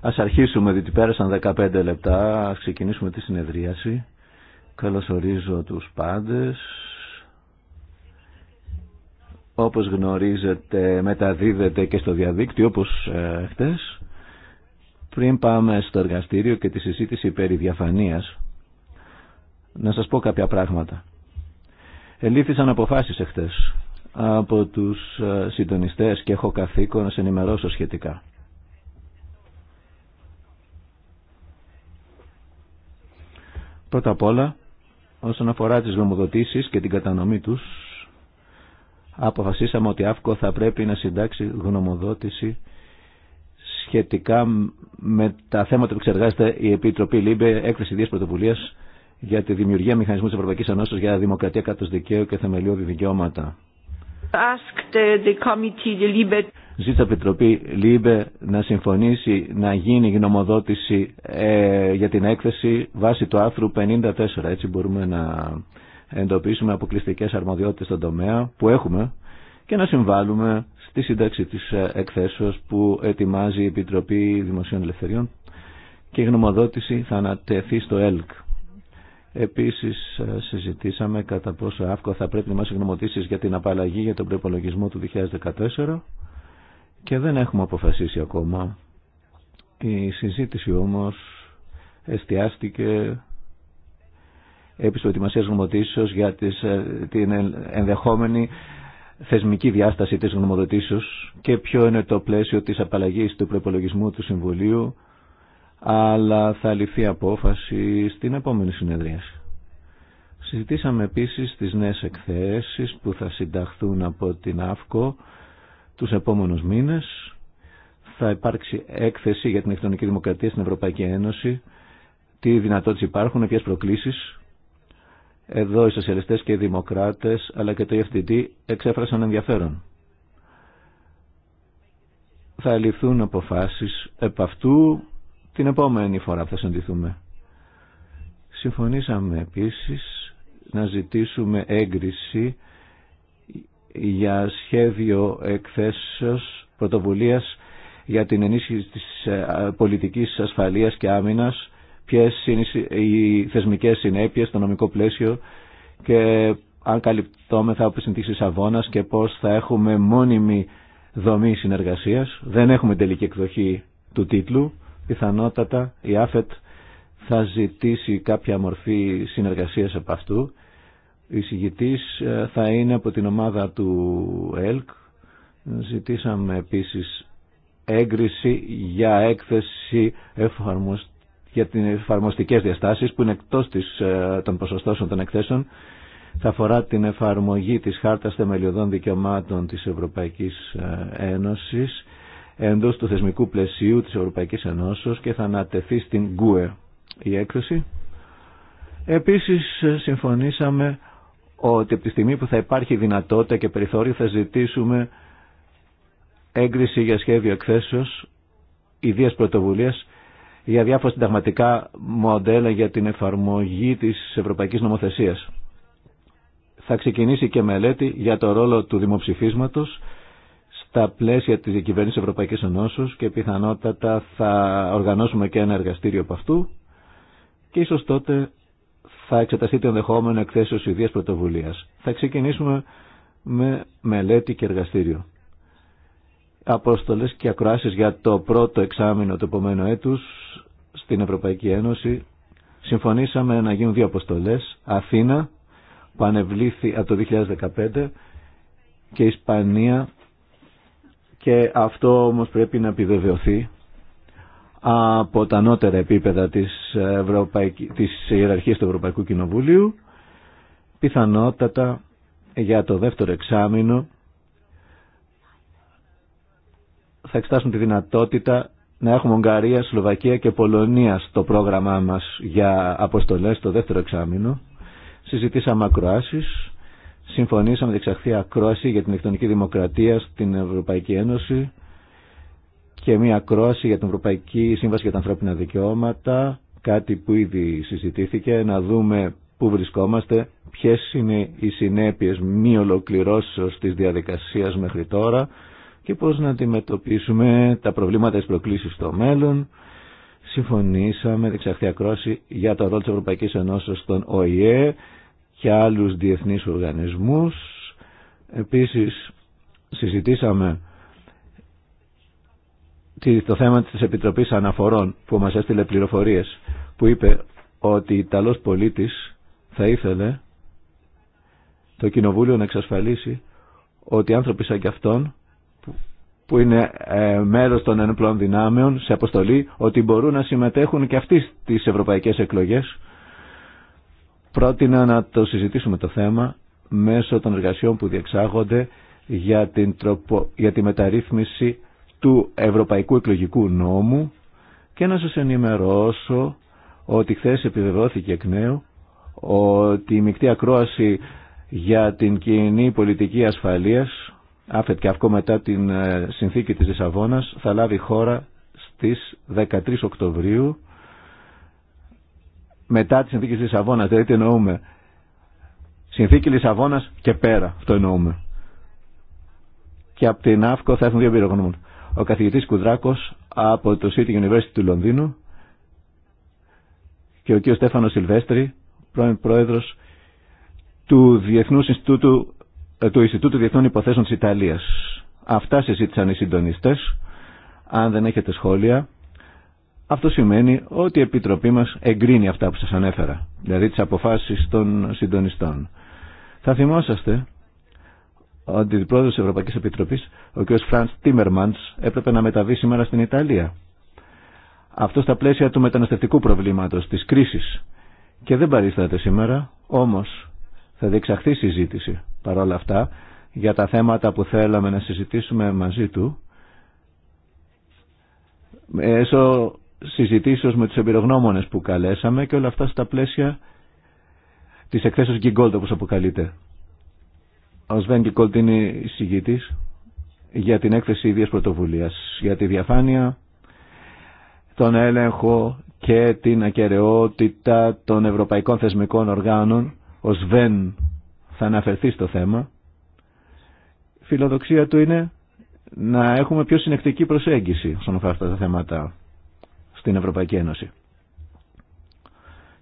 Ας αρχίσουμε, διότι πέρασαν 15 λεπτά, ας ξεκινήσουμε τη συνεδρίαση. ορίζω τους πάντες. Όπως γνωρίζετε, μεταδίδεται και στο διαδίκτυο, όπως ε, χτες. Πριν πάμε στο εργαστήριο και τη συζήτηση περί διαφανείας, να σας πω κάποια πράγματα. Ελήφθησαν αποφάσεις εχθές από τους ε, συντονιστές και έχω καθήκον να σε ενημερώσω σχετικά. Πρώτα απ' όλα, όσον αφορά τις γνωμοδοτήσεις και την κατανομή τους, αποφασίσαμε ότι ΑΦΚΟ θα πρέπει να συντάξει γνωμοδότηση σχετικά με τα θέματα που εξεργάζεται η Επιτροπή ΛΥΜΠΕ, έκθεση ιδίας πρωτοβουλία για τη δημιουργία μηχανισμού της Ευρωπαϊκής Ενώσης για δημοκρατία, κάτω δικαίου και θεμελιώδη δικαιώματα. Uh, Ζήτησε από Επιτροπή ΛΥΜΠΕ να συμφωνήσει να γίνει γνωμοδότηση ε, για την έκθεση βάσει του άρθρου 54. Έτσι μπορούμε να εντοπίσουμε αποκλειστικές αρμοδιότητες στον τομέα που έχουμε και να συμβάλλουμε στη σύνταξη της ε, εκθέσεως που ετοιμάζει η Επιτροπή Δημοσίων Ελευθεριών και η γνωμοδότηση θα ανατεθεί στο ΕΛΚ. Επίσης ε, συζητήσαμε κατά πόσο αύκο θα πρέπει να μας γνωμοτήσεις για την απαλλαγή για τον προπολογισμό του 2014 και δεν έχουμε αποφασίσει ακόμα. Η συζήτηση όμως εστιάστηκε επί προετοιμασία γνωμοτήσεως για ε, την ενδεχόμενη θεσμική διάσταση της γνωμοδοτήσεως και ποιο είναι το πλαίσιο της απαλλαγής του προπολογισμού του Συμβουλίου αλλά θα ληφθεί απόφαση στην επόμενη συνεδρία. Συζητήσαμε επίσης τις νέες εκθέσεις που θα συνταχθούν από την ΑΦΚΟ τους επόμενους μήνες. Θα υπάρξει έκθεση για την ηλεκτρονική δημοκρατία στην Ευρωπαϊκή Ένωση, τι δυνατότητες υπάρχουν, ποιες προκλήσεις. Εδώ οι σοσιαλιστές και οι δημοκράτες αλλά και το EFTD εξέφρασαν ενδιαφέρον. Θα ληφθούν αποφάσεις επ' την επόμενη φορά που θα συναντηθούμε. Συμφωνήσαμε επίσης να ζητήσουμε έγκριση για σχέδιο εκθέσεως πρωτοβουλίας για την ενίσχυση της ε, πολιτικής ασφαλείας και άμυνας, ποιες είναι οι θεσμικές συνέπειες στο νομικό πλαίσιο και αν καλυπτώμεθα από συνθήκες Αβώνας και πώς θα έχουμε μόνιμη δομή συνεργασίας. Δεν έχουμε τελική εκδοχή του τίτλου. Πιθανότατα η ΑΦΕΤ θα ζητήσει κάποια μορφή συνεργασίας από αυτού. Ο ε, θα είναι από την ομάδα του ΕΛΚ. Ζητήσαμε επίσης έγκριση για έκθεση για τις εφαρμοστικές διαστάσεις που είναι εκτός της, ε, των ποσοστώσεων των εκθέσεων θα αφορά την εφαρμογή της Χάρτας Θεμελιωδών Δικαιωμάτων της Ευρωπαϊκής ε, Ένωσης εντός του θεσμικού πλαισίου της Ευρωπαϊκής Ενώσεως και θα ανατεθεί στην ΓΚΟΕ η έκθεση. Επίσης συμφωνήσαμε ότι από τη στιγμή που θα υπάρχει δυνατότητα και περιθώριο θα ζητήσουμε έγκριση για σχέδιο εκθέσεως ιδίας πρωτοβουλίας για διάφορα συνταγματικά μοντέλα για την εφαρμογή της Ευρωπαϊκής Νομοθεσίας. Θα ξεκινήσει και μελέτη για το ρόλο του δημοψηφίσματος στα πλαίσια της διακυβέρνησης Ευρωπαϊκής Ενώσεως και πιθανότατα θα οργανώσουμε και ένα εργαστήριο από αυτού και ίσως τότε θα εξεταστεί το ενδεχόμενο εκθέσεως ιδίας πρωτοβουλίας. Θα ξεκινήσουμε με μελέτη και εργαστήριο. Αποστολές και ακροάσεις για το πρώτο εξάμεινο του επόμενου έτους στην Ευρωπαϊκή Ένωση. Συμφωνήσαμε να γίνουν δύο αποστολές. Αθήνα, που ανεβλήθη από το 2015 και Ισπανία και αυτό όμως πρέπει να επιβεβαιωθεί από τα ανώτερα επίπεδα της, Ευρωπαϊκής, της Ιεραρχίας του Ευρωπαϊκού Κοινοβουλίου πιθανότατα για το δεύτερο εξάμεινο θα εξτάσουν τη δυνατότητα να έχουμε Ουγγαρία, Σλοβακία και Πολωνία στο πρόγραμμά μας για αποστολές το δεύτερο εξάμεινο. Συζητήσαμε ακροάσεις συμφωνήσαμε να διεξαχθεί ακρόαση για την ηλεκτρονική δημοκρατία στην Ευρωπαϊκή Ένωση και μια ακρόαση για την Ευρωπαϊκή Σύμβαση για τα Ανθρώπινα Δικαιώματα, κάτι που ήδη συζητήθηκε, να δούμε πού βρισκόμαστε, ποιε είναι οι συνέπειες μη ολοκληρώσεω της διαδικασία μέχρι τώρα και πώ να αντιμετωπίσουμε τα προβλήματα τη προκλήση στο μέλλον. Συμφωνήσαμε, διεξαχθεί ακρόση για το ρόλο τη Ευρωπαϊκή Ένωσης στον ΟΗΕ, και άλλους διεθνείς οργανισμούς. Επίσης συζητήσαμε το θέμα της Επιτροπής Αναφορών που μας έστειλε πληροφορίες που είπε ότι η Ιταλός πολίτης θα ήθελε το Κοινοβούλιο να εξασφαλίσει ότι άνθρωποι σαν κι αυτόν που είναι ε, μέρος των ενόπλων δυνάμεων σε αποστολή ότι μπορούν να συμμετέχουν και αυτοί στις ευρωπαϊκές εκλογές πρότεινα να το συζητήσουμε το θέμα μέσω των εργασιών που διεξάγονται για, την τροπο, για τη μεταρρύθμιση του Ευρωπαϊκού Εκλογικού Νόμου και να σας ενημερώσω ότι χθε επιβεβαιώθηκε εκ νέου ότι η μεικτή ακρόαση για την κοινή πολιτική ασφαλείας άφετ και αυκό μετά την ε, συνθήκη της Λισαβόνας θα λάβει χώρα στις 13 Οκτωβρίου μετά τη συνθήκη Λισαβόνα. δηλαδή τι εννοούμε. Συνθήκη Λισαβόνα και πέρα, αυτό εννοούμε. Και από την ΑΦΚΟ θα έρθουν δύο πυρογνώμων. Ο καθηγητής Κουδράκος από το City University του Λονδίνου και ο κ. Στέφανος Σιλβέστρη, πρώην πρόεδρος του Διεθνούς Ινστιτούτου ε, του Ινστιτούτου Διεθνών Υποθέσεων της Ιταλίας. Αυτά συζήτησαν οι συντονιστές. Αν δεν έχετε σχόλια, αυτό σημαίνει ότι η Επιτροπή μας εγκρίνει αυτά που σας ανέφερα, δηλαδή τις αποφάσεις των συντονιστών. Θα θυμόσαστε ότι η πρόεδρος της Ευρωπαϊκής Επιτροπής, ο κ. Φραντς Τίμερμαντς, έπρεπε να μεταβεί σήμερα στην Ιταλία. Αυτό στα πλαίσια του μεταναστευτικού προβλήματος, της κρίσης. Και δεν παρίσταται σήμερα, όμως θα διεξαχθεί συζήτηση παρόλα αυτά για τα θέματα που θέλαμε να συζητήσουμε μαζί του συζητήσεως με τους εμπειρογνώμονες που καλέσαμε και όλα αυτά στα πλαίσια της εκθέσεως Γκίγκολτ όπως αποκαλείται. Ο Σβέν Γκίγκολτ είναι συγγητής για την έκθεση ίδιας πρωτοβουλίας, για τη διαφάνεια, τον έλεγχο και την ακαιρεότητα των ευρωπαϊκών θεσμικών οργάνων. Ο Σβέν θα αναφερθεί στο θέμα. Φιλοδοξία του είναι να έχουμε πιο συνεκτική προσέγγιση όσον αυτά τα θέματα στην Ευρωπαϊκή Ένωση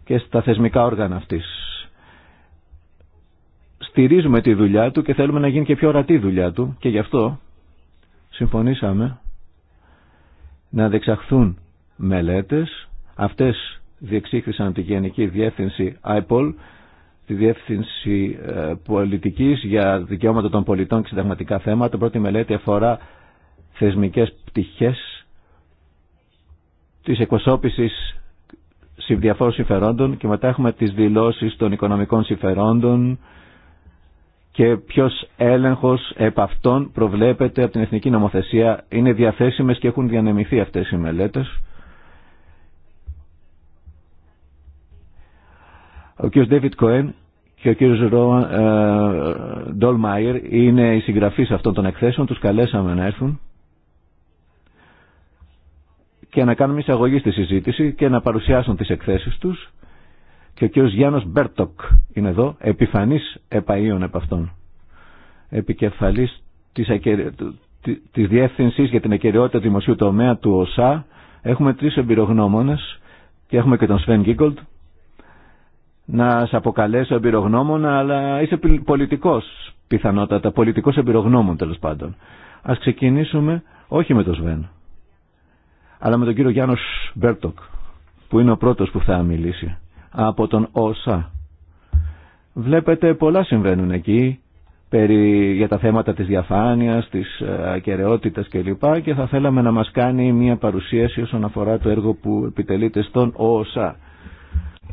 και στα θεσμικά όργανα αυτής. Στηρίζουμε τη δουλειά του και θέλουμε να γίνει και πιο ορατή δουλειά του και γι' αυτό συμφωνήσαμε να δεξαχθούν μελέτες. Αυτές διεξήχθησαν τη Γενική Διεύθυνση IPOL, τη Διεύθυνση ε, Πολιτικής για Δικαιώματα των Πολιτών και Συνταγματικά Θέματα. Πρώτη μελέτη αφορά θεσμικές πτυχές της εκπροσώπησης διαφόρων συμφερόντων και μετά έχουμε τις δηλώσεις των οικονομικών συμφερόντων και ποιος έλεγχος επ' αυτών προβλέπεται από την Εθνική Νομοθεσία. Είναι διαθέσιμες και έχουν διανεμηθεί αυτές οι μελέτες. Ο κ. Ντέβιτ Κοέν και ο κ. Ντόλμαιερ είναι οι συγγραφείς αυτών των εκθέσεων. Τους καλέσαμε να έρθουν και να κάνουμε εισαγωγή στη συζήτηση και να παρουσιάσουν τις εκθέσεις τους και ο κύριος Γιάννος Μπέρτοκ είναι εδώ, επιφανής επαΐων επ' αυτών, επικεφαλής της, ακερι... της Διεύθυνσης για την Ακαιριότητα Δημοσίου Τομέα του ΟΣΑ. Έχουμε τρεις εμπειρογνώμονες και έχουμε και τον Σβέν Γκίγκολτ. Να σε αποκαλέσω εμπειρογνώμονα, αλλά είσαι πολιτικός πιθανότατα, πολιτικός εμπειρογνώμων τέλος πάντων. Ας ξεκινήσουμε όχι με τον Σβέν αλλά με τον κύριο Γιάννος Μπέρτοκ, που είναι ο πρώτος που θα μιλήσει, από τον ΩΣΑ. Βλέπετε πολλά συμβαίνουν εκεί, περί, για τα θέματα της διαφάνειας, της ε, ακαιρεότητας κλπ. Και θα θέλαμε να μας κάνει μια παρουσίαση όσον αφορά το έργο που επιτελείται στον ΩΣΑ.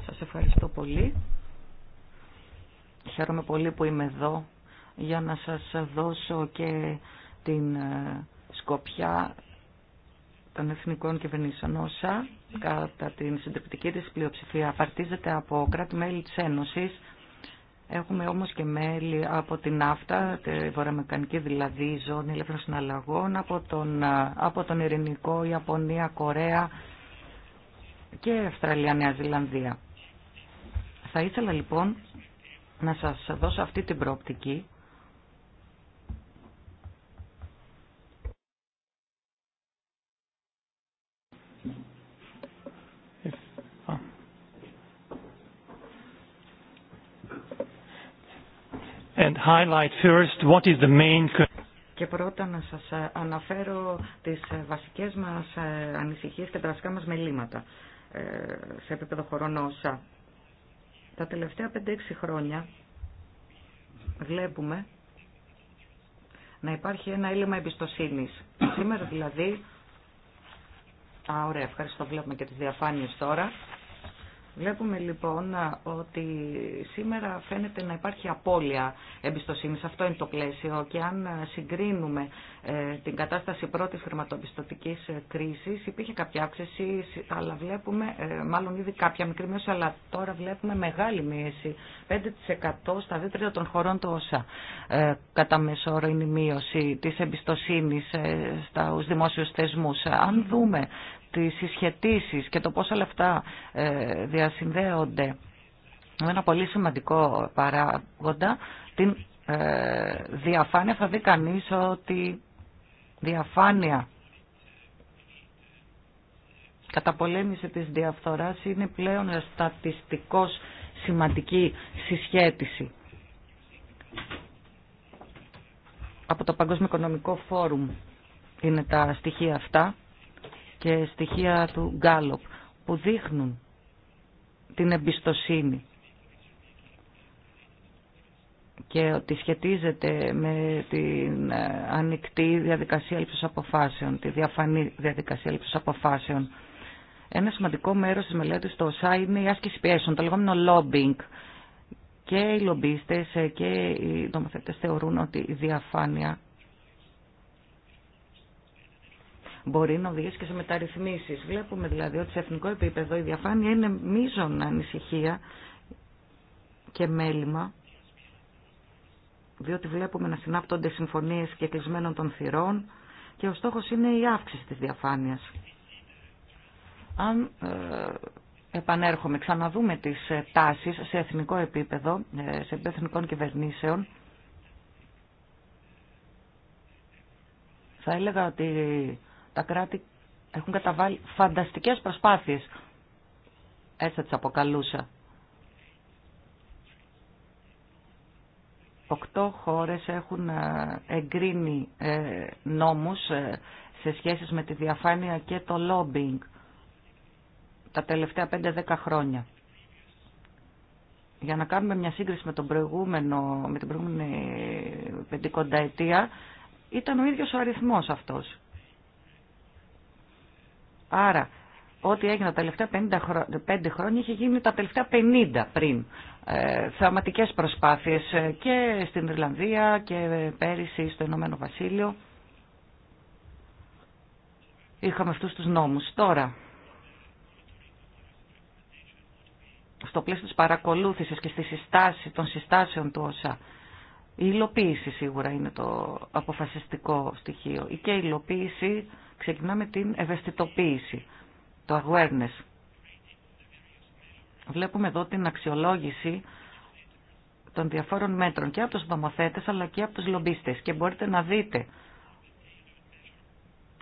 Σας ευχαριστώ πολύ. Χαίρομαι πολύ που είμαι εδώ για να σας δώσω και την ε, σκοπιά των εθνικών κυβερνήσεων. Όσα, κατά την συντριπτική της πλειοψηφία, απαρτίζεται από κράτη-μέλη της Ένωσης, Έχουμε όμως και μέλη από την ΑΦΤΑ, τη βορειομεκανική δηλαδή ζώνη ελεύθερων συναλλαγών, από τον, από τον Ειρηνικό, Ιαπωνία, Κορέα και Αυστραλία, Νέα Ζηλανδία. Θα ήθελα λοιπόν να σας δώσω αυτή την προοπτική και πρώτα να σας ε, αναφέρω τις ε, βασικές μας ε, ανησυχίες και τα βασικά μας μελήματα σε επίπεδο χωρών όσα. Τα τελευταία 5-6 χρόνια βλέπουμε να υπάρχει ένα έλλειμμα εμπιστοσύνης. Σήμερα δηλαδή, α, ωραία, ευχαριστώ, βλέπουμε και τις διαφάνειες τώρα, Βλέπουμε λοιπόν ότι σήμερα φαίνεται να υπάρχει απώλεια εμπιστοσύνης. Αυτό είναι το πλαίσιο και αν συγκρίνουμε ε, την κατάσταση πρώτης χρηματοπιστωτικής ε, κρίσης υπήρχε κάποια αύξηση, αλλά βλέπουμε ε, μάλλον ήδη κάποια μικρή μείωση, αλλά τώρα βλέπουμε μεγάλη μείωση. 5% στα δίτρια των χωρών τόσα Κατά μέσο είναι η μείωση της εμπιστοσύνης στους δημόσιους θεσμούς. Αν δούμε τις συσχετήσεις και το πόσα λεφτά ε, διασυνδέονται με ένα πολύ σημαντικό παράγοντα, την ε, διαφάνεια θα δει κανείς ότι διαφάνεια καταπολέμηση της διαφθοράς είναι πλέον στατιστικός σημαντική συσχέτιση. Από το Παγκόσμιο Οικονομικό Φόρουμ είναι τα στοιχεία αυτά και στοιχεία του Γκάλοπ που δείχνουν την εμπιστοσύνη και ότι σχετίζεται με την ε, ανοιχτή διαδικασία λήψης αποφάσεων, τη διαφανή διαδικασία λήψης αποφάσεων. Ένα σημαντικό μέρος της μελέτης στο ΩΣΑ είναι η άσκηση πιέσεων, το λεγόμενο lobbying. Και οι λομπίστες ε, και οι νομοθέτες θεωρούν ότι η διαφάνεια μπορεί να οδηγήσει και σε μεταρρυθμίσεις. Βλέπουμε δηλαδή ότι σε εθνικό επίπεδο η διαφάνεια είναι μείζον ανησυχία και μέλημα, διότι βλέπουμε να συνάπτονται συμφωνίες και κλεισμένων των θυρών και ο στόχος είναι η αύξηση της διαφάνειας. Αν ε, επανέρχομαι, ξαναδούμε τις ε, τάσεις σε εθνικό επίπεδο, ε, σε εθνικών κυβερνήσεων, θα έλεγα ότι τα κράτη έχουν καταβάλει φανταστικές προσπάθειες. Έτσι θα αποκαλούσα. Οκτώ χώρες έχουν ε, εγκρίνει ε, νόμους ε, σε σχέση με τη διαφάνεια και το lobbying τα τελευταία 5-10 χρόνια. Για να κάνουμε μια σύγκριση με, τον προηγούμενο, με την προηγούμενη πεντηκονταετία, ήταν ο ίδιος ο αριθμός αυτός. Άρα, ό,τι έγινε τα τελευταία πέντε χρόνια είχε γίνει τα τελευταία 50 πριν. Ε, θεαματικές προσπάθειες ε, και στην Ιρλανδία και πέρυσι στο Ηνωμένο Βασίλειο. Είχαμε αυτούς τους νόμους. Τώρα, στο πλαίσιο της παρακολούθησης και στη συστάση των συστάσεων του ΩΣΑ, η υλοποίηση σίγουρα είναι το αποφασιστικό στοιχείο. Και η υλοποίηση Ξεκινάμε την ευαισθητοποίηση, το awareness. Βλέπουμε εδώ την αξιολόγηση των διαφόρων μέτρων και από τους νομοθέτες αλλά και από τους λομπίστες και μπορείτε να δείτε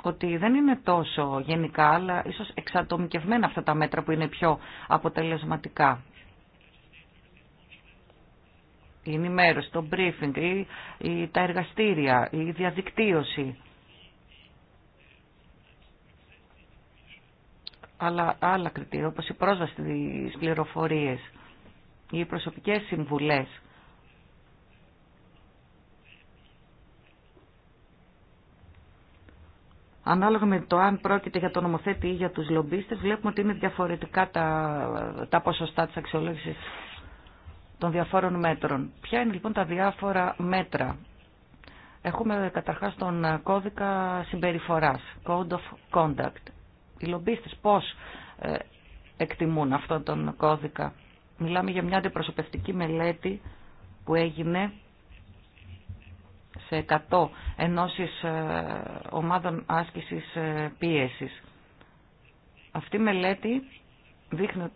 ότι δεν είναι τόσο γενικά αλλά ίσως εξατομικευμένα αυτά τα μέτρα που είναι πιο αποτελεσματικά. Η ενημέρωση, το briefing, η, τα εργαστήρια, η διαδικτύωση. αλλά άλλα κριτήρια όπως η πρόσβαση στις πληροφορίες, οι προσωπικές συμβουλές. Ανάλογα με το αν πρόκειται για τον νομοθέτη ή για τους λομπίστες, βλέπουμε ότι είναι διαφορετικά τα, τα ποσοστά της αξιολόγησης των διαφόρων μέτρων. Ποια είναι λοιπόν τα διάφορα μέτρα. Έχουμε καταρχάς τον κώδικα συμπεριφοράς, Code of Conduct, οι λομπίστες πώς ε, εκτιμούν αυτόν τον κώδικα. Μιλάμε για μια αντιπροσωπευτική μελέτη που έγινε σε 100 ενώσεις ε, ομάδων άσκησης ε, πίεσης. Αυτή η μελέτη δείχνει ότι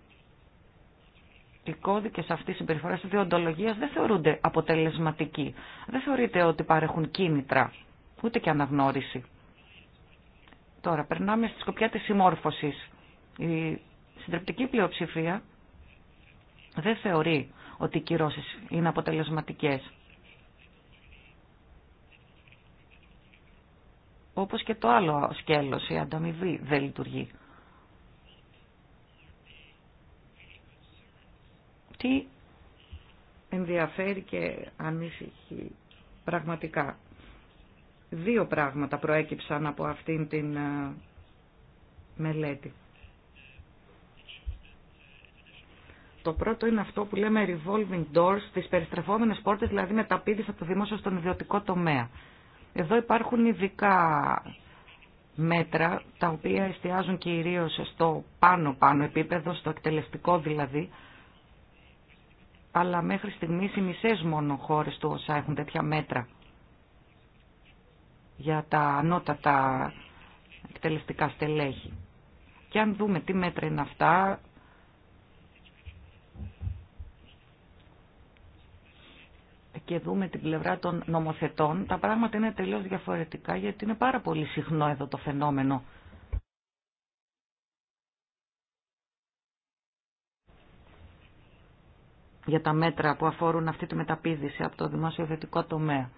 οι κώδικες αυτής της συμπεριφοράς της δεν θεωρούνται αποτελεσματικοί. Δεν θεωρείται ότι παρέχουν κίνητρα, ούτε και αναγνώριση. Τώρα, περνάμε στη σκοπιά της συμμόρφωσης. Η συντριπτική πλειοψηφία δεν θεωρεί ότι οι κυρώσεις είναι αποτελεσματικές. Όπως και το άλλο σκέλος, η ανταμοιβή δεν λειτουργεί. Τι ενδιαφέρει και ανήσυχη πραγματικά Δύο πράγματα προέκυψαν από αυτήν την ε, μελέτη. Το πρώτο είναι αυτό που λέμε revolving doors, τις περιστρεφόμενες πόρτες, δηλαδή μεταπίδεις από το δημόσιο στον ιδιωτικό τομέα. Εδώ υπάρχουν ειδικά μέτρα, τα οποία εστιάζουν κυρίως στο πάνω-πάνω επίπεδο, στο εκτελεστικό δηλαδή, αλλά μέχρι στιγμής οι μισές μόνο χώρες του ΩΣΑ έχουν τέτοια μέτρα για τα ανώτατα εκτελεστικά στελέχη. Και αν δούμε τι μέτρα είναι αυτά, και δούμε την πλευρά των νομοθετών, τα πράγματα είναι τελείως διαφορετικά γιατί είναι πάρα πολύ συχνό εδώ το φαινόμενο. για τα μέτρα που αφορούν αυτή τη μεταπίδηση από το δημόσιο ιδιωτικό τομέα.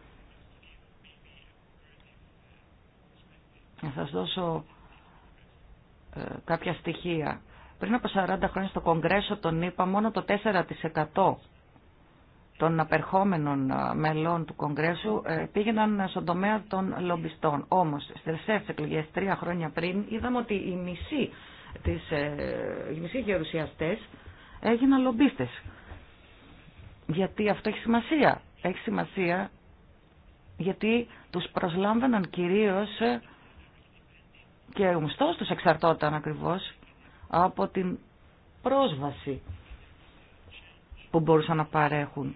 Να σας δώσω ε, κάποια στοιχεία. Πριν από 40 χρόνια στο Κογκρέσο τον είπα μόνο το 4% των απερχόμενων ε, μελών του Κογκρέσου ε, πήγαιναν στον τομέα των λομπιστών. Όμως, στις τελευταίες εκλογές τρία χρόνια πριν είδαμε ότι οι μισοί, τις, οι μισοί γερουσιαστές έγιναν λομπίστες. Γιατί αυτό έχει σημασία. Έχει σημασία γιατί τους προσλάμβαναν κυρίως και ο μισθός τους εξαρτώταν ακριβώς από την πρόσβαση που μπορούσαν να παρέχουν.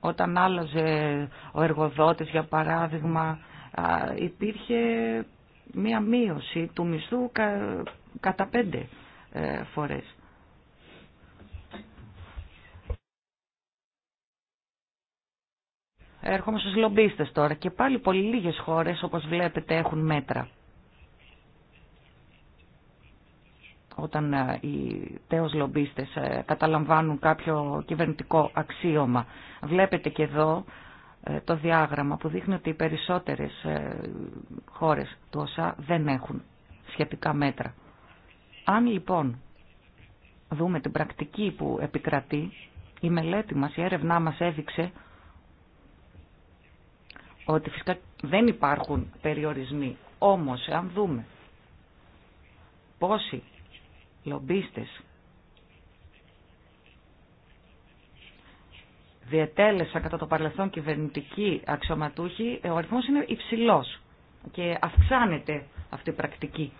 Όταν άλλαζε ο εργοδότης, για παράδειγμα, υπήρχε μία μείωση του μισθού κατά πέντε ε, φορές. Έρχομαι στους λομπίστες τώρα και πάλι πολύ λίγες χώρες όπως βλέπετε έχουν μέτρα όταν ε, οι τέος λομπίστες ε, καταλαμβάνουν κάποιο κυβερνητικό αξίωμα. Βλέπετε και εδώ ε, το διάγραμμα που δείχνει ότι οι περισσότερες χώρες του ΩΣΑ δεν έχουν σχετικά μέτρα. Αν λοιπόν δούμε την πρακτική που επικρατεί, η μελέτη μας, η έρευνά μας έδειξε ότι φυσικά δεν υπάρχουν περιορισμοί. Όμως, αν δούμε πόσοι λομπίστες. διετέλεσαν κατά το παρελθόν κυβερνητικοί αξιωματούχοι, ο αριθμός είναι υψηλός και αυξάνεται αυτή η πρακτική.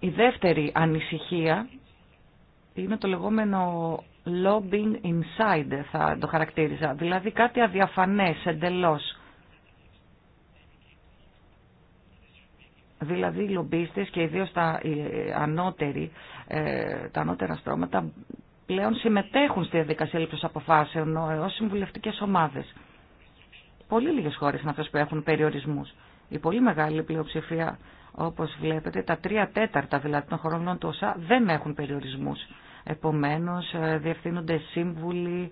Η δεύτερη ανησυχία είναι το λεγόμενο lobbying inside, θα το χαρακτήριζα, δηλαδή κάτι αδιαφανές εντελώς Δηλαδή οι λομπίστες και ιδίως τα, ανώτεροι, ε, τα ανώτερα στρώματα πλέον συμμετέχουν στη διαδικασία λήψης αποφάσεων ε, ως συμβουλευτικές ομάδες. Πολύ λίγες χώρες είναι αυτές που έχουν περιορισμούς. Η πολύ μεγάλη πλειοψηφία, όπως βλέπετε, τα τρία τέταρτα δηλαδή των χωρών του ΩΣΑ δεν έχουν περιορισμούς. Επομένως, ε, διευθύνονται σύμβουλοι,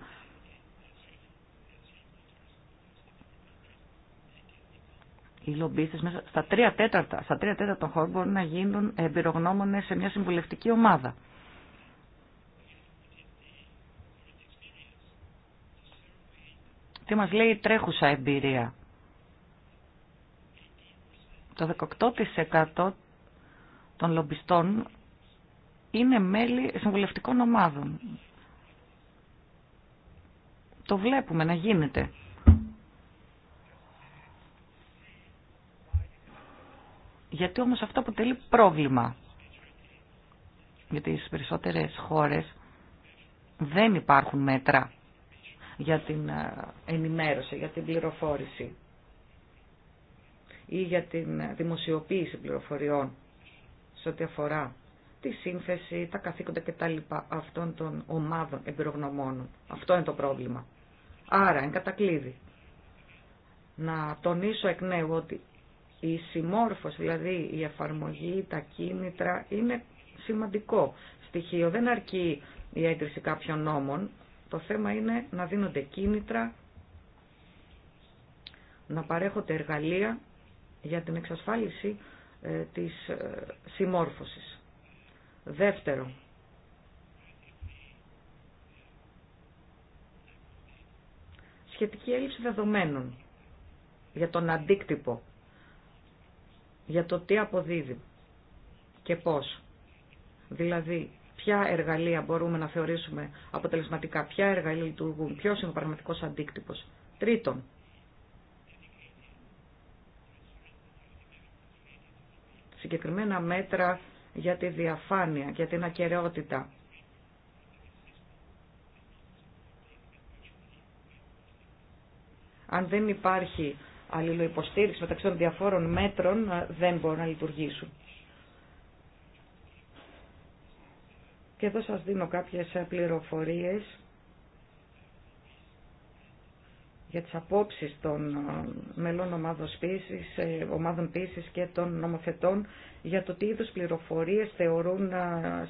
οι λομπίστε μέσα στα τρία τέταρτα, στα τρία τέταρτα των χώρων μπορούν να γίνουν εμπειρογνώμονε σε μια συμβουλευτική ομάδα. Τι μας λέει η τρέχουσα εμπειρία. Το 18% των λομπιστών είναι μέλη συμβουλευτικών ομάδων. Το βλέπουμε να γίνεται. Γιατί όμως αυτό αποτελεί πρόβλημα. Γιατί στις περισσότερες χώρες δεν υπάρχουν μέτρα για την ε, ενημέρωση, για την πληροφόρηση ή για την δημοσιοποίηση πληροφοριών σε ό,τι αφορά τη σύνθεση, τα καθήκοντα λοιπά αυτών των ομάδων εμπειρογνωμόνων. Αυτό είναι το πρόβλημα. Άρα, εν κατακλείδη, να τονίσω εκ νέου ότι η συμμόρφωση, δηλαδή η εφαρμογή, τα κίνητρα είναι σημαντικό στοιχείο. Δεν αρκεί η έγκριση κάποιων νόμων. Το θέμα είναι να δίνονται κίνητρα, να παρέχονται εργαλεία για την εξασφάλιση ε, της ε, συμμόρφωσης. Δεύτερο, σχετική έλλειψη δεδομένων για τον αντίκτυπο για το τι αποδίδει και πώς. Δηλαδή, ποια εργαλεία μπορούμε να θεωρήσουμε αποτελεσματικά, ποια εργαλεία λειτουργούν, ποιος είναι ο πραγματικός αντίκτυπος. Τρίτον, συγκεκριμένα μέτρα για τη διαφάνεια, για την ακαιρεότητα. Αν δεν υπάρχει αλληλοϊποστήριξη μεταξύ των διαφόρων μέτρων ε, δεν μπορούν να λειτουργήσουν. Και εδώ σας δίνω κάποιες ε, πληροφορίες για τις απόψεις των ε, μελών ομάδων πίσης, ομάδων πίσης και των νομοθετών για το τι είδους πληροφορίες θεωρούν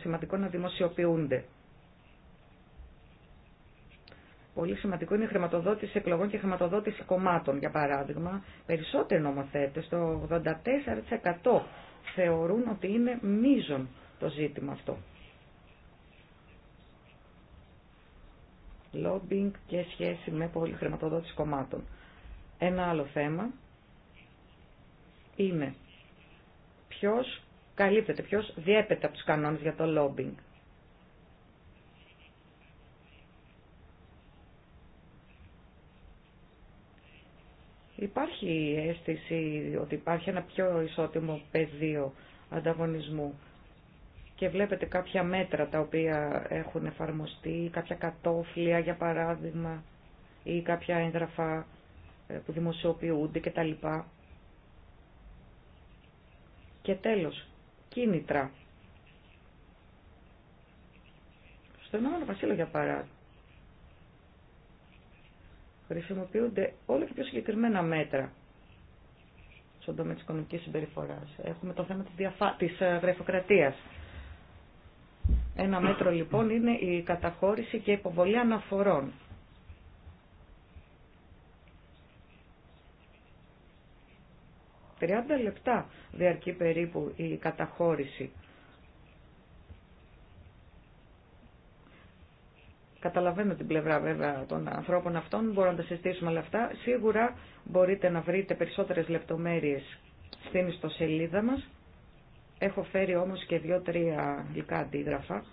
σημαντικό να δημοσιοποιούνται πολύ σημαντικό είναι η χρηματοδότηση εκλογών και χρηματοδότηση κομμάτων, για παράδειγμα. Περισσότεροι νομοθέτες, το 84% θεωρούν ότι είναι μείζον το ζήτημα αυτό. Λόμπινγκ και σχέση με χρηματοδότηση κομμάτων. Ένα άλλο θέμα είναι ποιος καλύπτεται, ποιος διέπεται από τους κανόνες για το λόμπινγκ. Υπάρχει αίσθηση ότι υπάρχει ένα πιο ισότιμο πεδίο ανταγωνισμού και βλέπετε κάποια μέτρα τα οποία έχουν εφαρμοστεί, κάποια κατόφλια για παράδειγμα ή κάποια έγγραφα ε, που δημοσιοποιούνται κτλ. Και τέλος, κίνητρα. Στον νόμο Βασίλειο για παράδειγμα, χρησιμοποιούνται όλο και πιο συγκεκριμένα μέτρα στον τομέα της οικονομικής συμπεριφοράς. Έχουμε το θέμα της, διαφα... της ε, γραφειοκρατίας. Ένα μέτρο λοιπόν είναι η καταχώρηση και υποβολή αναφορών. «30 λεπτά διαρκεί περίπου η καταχώρηση Καταλαβαίνω την πλευρά βέβαια των ανθρώπων αυτών, μπορούμε να τα συζητήσουμε όλα αυτά. Σίγουρα μπορείτε να βρείτε περισσότερες λεπτομέρειες στην ιστοσελίδα μας. Έχω φέρει όμως και δύο-τρία γλυκά αντίγραφα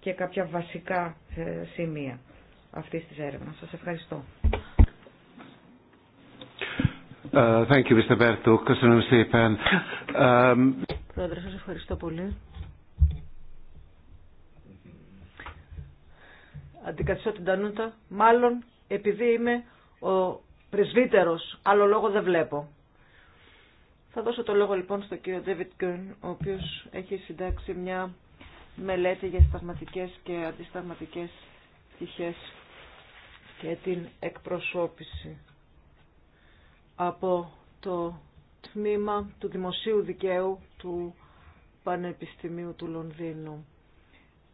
και κάποια βασικά ε, σημεία αυτής της έρευνας. Σας ευχαριστώ. Ε, thank you, Mr. Um... Ε, Πρόεδρε, σας ευχαριστώ πολύ. αντικαθιστώ την Τανούτα, μάλλον επειδή είμαι ο πρεσβύτερος, άλλο λόγο δεν βλέπω. Θα δώσω το λόγο λοιπόν στον κύριο David Κιούν, ο οποίος έχει συντάξει μια μελέτη για σταγματικές και αντισταγματικές πτυχές και την εκπροσώπηση από το τμήμα του Δημοσίου Δικαίου του Πανεπιστημίου του Λονδίνου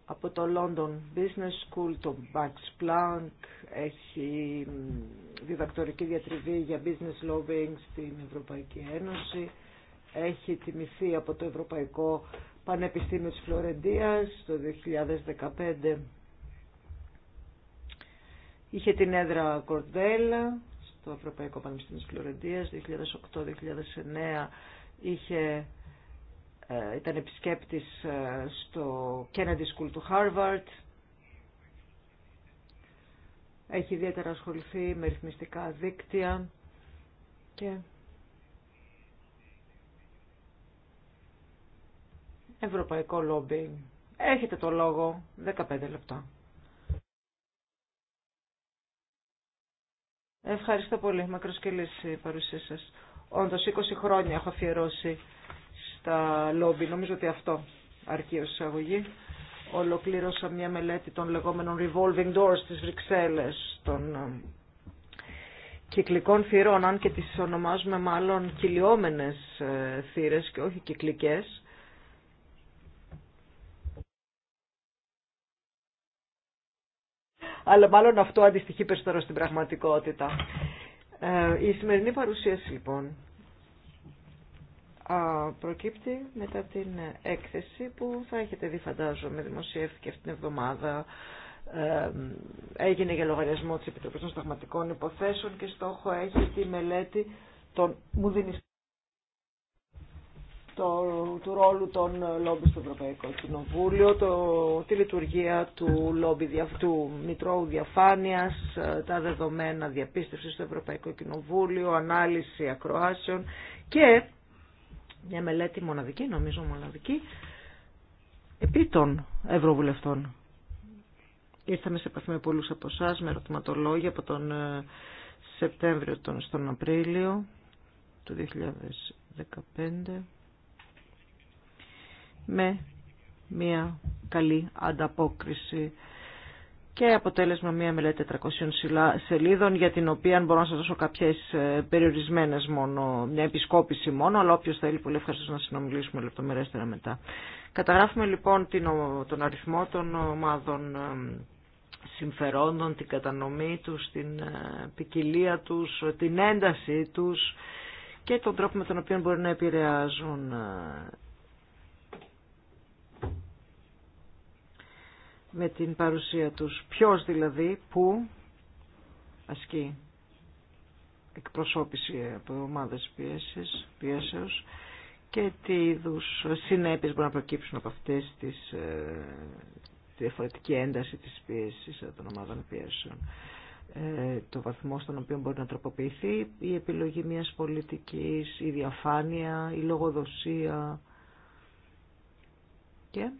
από το London Business School, το Max Planck, έχει διδακτορική διατριβή για business lobbying στην Ευρωπαϊκή Ένωση, έχει τιμηθεί από το Ευρωπαϊκό Πανεπιστήμιο της Φλωρεντίας το 2015. Είχε την έδρα Κορδέλα στο Ευρωπαϊκό Πανεπιστήμιο της Φλωρεντίας 2008-2009. Είχε ε, ήταν επισκέπτης ε, στο Kennedy School του Harvard. Έχει ιδιαίτερα ασχοληθεί με ρυθμιστικά δίκτυα και ευρωπαϊκό λόμπι. Έχετε το λόγο 15 λεπτά. Ευχαριστώ πολύ. Μακροσκελής η παρουσία σας. Όντως 20 χρόνια έχω αφιερώσει τα λόμπι. Νομίζω ότι αυτό αρκεί ως εισαγωγή. Ολοκλήρωσα μια μελέτη των λεγόμενων revolving doors στις Βρυξέλλες, των ε, κυκλικών θυρών, αν και τις ονομάζουμε μάλλον κυλιόμενες ε, θύρες και όχι κυκλικές. Αλλά μάλλον αυτό αντιστοιχεί περισσότερο στην πραγματικότητα. Ε, η σημερινή παρουσίαση λοιπόν προκύπτει μετά την έκθεση που θα έχετε δει φαντάζομαι δημοσιεύθηκε αυτήν την εβδομάδα έγινε για λογαριασμό της Επιτροπής των Σταγματικών Υποθέσεων και στόχο έχει τη μελέτη των το, του ρόλου των λόμπι στο Ευρωπαϊκό Κοινοβούλιο, το, τη λειτουργία του, λόμπι, του Μητρώου Διαφάνειας, ε, τα δεδομένα διαπίστευσης στο Ευρωπαϊκό Κοινοβούλιο, ανάλυση ακροάσεων και μια μελέτη μοναδική, νομίζω μοναδική, επί των Ευρωβουλευτών. Ήρθαμε σε επαφή με πολλούς από εσά, με ερωτηματολόγια από τον ε, Σεπτέμβριο τον, στον Απρίλιο του 2015 με μια καλή ανταπόκριση και αποτέλεσμα μια μελέτη 400 σελίδων για την οποία μπορώ να σας δώσω κάποιες ε, περιορισμένες μόνο, μια επισκόπηση μόνο, αλλά όποιος θέλει πολύ ευχαριστώ να συνομιλήσουμε λεπτομερέστερα μετά. Καταγράφουμε λοιπόν τον αριθμό των ομάδων ε, συμφερόντων, την κατανομή τους, την ε, ποικιλία τους, την ένταση τους και τον τρόπο με τον οποίο μπορεί να επηρεάζουν με την παρουσία τους. Ποιος δηλαδή, που ασκεί εκπροσώπηση από ομάδες πιέσεις, πιέσεως και τι είδου συνέπειες μπορεί να προκύψουν από αυτές τις, ε, τη διαφορετική ένταση της πίεσης των ομάδων πιέσεων. Ε, το βαθμό στον οποίο μπορεί να τροποποιηθεί, η επιλογή μιας πολιτικής, η διαφάνεια, η λογοδοσία και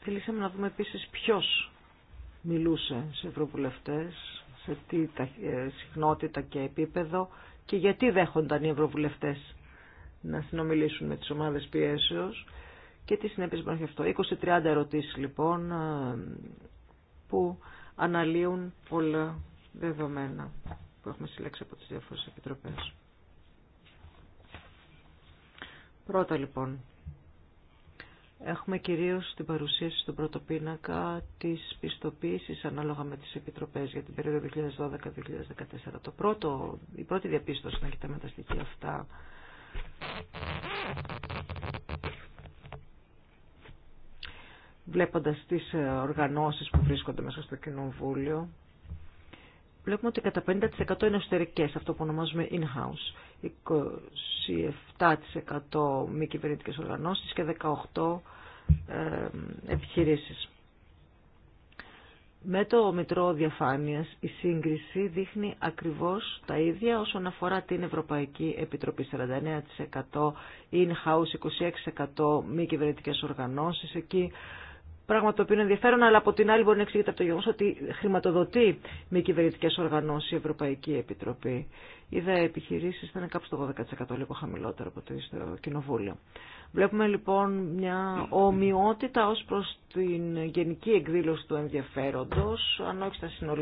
Θέλησαμε να δούμε επίσης ποιος μιλούσε σε ευρωβουλευτές, σε τι ε, συχνότητα και επίπεδο και γιατί δέχονταν οι ευρωβουλευτές να συνομιλήσουν με τις ομάδες πιέσεως και τι συνέπειες μπορεί αυτό. 20-30 ερωτήσεις λοιπόν ε, που αναλύουν πολλά δεδομένα που έχουμε συλλέξει από τις διάφορε επιτροπές. Πρώτα λοιπόν, Έχουμε κυρίως την παρουσίαση στον πρώτο πίνακα της πιστοποίησης ανάλογα με τις επιτροπές για την περίοδο 2012-2014. Το πρώτο, η πρώτη διαπίστωση να κοιτάμε τα στοιχεία αυτά βλέποντας τις ε, οργανώσεις που βρίσκονται μέσα στο Κοινοβούλιο, βλέπουμε ότι κατά 50% είναι εσωτερικές, αυτό που ονομάζουμε in-house. 27% μη κυβερνητικέ οργανώσεις και 18 ε, επιχειρήσεις. Με το Μητρό Διαφάνειας η σύγκριση δείχνει ακριβώς τα ίδια όσον αφορά την Ευρωπαϊκή Επιτροπή. 49% in-house, 26% μη κυβερνητικέ οργανώσεις. Εκεί Πράγμα το οποίο είναι ενδιαφέρον, αλλά από την άλλη μπορεί να εξηγείται από το γεγονό ότι χρηματοδοτεί με κυβερνητικέ οργανώσει η Ευρωπαϊκή Επιτροπή. Είδα δε επιχειρήσει ήταν κάπου στο 12% λίγο χαμηλότερο από το Κοινοβούλιο. Βλέπουμε λοιπόν μια ομοιότητα ω προ την γενική εκδήλωση του ενδιαφέροντο, αν όχι στα, συνολ...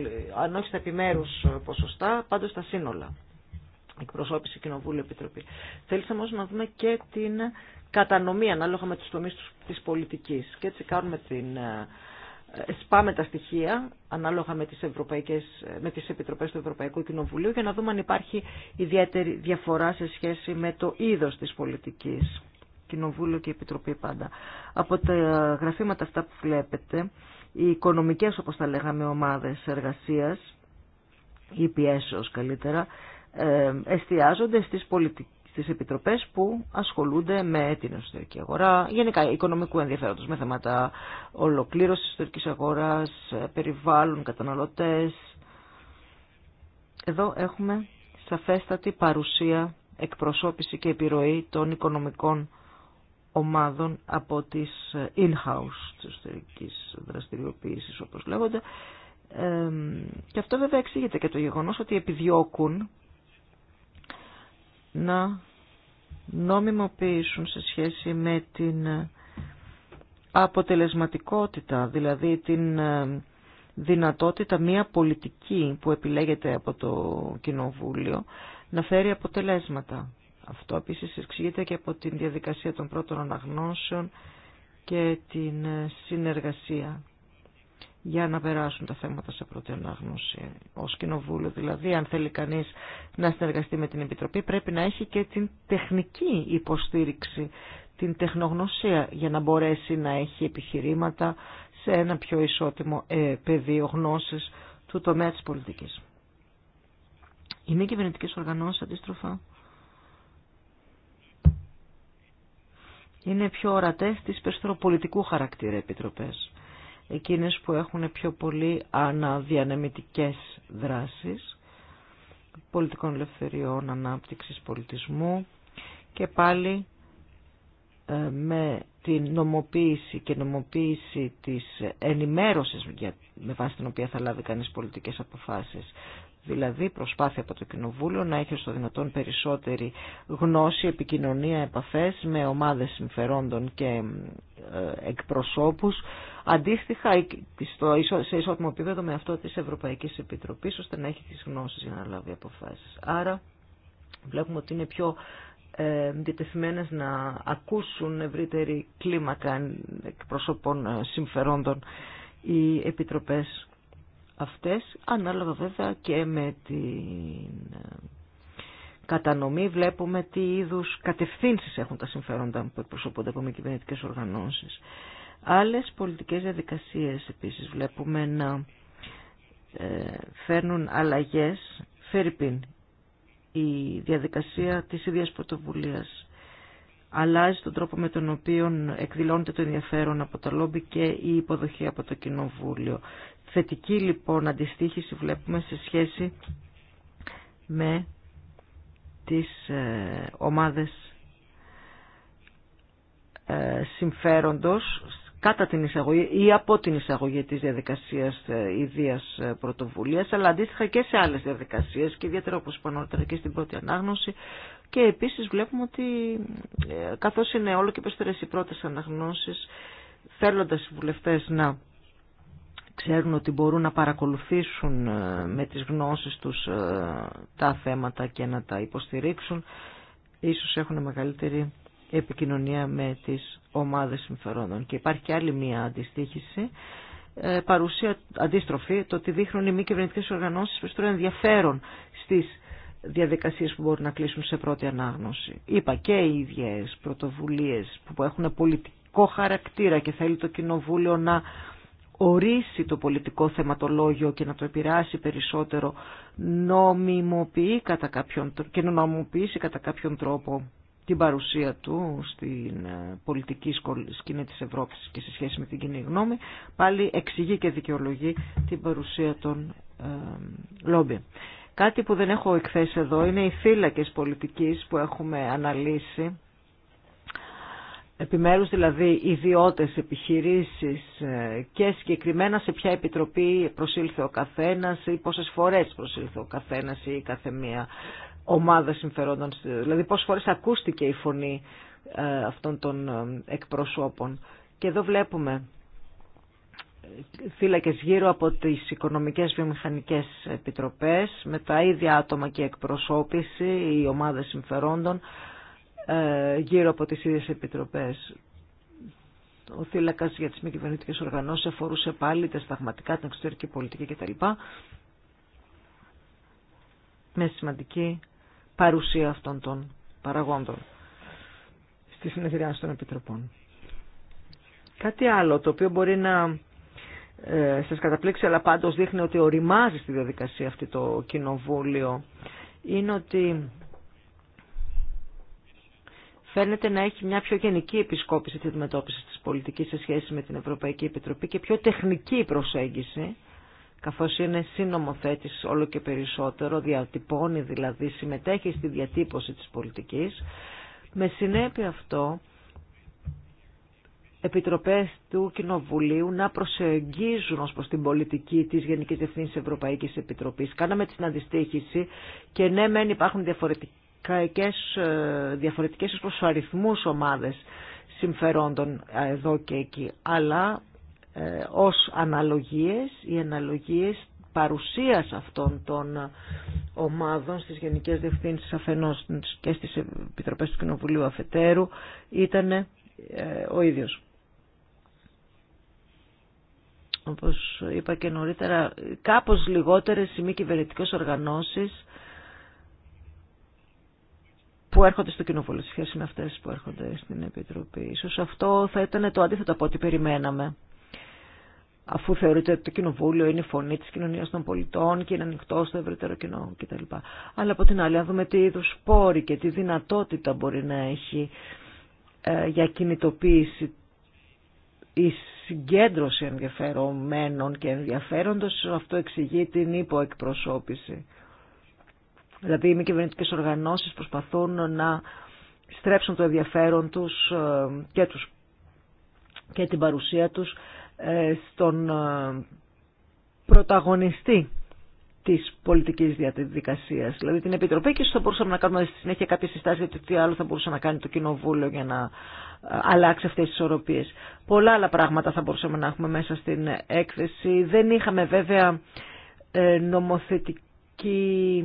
στα επιμέρου ποσοστά, πάντω στα σύνολα εκπροσώπηση Κοινοβούλιο Επιτροπή. Θέλησαμε όμω να δούμε και την κατανομή ανάλογα με τους τομείς της πολιτικής. Και έτσι κάνουμε την, ε, σπάμε τα στοιχεία ανάλογα με τις, ευρωπαϊκές, με τις επιτροπές του Ευρωπαϊκού Κοινοβουλίου για να δούμε αν υπάρχει ιδιαίτερη διαφορά σε σχέση με το είδος της πολιτικής. Κοινοβούλιο και Επιτροπή πάντα. Από τα γραφήματα αυτά που βλέπετε, οι οικονομικές όπως τα λέγαμε ομάδες εργασίας, η πιέσεως καλύτερα, ε, εστιάζονται στις πολιτικές στις επιτροπές που ασχολούνται με την εσωτερική αγορά, γενικά οικονομικού ενδιαφέροντος με θέματα ολοκλήρωσης της εσωτερικής αγοράς, ε, περιβάλλον, καταναλωτές. Εδώ έχουμε σαφέστατη παρουσία, εκπροσώπηση και επιρροή των οικονομικών ομάδων από τις ε, in-house της εσωτερικής δραστηριοποίησης όπως λέγονται. και αυτό βέβαια εξήγεται και το γεγονός ότι επιδιώκουν να νομιμοποιήσουν σε σχέση με την αποτελεσματικότητα, δηλαδή την ε, δυνατότητα μια πολιτική που επιλέγεται από το Κοινοβούλιο να φέρει αποτελέσματα. Αυτό επίσης εξηγείται και από την διαδικασία των πρώτων αναγνώσεων και την συνεργασία για να περάσουν τα θέματα σε πρώτη ανάγνωση. Ω κοινοβούλιο δηλαδή, αν θέλει κανείς να συνεργαστεί με την Επιτροπή, πρέπει να έχει και την τεχνική υποστήριξη, την τεχνογνωσία, για να μπορέσει να έχει επιχειρήματα σε ένα πιο ισότιμο ε, πεδίο γνώση του τομέα της πολιτικής. Είναι μη κυβερνητικέ οργανώσει, αντίστροφα, είναι πιο ορατέ τη περισσότερο πολιτικού χαρακτήρα επιτροπές εκείνες που έχουν πιο πολύ αναδιανεμητικές δράσεις πολιτικών ελευθεριών, ανάπτυξης, πολιτισμού και πάλι ε, με την νομοποίηση και νομοποίηση της ενημέρωσης με βάση την οποία θα λάβει κανείς πολιτικές αποφάσεις δηλαδή προσπάθεια από το Κοινοβούλιο να έχει στο δυνατόν περισσότερη γνώση, επικοινωνία, επαφές με ομάδες συμφερόντων και ε, εκπροσώπους, αντίστοιχα ε, σε ισότιμο επίπεδο με αυτό της Ευρωπαϊκής Επιτροπής, ώστε να έχει τις γνώσεις για να λάβει αποφάσεις. Άρα βλέπουμε ότι είναι πιο ε, διατεθειμένες να ακούσουν ευρύτερη κλίμακα εκπροσώπων συμφερόντων οι επιτροπές αυτές, ανάλογα βέβαια και με την ε, κατανομή βλέπουμε τι είδους κατευθύνσεις έχουν τα συμφέροντα που εκπροσωπούνται από μη κυβερνητικέ οργανώσεις. Άλλες πολιτικές διαδικασίες επίσης βλέπουμε να ε, φέρνουν αλλαγές. Φέρει η διαδικασία της ίδιας πρωτοβουλίας αλλάζει τον τρόπο με τον οποίο εκδηλώνεται το ενδιαφέρον από τα λόμπι και η υποδοχή από το Κοινοβούλιο. Θετική λοιπόν αντιστοίχηση βλέπουμε σε σχέση με τις ε, ομάδες ε, συμφέροντος κατά την εισαγωγή ή από την εισαγωγή της διαδικασίας ε, ιδίας πρωτοβουλίας, αλλά αντίστοιχα και σε άλλες διαδικασίες και ιδιαίτερα όπως είπα και στην πρώτη ανάγνωση, και επίσης βλέπουμε ότι ε, καθώς είναι όλο και περισσότερες οι πρώτες αναγνώσεις, θέλοντας οι βουλευτές να ξέρουν ότι μπορούν να παρακολουθήσουν ε, με τις γνώσεις τους ε, τα θέματα και να τα υποστηρίξουν, ίσως έχουν μεγαλύτερη επικοινωνία με τις ομάδες συμφερόντων. Και υπάρχει και άλλη μία αντιστοίχηση, παρουσία αντίστροφη, το ότι δείχνουν οι μη κυβερνητικέ οργανώσεις που ενδιαφέρον στις διαδικασίες που μπορούν να κλείσουν σε πρώτη ανάγνωση. Είπα και οι ίδιες πρωτοβουλίες που έχουν πολιτικό χαρακτήρα και θέλει το Κοινοβούλιο να ορίσει το πολιτικό θεματολόγιο και να το επηρεάσει περισσότερο, νομιμοποιεί κατά κάποιον, και νομιμοποιήσει κατά κάποιον τρόπο την παρουσία του στην ε, πολιτική σκηνή της Ευρώπης και σε σχέση με την κοινή γνώμη, πάλι εξηγεί και δικαιολογεί την παρουσία των ε, λόμπι. Κάτι που δεν έχω εκθέσει εδώ είναι οι φύλακες πολιτικής που έχουμε αναλύσει. Επιμέρους δηλαδή ιδιώτες επιχειρήσεις ε, και συγκεκριμένα σε ποια επιτροπή προσήλθε ο καθένας ή πόσες φορές προσήλθε ο καθένας ή η καθεμία ομάδα συμφερόντων. Δηλαδή πόσες φορές ακούστηκε η καθεμια ομαδα συμφεροντων δηλαδη ε, ποσες αυτών των ε, εκπροσώπων. Και εδώ βλέπουμε θύλακες γύρω από τις οικονομικές βιομηχανικές επιτροπές με τα ίδια άτομα και εκπροσώπηση, ή ομάδες συμφερόντων ε, γύρω από τις ίδιες επιτροπές. Ο θύλακας για τις μη κυβερνητικέ οργανώσεις αφορούσε πάλι τα σταγματικά, την εξωτερική πολιτική κτλ. Με σημαντική παρουσία αυτών των παραγόντων στη συνεδριάση των επιτροπών. Κάτι άλλο το οποίο μπορεί να ε, σας καταπλήξει, αλλά πάντως δείχνει ότι οριμάζει στη διαδικασία αυτή το κοινοβούλιο, είναι ότι φαίνεται να έχει μια πιο γενική επισκόπηση τη αντιμετώπιση της πολιτικής σε σχέση με την Ευρωπαϊκή Επιτροπή και πιο τεχνική προσέγγιση, καθώς είναι συνομοθέτης όλο και περισσότερο, διατυπώνει δηλαδή, συμμετέχει στη διατύπωση της πολιτικής. Με συνέπεια αυτό επιτροπές του Κοινοβουλίου να προσεγγίζουν ως προς την πολιτική της Γενικής Διευθύνης Ευρωπαϊκής Επιτροπής. Κάναμε την αντιστοίχηση και ναι μεν υπάρχουν διαφορετικές, ε, διαφορετικές ως προς αριθμούς ομάδες συμφερόντων ε, εδώ και εκεί, αλλά ε, ως αναλογίες, οι αναλογίες παρουσίας αυτών των ομάδων στις Γενικές Διευθύνσεις αφενός και στις Επιτροπές του Κοινοβουλίου Αφετέρου ήταν ε, ο ίδιος όπως είπα και νωρίτερα, κάπως λιγότερες οι μη κυβερνητικέ οργανώσεις που έρχονται στο κοινοβούλιο, σχέση με αυτές που έρχονται στην Επιτροπή. Ίσως αυτό θα ήταν το αντίθετο από ό,τι περιμέναμε. Αφού θεωρείται ότι το κοινοβούλιο είναι η φωνή τη κοινωνία των πολιτών και είναι ανοιχτό στο ευρύτερο κοινό κτλ. Αλλά από την άλλη, αν δούμε τι είδου πόροι και τι δυνατότητα μπορεί να έχει ε, για κινητοποίηση η συγκέντρωση ενδιαφερομένων και ενδιαφέροντος, αυτό εξηγεί την υποεκπροσώπηση. Δηλαδή οι μη κυβερνητικέ οργανώσεις προσπαθούν να στρέψουν το ενδιαφέρον τους ε, και, τους, και την παρουσία τους ε, στον ε, πρωταγωνιστή της πολιτικής διαδικασίας, δηλαδή την Επιτροπή και ίσως θα μπορούσαμε να κάνουμε στη συνέχεια κάποιες συστάσεις για το τι άλλο θα μπορούσε να κάνει το Κοινοβούλιο για να ε, αλλάξει αυτές τις ισορροπίες. Πολλά άλλα πράγματα θα μπορούσαμε να έχουμε μέσα στην έκθεση. Δεν είχαμε βέβαια ε, νομοθετική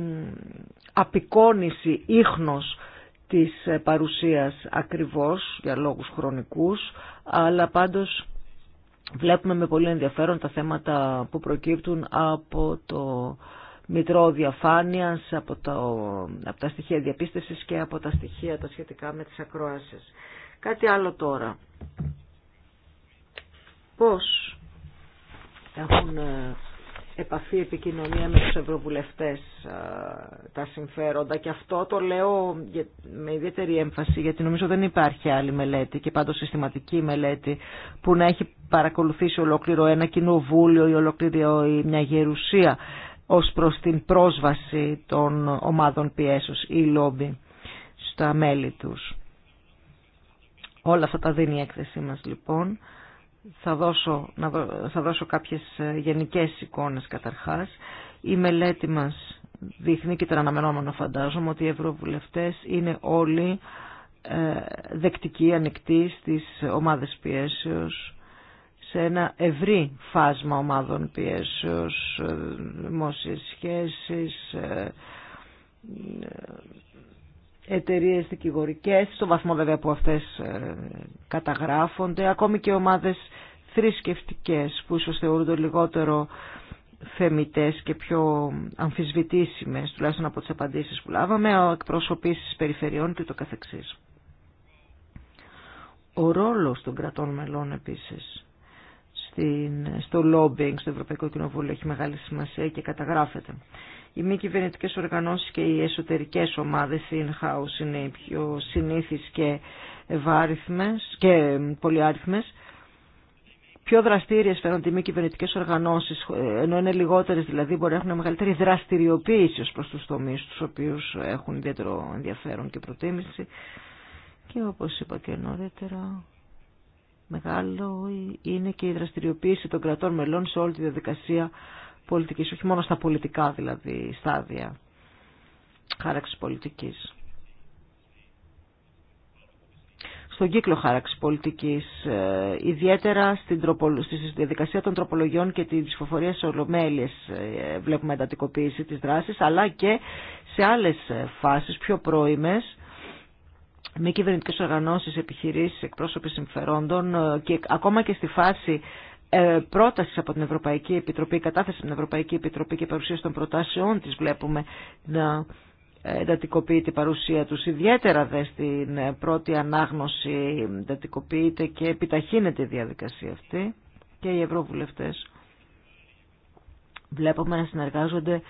απεικόνηση ίχνος της παρουσίας ακριβώς για λόγους χρονικούς, αλλά πάντως βλέπουμε με πολύ ενδιαφέρον τα θέματα που προκύπτουν από το Μητρό Διαφάνειας, από, από τα στοιχεία διαπίστευσης και από τα στοιχεία τα σχετικά με τις ακροάσεις. Κάτι άλλο τώρα. Πώς έχουν ε, επαφή, επικοινωνία με τους ευρωβουλευτές ε, τα συμφέροντα και αυτό το λέω με ιδιαίτερη έμφαση γιατί νομίζω δεν υπάρχει άλλη μελέτη και πάντως συστηματική μελέτη που να έχει παρακολουθήσει ολόκληρο ένα κοινοβούλιο ή ολόκληρη ή μια γερουσία ως προς την πρόσβαση των ομάδων πιέσεως ή λόμπι στα μέλη τους. Όλα αυτά τα δίνει η έκθεσή μας λοιπόν θα δώσω, θα δώσω κάποιες ε, γενικές εικόνες καταρχάς. Η μελέτη μας δείχνει και τα αναμενόμενο φαντάζομαι ότι οι ευρωβουλευτές είναι όλοι ε, δεκτικοί, ανοιχτοί στις ομάδες πιέσεως σε ένα ευρύ φάσμα ομάδων πιέσεως, ε, δημόσιες σχέσεις, εταιρείε δικηγορικές, στο βαθμό βέβαια που αυτές ε, καταγράφονται, ακόμη και ομάδες θρησκευτικέ που ίσως θεωρούνται λιγότερο θεμητές και πιο αμφισβητήσιμες, τουλάχιστον από τις απαντήσεις που λάβαμε, εκπροσωπήσεις περιφερειών και το καθεξής. Ο ρόλος των κρατών μελών επίσης στο lobbying στο Ευρωπαϊκό Κοινοβούλιο έχει μεγάλη σημασία και καταγράφεται. Οι μη κυβερνητικέ οργανώσει και οι εσωτερικέ ομάδε ομάδες in-house είναι οι πιο συνήθει και ευάριθμε και πολυάριθμες. Πιο δραστηριε φαίνονται οι μη κυβερνητικέ οργανώσεις, ενώ είναι λιγότερε δηλαδή μπορεί να έχουν μεγαλύτερη δραστηριοποίηση ω προς τους τομείς του οποίου έχουν ιδιαίτερο ενδιαφέρον και προτίμηση. Και όπω είπα και νωρίτερα, μεγάλο είναι και η δραστηριοποίηση των κρατών μελών σε όλη τη διαδικασία πολιτικής, όχι μόνο στα πολιτικά δηλαδή στάδια χάραξης πολιτικής. Στον κύκλο χάραξης πολιτικής, ε, ιδιαίτερα στην στη διαδικασία των τροπολογιών και τη ψηφοφορία σε ολομέλειες ε, βλέπουμε εντατικοποίηση της δράσης, αλλά και σε άλλες ε, φάσεις πιο πρώιμες, με κυβερνητικές οργανώσεις, επιχειρήσεις, εκπρόσωποι συμφερόντων και ακόμα και στη φάση ε, πρόταση από την Ευρωπαϊκή Επιτροπή, κατάθεση από την Ευρωπαϊκή Επιτροπή και παρουσίαση των προτάσεών της βλέπουμε να εντατικοποιείται η παρουσία του. Ιδιαίτερα δε στην πρώτη ανάγνωση εντατικοποιείται και επιταχύνεται η διαδικασία αυτή και οι ευρωβουλευτές βλέπουμε να συνεργάζονται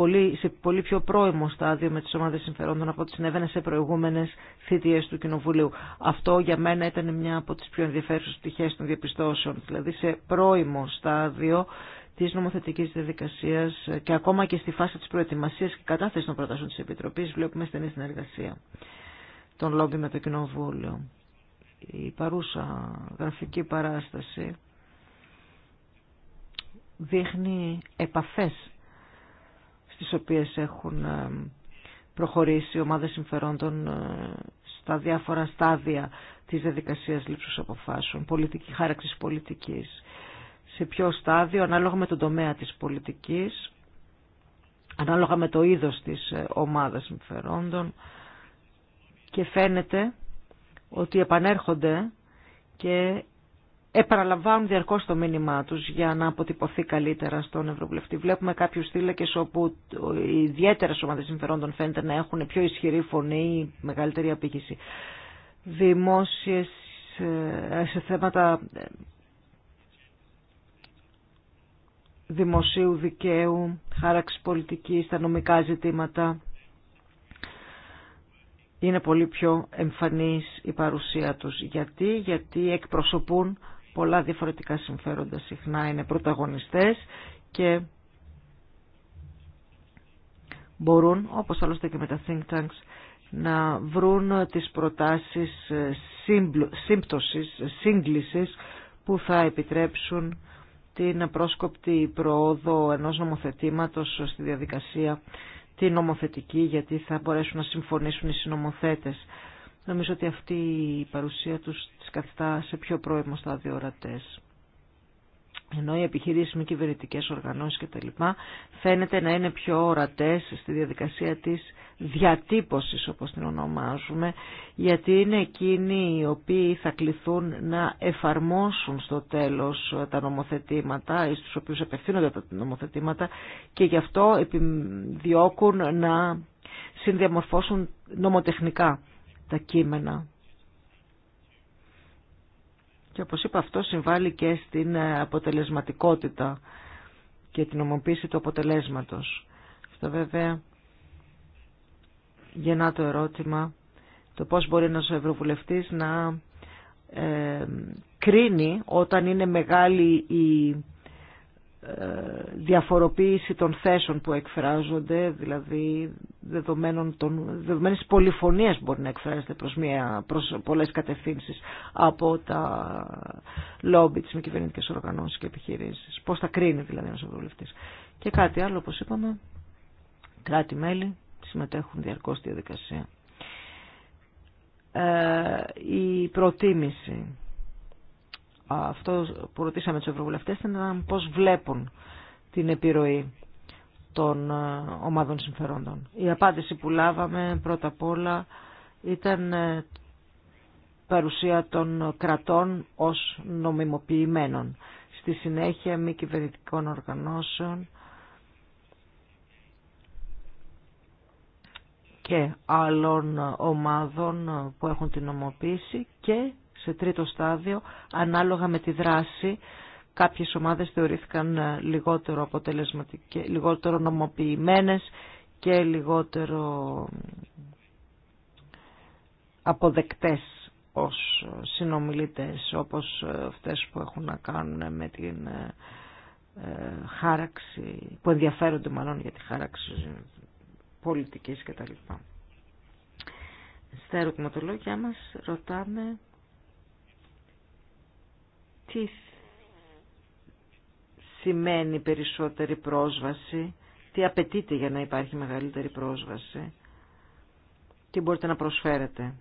πολύ, σε πολύ πιο πρώιμο στάδιο με τις ομάδες συμφερόντων από ό,τι συνέβαινε σε προηγούμενες θητείες του Κοινοβουλίου. Αυτό για μένα ήταν μια από τις πιο ενδιαφέρουσες πτυχές των διαπιστώσεων, δηλαδή σε πρώιμο στάδιο της νομοθετικής διαδικασίας και ακόμα και στη φάση της προετοιμασίας και κατάθεσης των προτάσεων της Επιτροπής βλέπουμε στενή συνεργασία των λόμπι με το Κοινοβούλιο. Η παρούσα γραφική παράσταση δείχνει επαφές στις οποίες έχουν ε, προχωρήσει οι ομάδες συμφερόντων ε, στα διάφορα στάδια της διαδικασίας λήψης αποφάσεων, πολιτική, χάραξης πολιτικής. Σε ποιο στάδιο, ανάλογα με τον τομέα της πολιτικής, ανάλογα με το είδος της ε, ομάδας συμφερόντων και φαίνεται ότι επανέρχονται και επαναλαμβάνουν διαρκώ το μήνυμά του για να αποτυπωθεί καλύτερα στον Ευρωβουλευτή. Βλέπουμε κάποιους θύλακε όπου οι ιδιαίτερε ομάδες συμφερόντων φαίνεται να έχουν πιο ισχυρή φωνή, η μεγαλύτερη απήχηση. Δημόσιες ε, σε θέματα ε, δημοσίου δικαίου, χάραξη πολιτικη τα νομικά ζητήματα. Είναι πολύ πιο εμφανής η παρουσία τους. Γιατί, γιατί εκπροσωπούν πολλά διαφορετικά συμφέροντα συχνά είναι πρωταγωνιστές και μπορούν, όπως άλλωστε και με τα think tanks, να βρουν τις προτάσεις σύμπτωσης, σύγκλησης που θα επιτρέψουν την πρόσκοπτη προόδο ενός νομοθετήματος στη διαδικασία την νομοθετική γιατί θα μπορέσουν να συμφωνήσουν οι συνομοθέτες. Νομίζω ότι αυτή η παρουσία τους τις καθιστά σε πιο πρώιμο στάδιο ορατές. Ενώ οι επιχειρήσεις με κυβερνητικές οργανώσεις κτλ. φαίνεται να είναι πιο ορατές στη διαδικασία της διατύπωσης όπως την ονομάζουμε γιατί είναι εκείνοι οι οποίοι θα κληθούν να εφαρμόσουν στο τέλος τα νομοθετήματα ή στους οποίους απευθύνονται τα νομοθετήματα και γι' αυτό επιδιώκουν να συνδιαμορφώσουν νομοτεχνικά τα κείμενα. Και όπως είπα αυτό συμβάλλει και στην ε, αποτελεσματικότητα και την ομοποίηση του αποτελέσματος. Αυτό βέβαια γεννά το ερώτημα το πώς μπορεί ένας ευρωβουλευτής να ε, κρίνει όταν είναι μεγάλη η ε, διαφοροποίηση των θέσεων που εκφράζονται, δηλαδή δεδομένων των, δεδομένης πολυφωνίας μπορεί να εκφράζεται προς, μια, προς πολλές κατευθύνσεις από τα λόμπι της μη κυβερνητικές οργανώσεις και επιχειρήσεις. Πώς θα κρίνει δηλαδή ένας ευρωβουλευτής. Και κάτι άλλο, όπως είπαμε, κράτη-μέλη συμμετέχουν διαρκώς στη διαδικασία. Ε, η προτίμηση αυτό που ρωτήσαμε του ευρωβουλευτέ ήταν πώς βλέπουν την επιρροή των ε, ομάδων συμφερόντων. Η απάντηση που λάβαμε πρώτα απ' όλα ήταν ε, παρουσία των κρατών ως νομιμοποιημένων. Στη συνέχεια μη κυβερνητικών οργανώσεων και άλλων ομάδων που έχουν την νομοποίηση και σε τρίτο στάδιο ανάλογα με τη δράση. Κάποιες ομάδες θεωρήθηκαν ε, λιγότερο, αποτελεσματικές, λιγότερο νομοποιημένες και λιγότερο αποδεκτές ως συνομιλητές όπως ε, αυτές που έχουν να κάνουν με την ε, χάραξη, που ενδιαφέρονται μάλλον για τη χάραξη πολιτικής κτλ. Στα ερωτηματολόγια μας ρωτάμε τι σημαίνει περισσότερη πρόσβαση, τι απαιτείται για να υπάρχει μεγαλύτερη πρόσβαση, τι μπορείτε να προσφέρετε.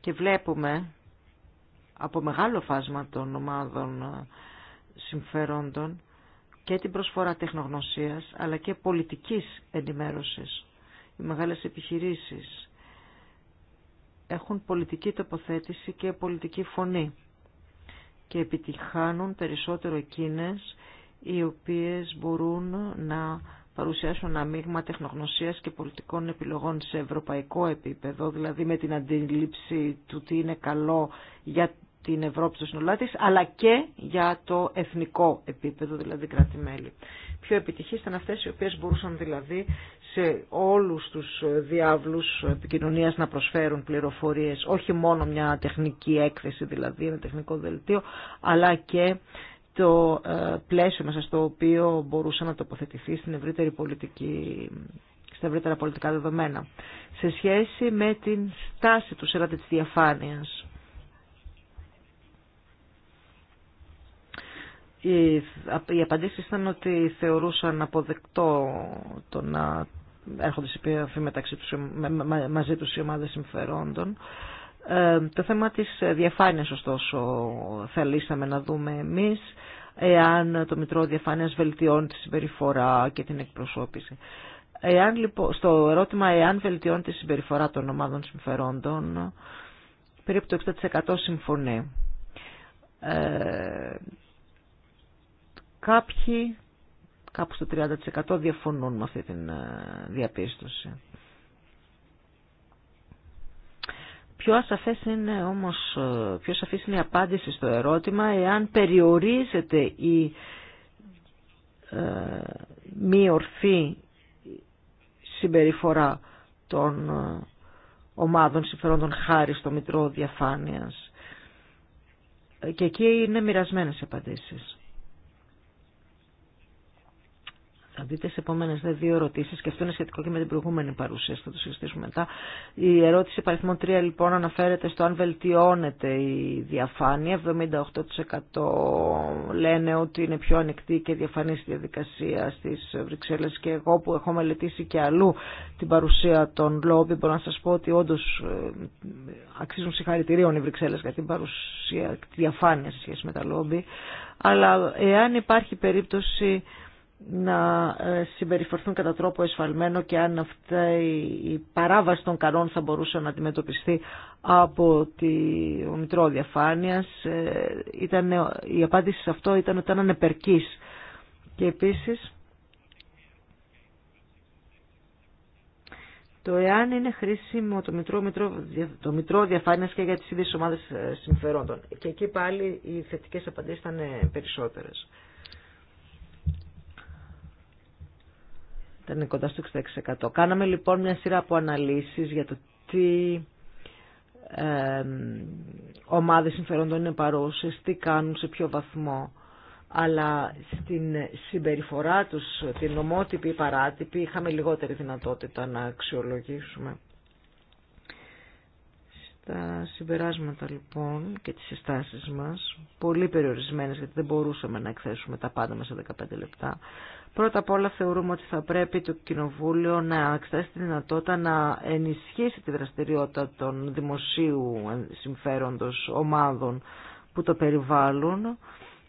Και βλέπουμε από μεγάλο φάσμα των ομάδων ε, συμφερόντων και την προσφορά τεχνογνωσίας αλλά και πολιτικής ενημέρωσης. Οι μεγάλες επιχειρήσεις έχουν πολιτική τοποθέτηση και πολιτική φωνή και επιτυχάνουν περισσότερο εκείνες οι οποίες μπορούν να παρουσιάσουν ένα μείγμα τεχνογνωσίας και πολιτικών επιλογών σε ευρωπαϊκό επίπεδο, δηλαδή με την αντίληψη του τι είναι καλό για την Ευρώπη στο συνολά της, αλλά και για το εθνικό επίπεδο, δηλαδή κράτη-μέλη πιο επιτυχείς ήταν αυτές οι οποίες μπορούσαν δηλαδή σε όλους τους διάβλους επικοινωνίας να προσφέρουν πληροφορίες, όχι μόνο μια τεχνική έκθεση δηλαδή, ένα τεχνικό δελτίο, αλλά και το ε, πλαίσιο μέσα στο οποίο μπορούσε να τοποθετηθεί στην ευρύτερη πολιτική στα ευρύτερα πολιτικά δεδομένα. Σε σχέση με την στάση του σέρατε της διαφάνειας Οι απαντήσει ήταν ότι θεωρούσαν αποδεκτό το να έρχονται σε επαφή μεταξύ τους, μαζί τους οι ομάδες συμφερόντων. Ε, το θέμα της διαφάνειας ωστόσο θελήσαμε να δούμε εμείς εάν το Μητρό Διαφάνειας βελτιώνει τη συμπεριφορά και την εκπροσώπηση. Εάν, λοιπόν, στο ερώτημα εάν βελτιώνει τη συμπεριφορά των ομάδων συμφερόντων, περίπου το 60% συμφωνεί. Ε, Κάποιοι, κάπου στο 30% διαφωνούν με αυτή την ε, διαπίστωση. Πιο ασαφές είναι όμως, ε, πιο σαφής είναι η απάντηση στο ερώτημα εάν περιορίζεται η ε, μη ορθή συμπεριφορά των ε, ομάδων συμφερόντων χάρη στο Μητρό Διαφάνειας. Και εκεί είναι μοιρασμένες απαντήσεις. θα δείτε σε επόμενε δύο ερωτήσει και αυτό είναι σχετικό και με την προηγούμενη παρουσίαση, θα το συζητήσουμε μετά. Η ερώτηση παριθμό 3 λοιπόν αναφέρεται στο αν βελτιώνεται η διαφάνεια. 78% λένε ότι είναι πιο ανοιχτή και διαφανή στη διαδικασία στις Βρυξέλλες και εγώ που έχω μελετήσει και αλλού την παρουσία των λόμπι μπορώ να σα πω ότι όντω ε, αξίζουν συγχαρητηρίων οι Βρυξέλλες για την παρουσία τη διαφάνεια σε σχέση με τα λόμπι. Αλλά εάν υπάρχει περίπτωση να ε, συμπεριφερθούν κατά τρόπο εσφαλμένο και αν αυτά η παράβαση των καρών θα μπορούσε να αντιμετωπιστεί από τη Μητρό ε, Ήταν, η απάντηση σε αυτό ήταν ότι ήταν επερκής. Και επίσης το εάν είναι χρήσιμο το Μητρό, Μητρό, και για τις ίδιες ομάδες ε, συμφερόντων. Και εκεί πάλι οι θετικές απαντήσεις ήταν περισσότερες. Ήταν κοντά στο 66%. Κάναμε λοιπόν μια σειρά από αναλύσεις για το τι ε, ομάδες συμφερόντων είναι παρούσες, τι κάνουν, σε ποιο βαθμό. Αλλά στην συμπεριφορά τους, την ομότυπη ή παράτυπη, είχαμε λιγότερη δυνατότητα να αξιολογήσουμε. Στα συμπεράσματα λοιπόν και τις συστάσεις μας, πολύ περιορισμένες γιατί δεν μπορούσαμε να εκθέσουμε τα πάντα μέσα 15 λεπτά, Πρώτα απ' όλα θεωρούμε ότι θα πρέπει το Κοινοβούλιο να εξετάσει τη δυνατότητα να ενισχύσει τη δραστηριότητα των δημοσίου συμφέροντος ομάδων που το περιβάλλουν,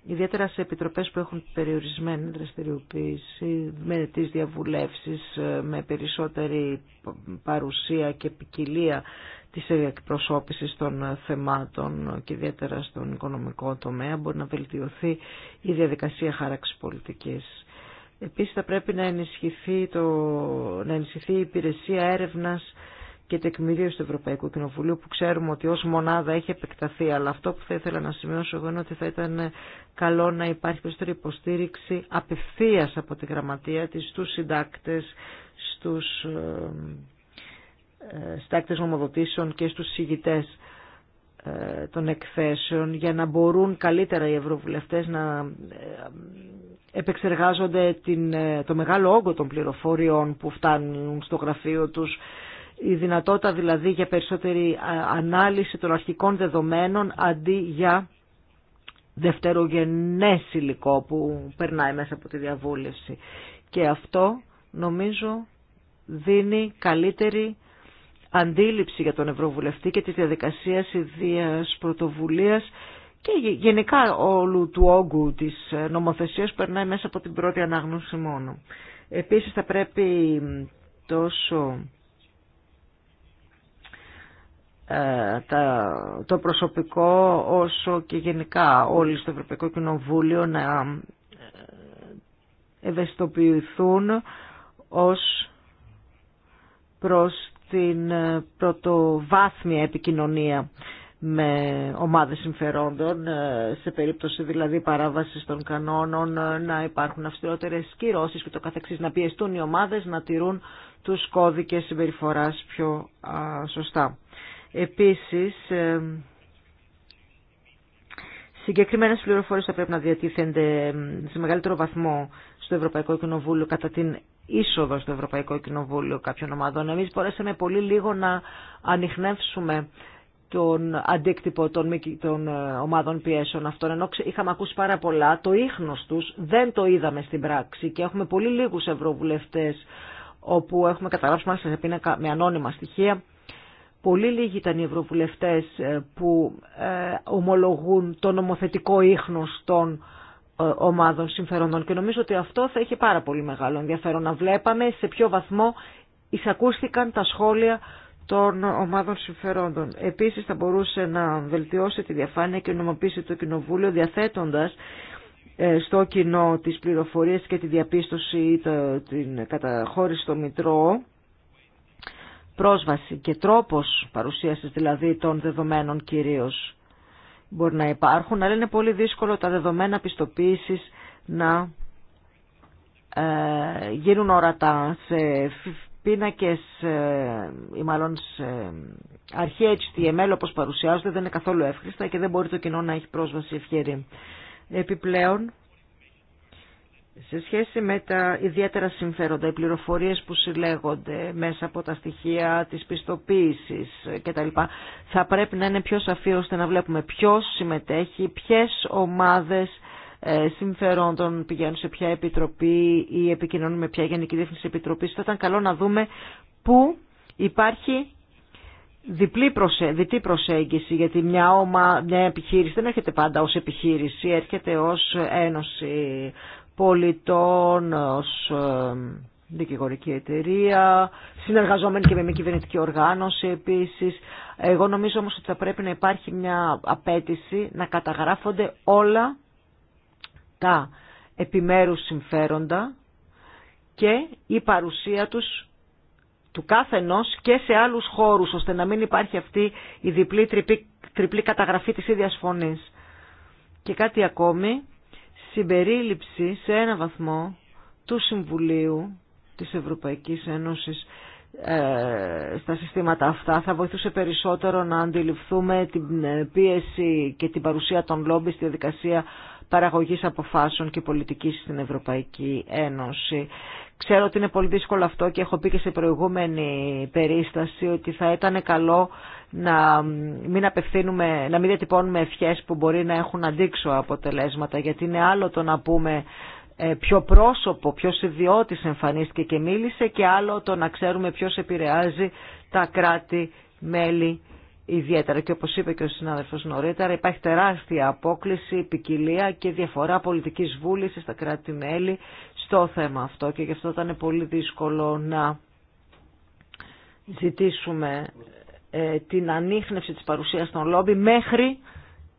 ιδιαίτερα σε επιτροπές που έχουν περιορισμένη δραστηριοποίηση, με τις διαβουλεύσεις, με περισσότερη παρουσία και ποικιλία της εκπροσώπησης των θεμάτων και ιδιαίτερα στον οικονομικό τομέα μπορεί να βελτιωθεί η διαδικασία χάραξης πολιτικής. Επίσης θα πρέπει να ενισχυθεί, το, να ενισχυθεί η υπηρεσία έρευνας και τεκμηρίωση του Ευρωπαϊκού Κοινοβουλίου που ξέρουμε ότι ως μονάδα έχει επεκταθεί αλλά αυτό που θα ήθελα να σημειώσω εγώ είναι ότι θα ήταν καλό να υπάρχει περισσότερη υποστήριξη απευθείας από τη γραμματεία της στους συντάκτες, στους ε, ε, συντάκτες νομοδοτήσεων και στους συγητές ε, των εκθέσεων για να μπορούν καλύτερα οι ευρωβουλευτές να ε, επεξεργάζονται την, ε, το μεγάλο όγκο των πληροφοριών που φτάνουν στο γραφείο τους η δυνατότητα δηλαδή για περισσότερη ανάλυση των αρχικών δεδομένων αντί για δευτερογενές υλικό που περνάει μέσα από τη διαβούλευση. Και αυτό νομίζω δίνει καλύτερη αντίληψη για τον Ευρωβουλευτή και της διαδικασίας ιδίας πρωτοβουλίας και γενικά όλου του όγκου της ε, νομοθεσίας περνάει μέσα από την πρώτη ανάγνωση μόνο. Επίσης θα πρέπει τόσο ε, το προσωπικό όσο και γενικά όλοι στο Ευρωπαϊκό Κοινοβούλιο να ε, ευαισθητοποιηθούν ως προς στην ε, πρωτοβάθμια επικοινωνία με ομάδες συμφερόντων, ε, σε περίπτωση δηλαδή παράβασης των κανόνων ε, να υπάρχουν αυστηρότερες κυρώσεις και το καθεξής, να πιεστούν οι ομάδες να τηρούν τους κώδικες συμπεριφοράς πιο σωστά. Επίσης, συγκεκριμένες πληροφορίες θα πρέπει να διατίθενται σε μεγαλύτερο βαθμό στο Ευρωπαϊκό Κοινοβούλιο κατά την είσοδο στο Ευρωπαϊκό Κοινοβούλιο κάποιων ομάδων. Εμείς μπορέσαμε πολύ λίγο να ανοιχνεύσουμε τον αντίκτυπο των, των ε, ομάδων πιέσεων αυτών. Ενώ είχαμε ακούσει πάρα πολλά, το ίχνος τους δεν το είδαμε στην πράξη και έχουμε πολύ λίγους ευρωβουλευτέ όπου έχουμε καταγράψει μάλιστα σε πίνακα με ανώνυμα στοιχεία. Πολύ λίγοι ήταν οι ευρωβουλευτές ε, που ε, ομολογούν το νομοθετικό ίχνος των ε, ομάδων συμφερόντων και νομίζω ότι αυτό θα είχε πάρα πολύ μεγάλο ενδιαφέρον να βλέπαμε σε ποιο βαθμό εισακούστηκαν τα σχόλια των ομάδων συμφερόντων. Επίσης θα μπορούσε να βελτιώσει τη διαφάνεια και νομοποιήσει το Κοινοβούλιο διαθέτοντας ε, στο κοινό τις πληροφορίες και τη διαπίστωση ή την καταχώρηση στο Μητρό πρόσβαση και τρόπος παρουσίασης δηλαδή των δεδομένων κυρίως μπορεί να υπάρχουν, αλλά είναι πολύ δύσκολο τα δεδομένα πιστοποίησης να ε, γίνουν ορατά σε πίνακες ε, ή μάλλον σε αρχή HTML όπως παρουσιάζονται δεν είναι καθόλου εύχριστα και δεν μπορεί το κοινό να έχει πρόσβαση ευχαίρει. Επιπλέον σε σχέση με τα ιδιαίτερα συμφέροντα, οι πληροφορίες που συλλέγονται μέσα από τα στοιχεία της πιστοποίησης κτλ. Θα πρέπει να είναι πιο σαφή ώστε να βλέπουμε ποιος συμμετέχει, ποιες ομάδες ε, συμφερόντων πηγαίνουν σε ποια επιτροπή ή επικοινωνούν με ποια Γενική Διεύθυνση Επιτροπής. Θα ήταν καλό να δούμε πού υπάρχει διπλή προσέ, διτή προσέγγιση, γιατί μια, ομα, μια επιχείρηση δεν έρχεται πάντα ως επιχείρηση, έρχεται ως ένωση πολιτών ως ε, δικηγορική εταιρεία, συνεργαζόμενοι και με μη κυβερνητική οργάνωση επίσης. Εγώ νομίζω όμως ότι θα πρέπει να υπάρχει μια απέτηση να καταγράφονται όλα τα επιμέρους συμφέροντα και η παρουσία τους του κάθε ενός και σε άλλους χώρους, ώστε να μην υπάρχει αυτή η διπλή, τριπλή, καταγραφή της ίδιας φωνής. Και κάτι ακόμη, συμπερίληψη σε ένα βαθμό του Συμβουλίου της Ευρωπαϊκής Ένωσης ε, στα συστήματα αυτά θα βοηθούσε περισσότερο να αντιληφθούμε την ε, πίεση και την παρουσία των λόμπι στη διαδικασία παραγωγής αποφάσεων και πολιτικής στην Ευρωπαϊκή Ένωση. Ξέρω ότι είναι πολύ δύσκολο αυτό και έχω πει και σε προηγούμενη περίσταση ότι θα ήταν καλό να μην απευθύνουμε, να μην διατυπώνουμε ευχές που μπορεί να έχουν αντίξω αποτελέσματα, γιατί είναι άλλο το να πούμε ε, ποιο πρόσωπο, ποιος ιδιώτης εμφανίστηκε και μίλησε και άλλο το να ξέρουμε ποιος επηρεάζει τα κράτη-μέλη ιδιαίτερα. Και όπως είπε και ο συνάδελφος νωρίτερα, υπάρχει τεράστια απόκληση, ποικιλία και διαφορά πολιτικής βούλησης στα κράτη-μέλη στο θέμα αυτό και γι' αυτό ήταν πολύ δύσκολο να ζητήσουμε ε, την ανείχνευση της παρουσίας των λόμπι μέχρι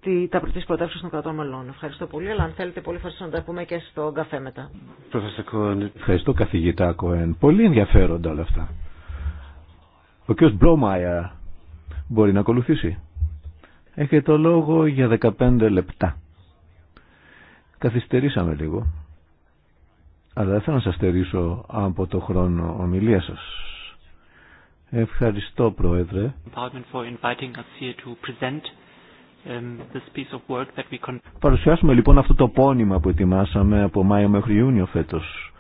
τη, τα πρωτή προτεύσεις των κρατών μελών. Ευχαριστώ πολύ, αλλά αν θέλετε πολύ ευχαριστώ να τα πούμε και στο καφέ μετά. Ευχαριστώ καθηγητά Κοέν. Πολύ ενδιαφέροντα όλα αυτά. Ο κ. Μπρόμαια μπορεί να ακολουθήσει. Έχετε το λόγο για 15 λεπτά. Καθυστερήσαμε λίγο. Αλλά δεν θέλω να σας στερήσω από το χρόνο ομιλία σας. Ευχαριστώ, Πρόεδρε. Παρουσιάσουμε λοιπόν αυτό το πόνημα που ετοιμάσαμε από Μάιο μέχρι Ιούνιο φέτος.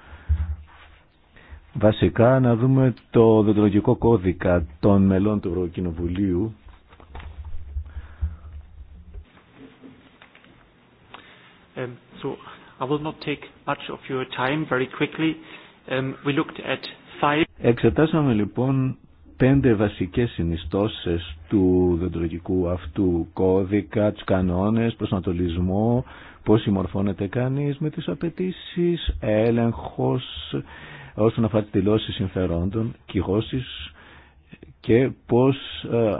Βασικά να δούμε το δεντρολογικό κώδικα των μελών του Ευρωκοινοβουλίου Εξετάσαμε λοιπόν πέντε βασικές συνιστώσεις του δεντρογικού αυτού κώδικα, τους κανόνες, προσανατολισμό, πώς συμμορφώνεται κανείς με τις απαιτήσει, έλεγχος όσον αφορά τις δηλώσεις συμφερόντων, κυγώσεις και πώς ε,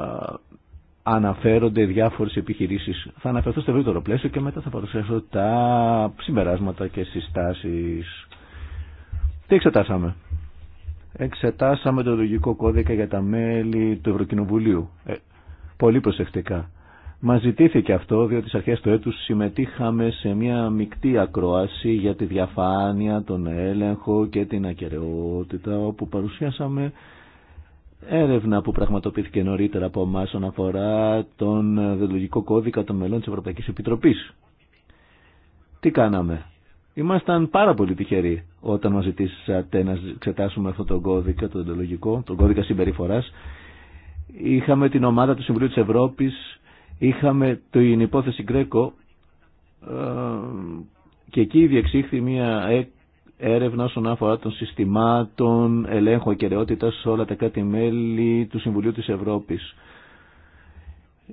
αναφέρονται διάφορες επιχειρήσεις. Θα αναφερθώ στο ευρύτερο πλαίσιο και μετά θα παρουσιάσω τα συμπεράσματα και συστάσεις. Τι εξετάσαμε εξετάσαμε το λογικό κώδικα για τα μέλη του Ευρωκοινοβουλίου. Ε, πολύ προσεκτικά. Μα ζητήθηκε αυτό διότι στι αρχές του έτου συμμετείχαμε σε μια μεικτή ακρόαση για τη διαφάνεια, τον έλεγχο και την ακαιρεότητα όπου παρουσιάσαμε έρευνα που πραγματοποιήθηκε νωρίτερα από εμά όσον αφορά τον Λογικό κώδικα των μελών τη Ευρωπαϊκή Επιτροπή. Τι κάναμε. Ήμασταν πάρα πολύ τυχεροί όταν μας ζητήσατε να εξετάσουμε αυτό τον κώδικα, τον εντολογικό, τον κώδικα συμπεριφοράς. Είχαμε την ομάδα του Συμβουλίου της Ευρώπης, είχαμε την υπόθεση Γκρέκο ε, και εκεί διεξήχθη μια έρευνα όσον αφορά των συστημάτων ελέγχου ακεραιότητα σε όλα τα κάτι μέλη του Συμβουλίου της Ευρώπη.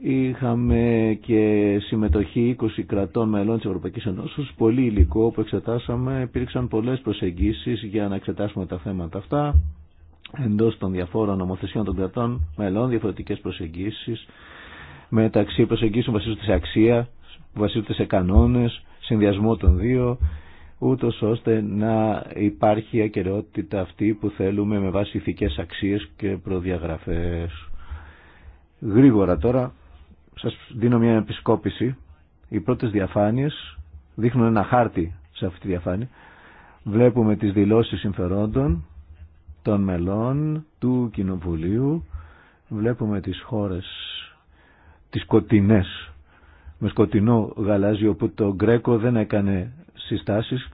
Είχαμε και συμμετοχή 20 κρατών μελών της Ευρωπαϊκής Ενώσης, πολύ υλικό που εξετάσαμε, υπήρξαν πολλές προσεγγίσεις για να εξετάσουμε τα θέματα αυτά εντός των διαφόρων νομοθεσιών των κρατών μελών, διαφορετικές προσεγγίσεις μεταξύ προσεγγίσεων βασίζονται σε αξία, βασίζονται σε κανόνες, συνδυασμό των δύο, ούτω ώστε να υπάρχει η ακαιρεότητα αυτή που θέλουμε με βάση ηθικές αξίες και προδιαγραφές. Γρήγορα τώρα σας δίνω μια επισκόπηση. Οι πρώτες διαφάνειες δείχνουν ένα χάρτη σε αυτή τη διαφάνεια. Βλέπουμε τις δηλώσεις συμφερόντων των μελών του Κοινοβουλίου. Βλέπουμε τις χώρες, τις σκοτεινές, με σκοτεινό γαλάζιο όπου το Γκρέκο δεν έκανε συστάσεις.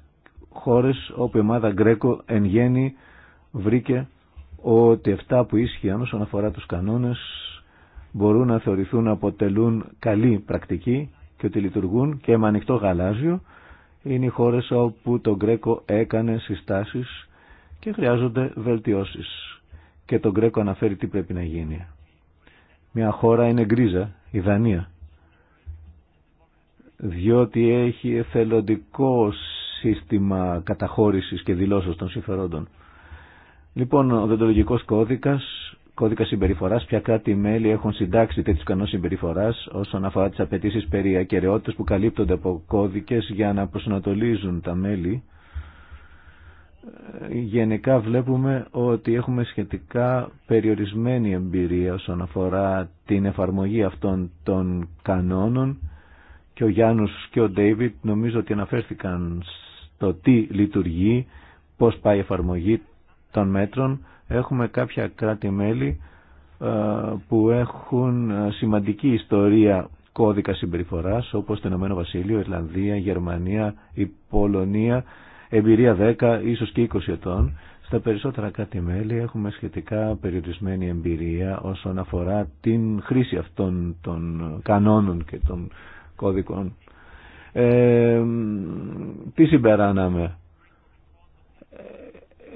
Χώρες όπου η ομάδα Γκρέκο εν γέννη βρήκε ότι αυτά που ίσχυαν όσον αφορά τους κανόνες μπορούν να θεωρηθούν να αποτελούν καλή πρακτική και ότι λειτουργούν και με ανοιχτό γαλάζιο είναι οι χώρε όπου το Γκρέκο έκανε συστάσεις και χρειάζονται βελτιώσεις. Και το Γκρέκο αναφέρει τι πρέπει να γίνει. Μια χώρα είναι γκρίζα, η Δανία, διότι έχει εθελοντικό σύστημα καταχώρησης και δηλώσεως των συμφερόντων. Λοιπόν, ο δεντολογικός κώδικας κώδικα συμπεριφορά, ποια κράτη-μέλη έχουν συντάξει τέτοιου κανόνε συμπεριφορά όσον αφορά τι απαιτήσει περί ακαιρεότητα που καλύπτονται από κώδικε για να προσανατολίζουν τα μέλη. Ε, γενικά βλέπουμε ότι έχουμε σχετικά περιορισμένη εμπειρία όσον αφορά την εφαρμογή αυτών των κανόνων και ο Γιάννους και ο Ντέιβιτ νομίζω ότι αναφέρθηκαν στο τι λειτουργεί, πώς πάει η εφαρμογή των μέτρων Έχουμε κάποια κράτη-μέλη ε, που έχουν ε, σημαντική ιστορία κώδικα συμπεριφοράς όπως το Ηνωμένο Βασίλειο, Ιρλανδία, Γερμανία, η Πολωνία, εμπειρία 10, ίσως και 20 ετών. Στα περισσότερα κράτη-μέλη έχουμε σχετικά περιορισμένη εμπειρία όσον αφορά την χρήση αυτών των κανόνων και των κώδικων. Ε, τι συμπεράναμε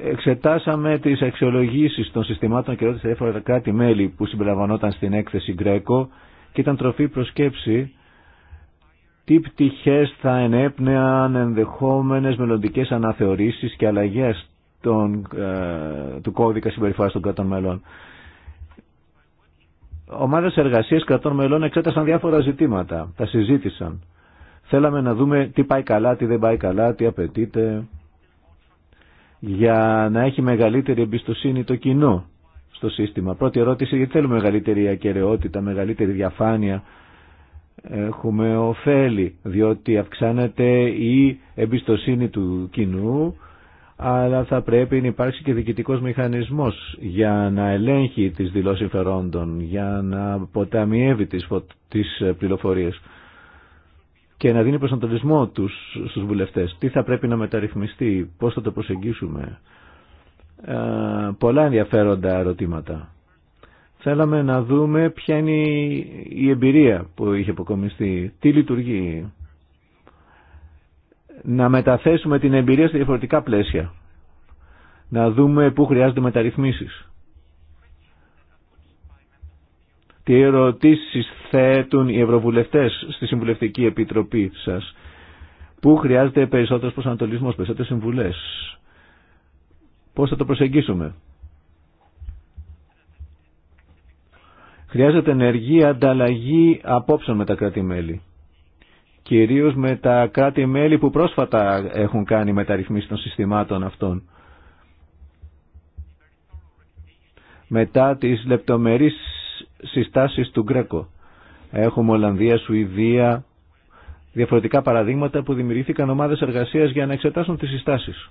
εξετάσαμε τις αξιολογήσεις των συστημάτων και ρώτησε διάφορα κράτη-μέλη που συμπεριλαμβανόταν στην έκθεση Γκρέκο και ήταν τροφή προσκέψη τι πτυχές θα ενέπνεαν ενδεχόμενες μελλοντικές αναθεωρήσεις και αλλαγές ε, του κώδικα συμπεριφοράς των κρατών μελών. Ομάδες εργασίας κρατών μελών εξέτασαν διάφορα ζητήματα, τα συζήτησαν. Θέλαμε να δούμε τι πάει καλά, τι δεν πάει καλά, τι απαιτείται για να έχει μεγαλύτερη εμπιστοσύνη το κοινό στο σύστημα. Πρώτη ερώτηση, γιατί θέλουμε μεγαλύτερη ακαιρεότητα, μεγαλύτερη διαφάνεια. Έχουμε ωφέλη, διότι αυξάνεται η εμπιστοσύνη του κοινού, αλλά θα πρέπει να υπάρξει και διοικητικός μηχανισμός για να ελέγχει τις δηλώσεις φερόντων, για να αποταμιεύει τις, τις ε, πληροφορίες και να δίνει προσανατολισμό τους στους βουλευτές. Τι θα πρέπει να μεταρρυθμιστεί, πώς θα το προσεγγίσουμε. Ε, πολλά ενδιαφέροντα ερωτήματα. Θέλαμε να δούμε ποια είναι η εμπειρία που είχε αποκομιστεί, τι λειτουργεί. Να μεταθέσουμε την εμπειρία σε διαφορετικά πλαίσια. Να δούμε πού χρειάζονται μεταρρυθμίσεις. τι ερωτήσεις θέτουν οι ευρωβουλευτές στη Συμβουλευτική Επιτροπή σας. Πού χρειάζεται περισσότερος προσανατολισμός, περισσότερες συμβουλές. Πώς θα το προσεγγίσουμε. Χρειάζεται ενεργή ανταλλαγή απόψεων με τα κράτη-μέλη. Κυρίως με τα κράτη-μέλη που πρόσφατα έχουν κάνει μεταρρυθμίσεις των συστημάτων αυτών. Μετά τις λεπτομερείς συστάσεις του Γκρέκο. Έχουμε Ολλανδία, Σουηδία, διαφορετικά παραδείγματα που δημιουργήθηκαν ομάδες εργασίας για να εξετάσουν τις συστάσεις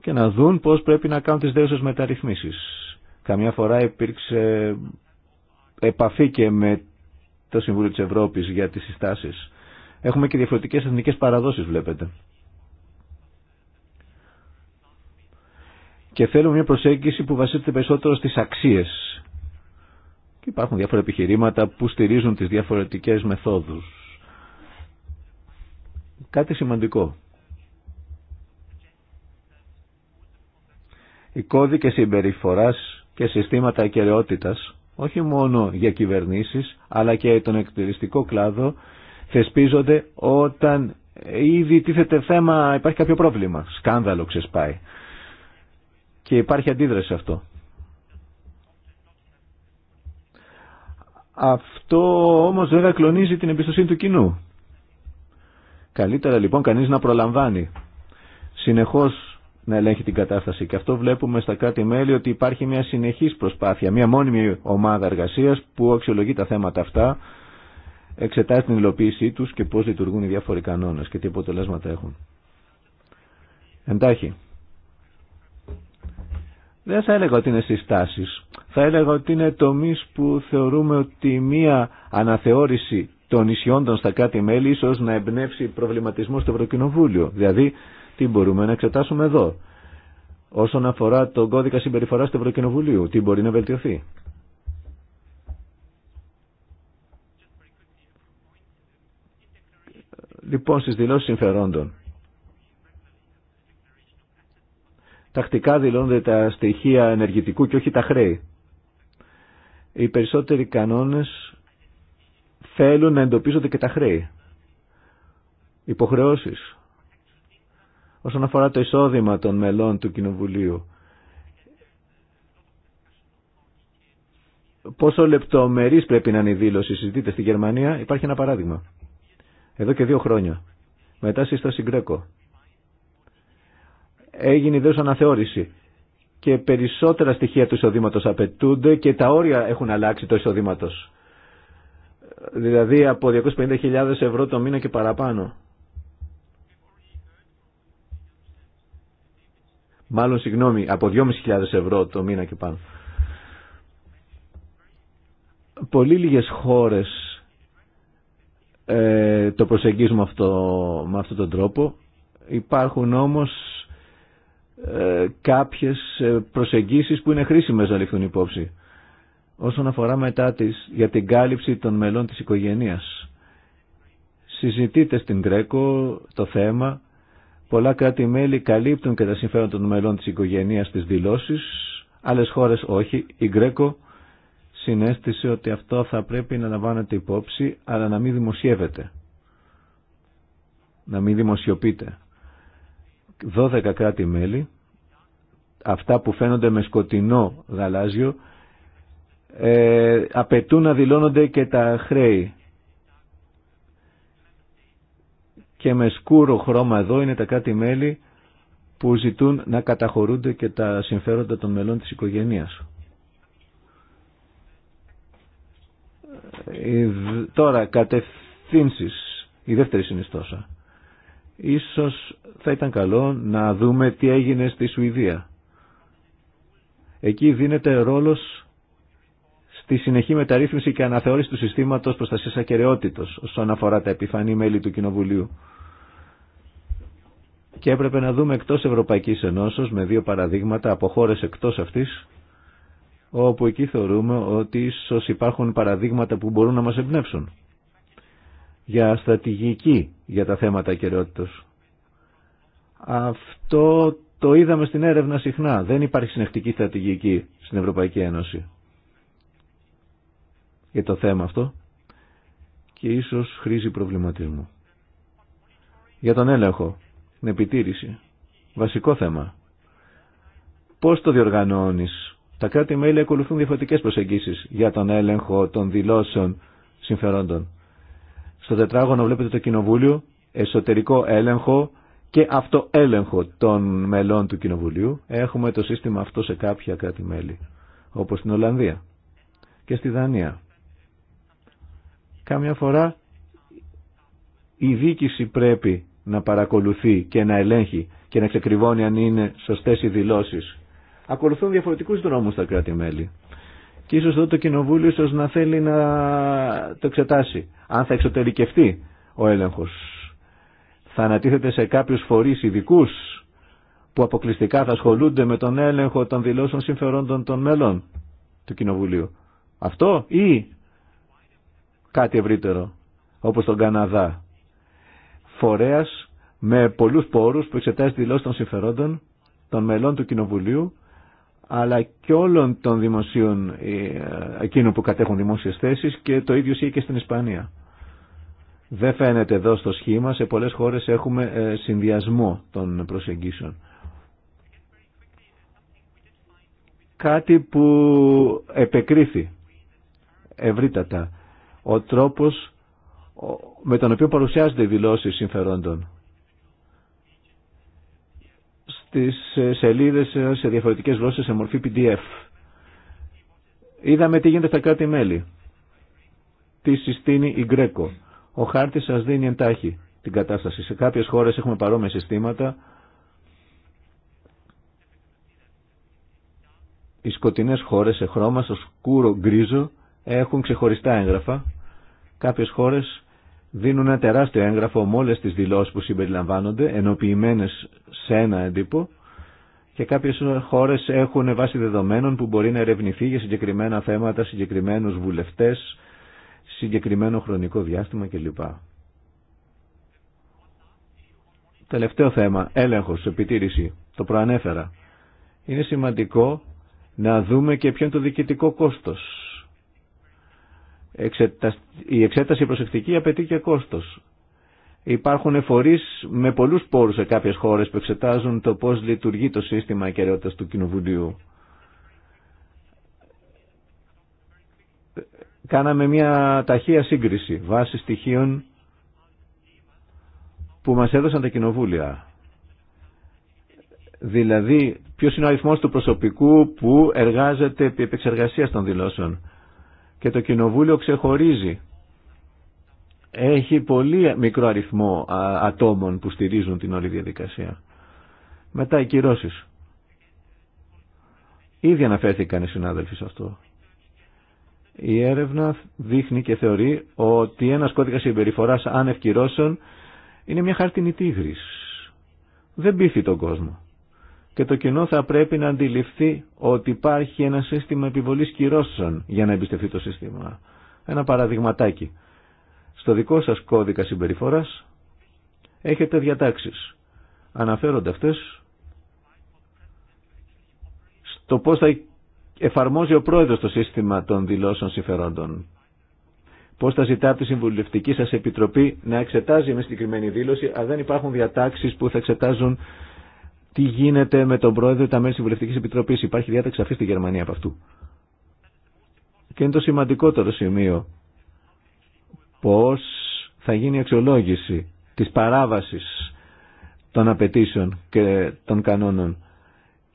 και να δουν πώς πρέπει να κάνουν τις δέουσες μεταρρυθμίσεις. Καμιά φορά υπήρξε επαφή και με το Συμβούλιο της Ευρώπης για τις συστάσεις. Έχουμε και διαφορετικές εθνικές παραδόσεις βλέπετε. Και θέλουμε μια προσέγγιση που βασίζεται περισσότερο στις αξίες και υπάρχουν διάφορα επιχειρήματα που στηρίζουν τις διαφορετικές μεθόδους. Κάτι σημαντικό. Οι κώδικες συμπεριφοράς και συστήματα ακεραιότητας, όχι μόνο για κυβερνήσεις, αλλά και τον εκτελεστικό κλάδο, θεσπίζονται όταν ήδη τίθεται θέμα, υπάρχει κάποιο πρόβλημα, σκάνδαλο ξεσπάει. Και υπάρχει αντίδραση σε αυτό. Αυτό όμως δεν κλονίζει την εμπιστοσύνη του κοινού. Καλύτερα λοιπόν κανείς να προλαμβάνει. Συνεχώς να ελέγχει την κατάσταση. Και αυτό βλέπουμε στα κράτη-μέλη ότι υπάρχει μια συνεχής προσπάθεια, μια μόνιμη ομάδα εργασίας που αξιολογεί τα θέματα αυτά, εξετάζει την υλοποίησή τους και πώς λειτουργούν οι διάφοροι κανόνες και τι αποτελέσματα έχουν. Εντάχει, δεν θα έλεγα ότι είναι συστάσεις. Θα έλεγα ότι είναι τομεί που θεωρούμε ότι μία αναθεώρηση των ισιόντων στα κάτι μέλη ίσως να εμπνεύσει προβληματισμό στο Ευρωκοινοβούλιο. Δηλαδή, τι μπορούμε να εξετάσουμε εδώ. Όσον αφορά τον κώδικα συμπεριφοράς του Ευρωκοινοβουλίου, τι μπορεί να βελτιωθεί. Λοιπόν, στις δηλώσεις συμφερόντων. τακτικά δηλώνονται τα στοιχεία ενεργητικού και όχι τα χρέη. Οι περισσότεροι κανόνες θέλουν να εντοπίζονται και τα χρέη. Υποχρεώσεις. Όσον αφορά το εισόδημα των μελών του Κοινοβουλίου. Πόσο λεπτομερής πρέπει να είναι η δήλωση. Συζητείτε στη Γερμανία. Υπάρχει ένα παράδειγμα. Εδώ και δύο χρόνια. Μετά σύσταση Γκρέκο έγινε ιδέως αναθεώρηση και περισσότερα στοιχεία του εισοδήματο απαιτούνται και τα όρια έχουν αλλάξει το εισοδήματο. Δηλαδή από 250.000 ευρώ το μήνα και παραπάνω. Μάλλον, συγγνώμη, από 2.500 ευρώ το μήνα και πάνω. Πολύ λίγες χώρες ε, το προσεγγίζουμε αυτό, με αυτόν τον τρόπο. Υπάρχουν όμως ε, κάποιες ε, προσεγγίσεις που είναι χρήσιμες να ληφθούν υπόψη όσον αφορά μετά της, για την κάλυψη των μελών της οικογένειας. Συζητείται στην Τρέκο το θέμα, πολλά κράτη-μέλη καλύπτουν και τα συμφέροντα των μελών της οικογένειας στις δηλώσεις, άλλες χώρες όχι. Η Γκρέκο συνέστησε ότι αυτό θα πρέπει να λαμβάνεται υπόψη, αλλά να μην δημοσιεύεται, να μην δημοσιοποιείται. 12 κράτη-μέλη, αυτά που φαίνονται με σκοτεινό γαλάζιο, ε, απαιτούν να δηλώνονται και τα χρέη. Και με σκούρο χρώμα εδώ είναι τα κράτη-μέλη που ζητούν να καταχωρούνται και τα συμφέροντα των μελών της οικογένειας. Ε, τώρα, κατευθύνσεις, η δεύτερη συνιστόσα. Ίσως θα ήταν καλό να δούμε τι έγινε στη Σουηδία. Εκεί δίνεται ρόλος στη συνεχή μεταρρύθμιση και αναθεώρηση του συστήματος προστασίας ακαιρεότητος όσον αφορά τα επιφανή μέλη του Κοινοβουλίου. Και έπρεπε να δούμε εκτός Ευρωπαϊκής Ενώσεως με δύο παραδείγματα από χώρες εκτός αυτής όπου εκεί θεωρούμε ότι ίσως υπάρχουν παραδείγματα που μπορούν να μας εμπνεύσουν για στρατηγική για τα θέματα κυριότητος. Αυτό το είδαμε στην έρευνα συχνά. Δεν υπάρχει συνεχτική στρατηγική στην Ευρωπαϊκή Ένωση για το θέμα αυτό και ίσως χρήζει προβληματισμού. Για τον έλεγχο, την επιτήρηση, βασικό θέμα. Πώς το διοργανώνεις. Τα κράτη-μέλη ακολουθούν διαφορετικές προσεγγίσεις για τον έλεγχο των δηλώσεων συμφερόντων. Στο τετράγωνο βλέπετε το Κοινοβούλιο, εσωτερικό έλεγχο και αυτοέλεγχο των μελών του Κοινοβουλίου. Έχουμε το σύστημα αυτό σε κάποια κράτη-μέλη, όπως στην Ολλανδία και στη Δανία. Κάμια φορά η δίκηση πρέπει να παρακολουθεί και να ελέγχει και να ξεκριβώνει αν είναι σωστές οι δηλώσεις. Ακολουθούν διαφορετικούς δρόμους τα κράτη-μέλη και ίσως εδώ το κοινοβούλιο ίσως να θέλει να το εξετάσει. Αν θα εξωτερικευτεί ο έλεγχος, θα ανατίθεται σε κάποιους φορείς ειδικού που αποκλειστικά θα ασχολούνται με τον έλεγχο των δηλώσεων συμφερόντων των μέλων του κοινοβουλίου. Αυτό ή κάτι ευρύτερο, όπως τον Καναδά. Φορέας με πολλούς πόρους που εξετάζει δηλώσεις των συμφερόντων των μελών του Κοινοβουλίου αλλά και όλων των δημοσίων ε, εκείνων που κατέχουν δημόσιες θέσεις και το ίδιο ισχύει και στην Ισπανία. Δεν φαίνεται εδώ στο σχήμα, σε πολλές χώρες έχουμε ε, συνδυασμό των προσεγγίσεων. Κάτι που επεκρίθη ευρύτατα, ο τρόπος με τον οποίο παρουσιάζονται οι δηλώσεις συμφερόντων στις ε, σελίδες ε, σε διαφορετικές γλώσσες σε μορφή PDF. Είδαμε τι γίνεται στα κράτη-μέλη. Τι συστήνει η Γκρέκο. Ο χάρτης σας δίνει εντάχει την κατάσταση. Σε κάποιες χώρες έχουμε παρόμοια συστήματα. Οι σκοτεινές χώρες σε χρώμα, στο σκούρο γκρίζο, έχουν ξεχωριστά έγγραφα. Κάποιες χώρες δίνουν ένα τεράστιο έγγραφο με όλες τις δηλώσεις που συμπεριλαμβάνονται, ενοποιημένες σε ένα έντυπο και κάποιες χώρες έχουν βάση δεδομένων που μπορεί να ερευνηθεί για συγκεκριμένα θέματα, συγκεκριμένους βουλευτές, συγκεκριμένο χρονικό διάστημα κλπ. Τελευταίο θέμα, έλεγχος, επιτήρηση, το προανέφερα. Είναι σημαντικό να δούμε και ποιο είναι το διοικητικό κόστος η εξέταση προσεκτική απαιτεί και κόστος. Υπάρχουν φορείς με πολλούς πόρους σε κάποιες χώρες που εξετάζουν το πώς λειτουργεί το σύστημα ακεραιότητας του Κοινοβουλίου. Κάναμε μια ταχεία σύγκριση βάσει στοιχείων που μας έδωσαν τα κοινοβούλια. Δηλαδή, ποιος είναι ο αριθμός του προσωπικού που εργάζεται επί επεξεργασίας των δηλώσεων και το κοινοβούλιο ξεχωρίζει. Έχει πολύ μικρό αριθμό ατόμων που στηρίζουν την όλη διαδικασία. Μετά οι κυρώσεις. Ήδη αναφέρθηκαν οι συνάδελφοι σε αυτό. Η έρευνα δείχνει και θεωρεί ότι ένας κώδικας συμπεριφορά ανευκυρώσεων είναι μια χαρτινή τίγρης. Δεν πείθει τον κόσμο και το κοινό θα πρέπει να αντιληφθεί ότι υπάρχει ένα σύστημα επιβολής κυρώσεων για να εμπιστευτεί το σύστημα. Ένα παραδειγματάκι. Στο δικό σας κώδικα συμπεριφοράς έχετε διατάξεις. Αναφέρονται αυτές στο πώς θα εφαρμόζει ο πρόεδρος το σύστημα των δηλώσεων συμφερόντων. Πώς θα ζητά από τη συμβουλευτική σα επιτροπή να εξετάζει με συγκεκριμένη δήλωση, αν δεν υπάρχουν διατάξεις που θα εξετάζουν τι γίνεται με τον πρόεδρο τα μέλη τη Βουλευτική Επιτροπή. Υπάρχει διάταξη αυτή στη Γερμανία από αυτού. Και είναι το σημαντικότερο σημείο. Πώ θα γίνει η αξιολόγηση της παράβαση των απαιτήσεων και των κανόνων.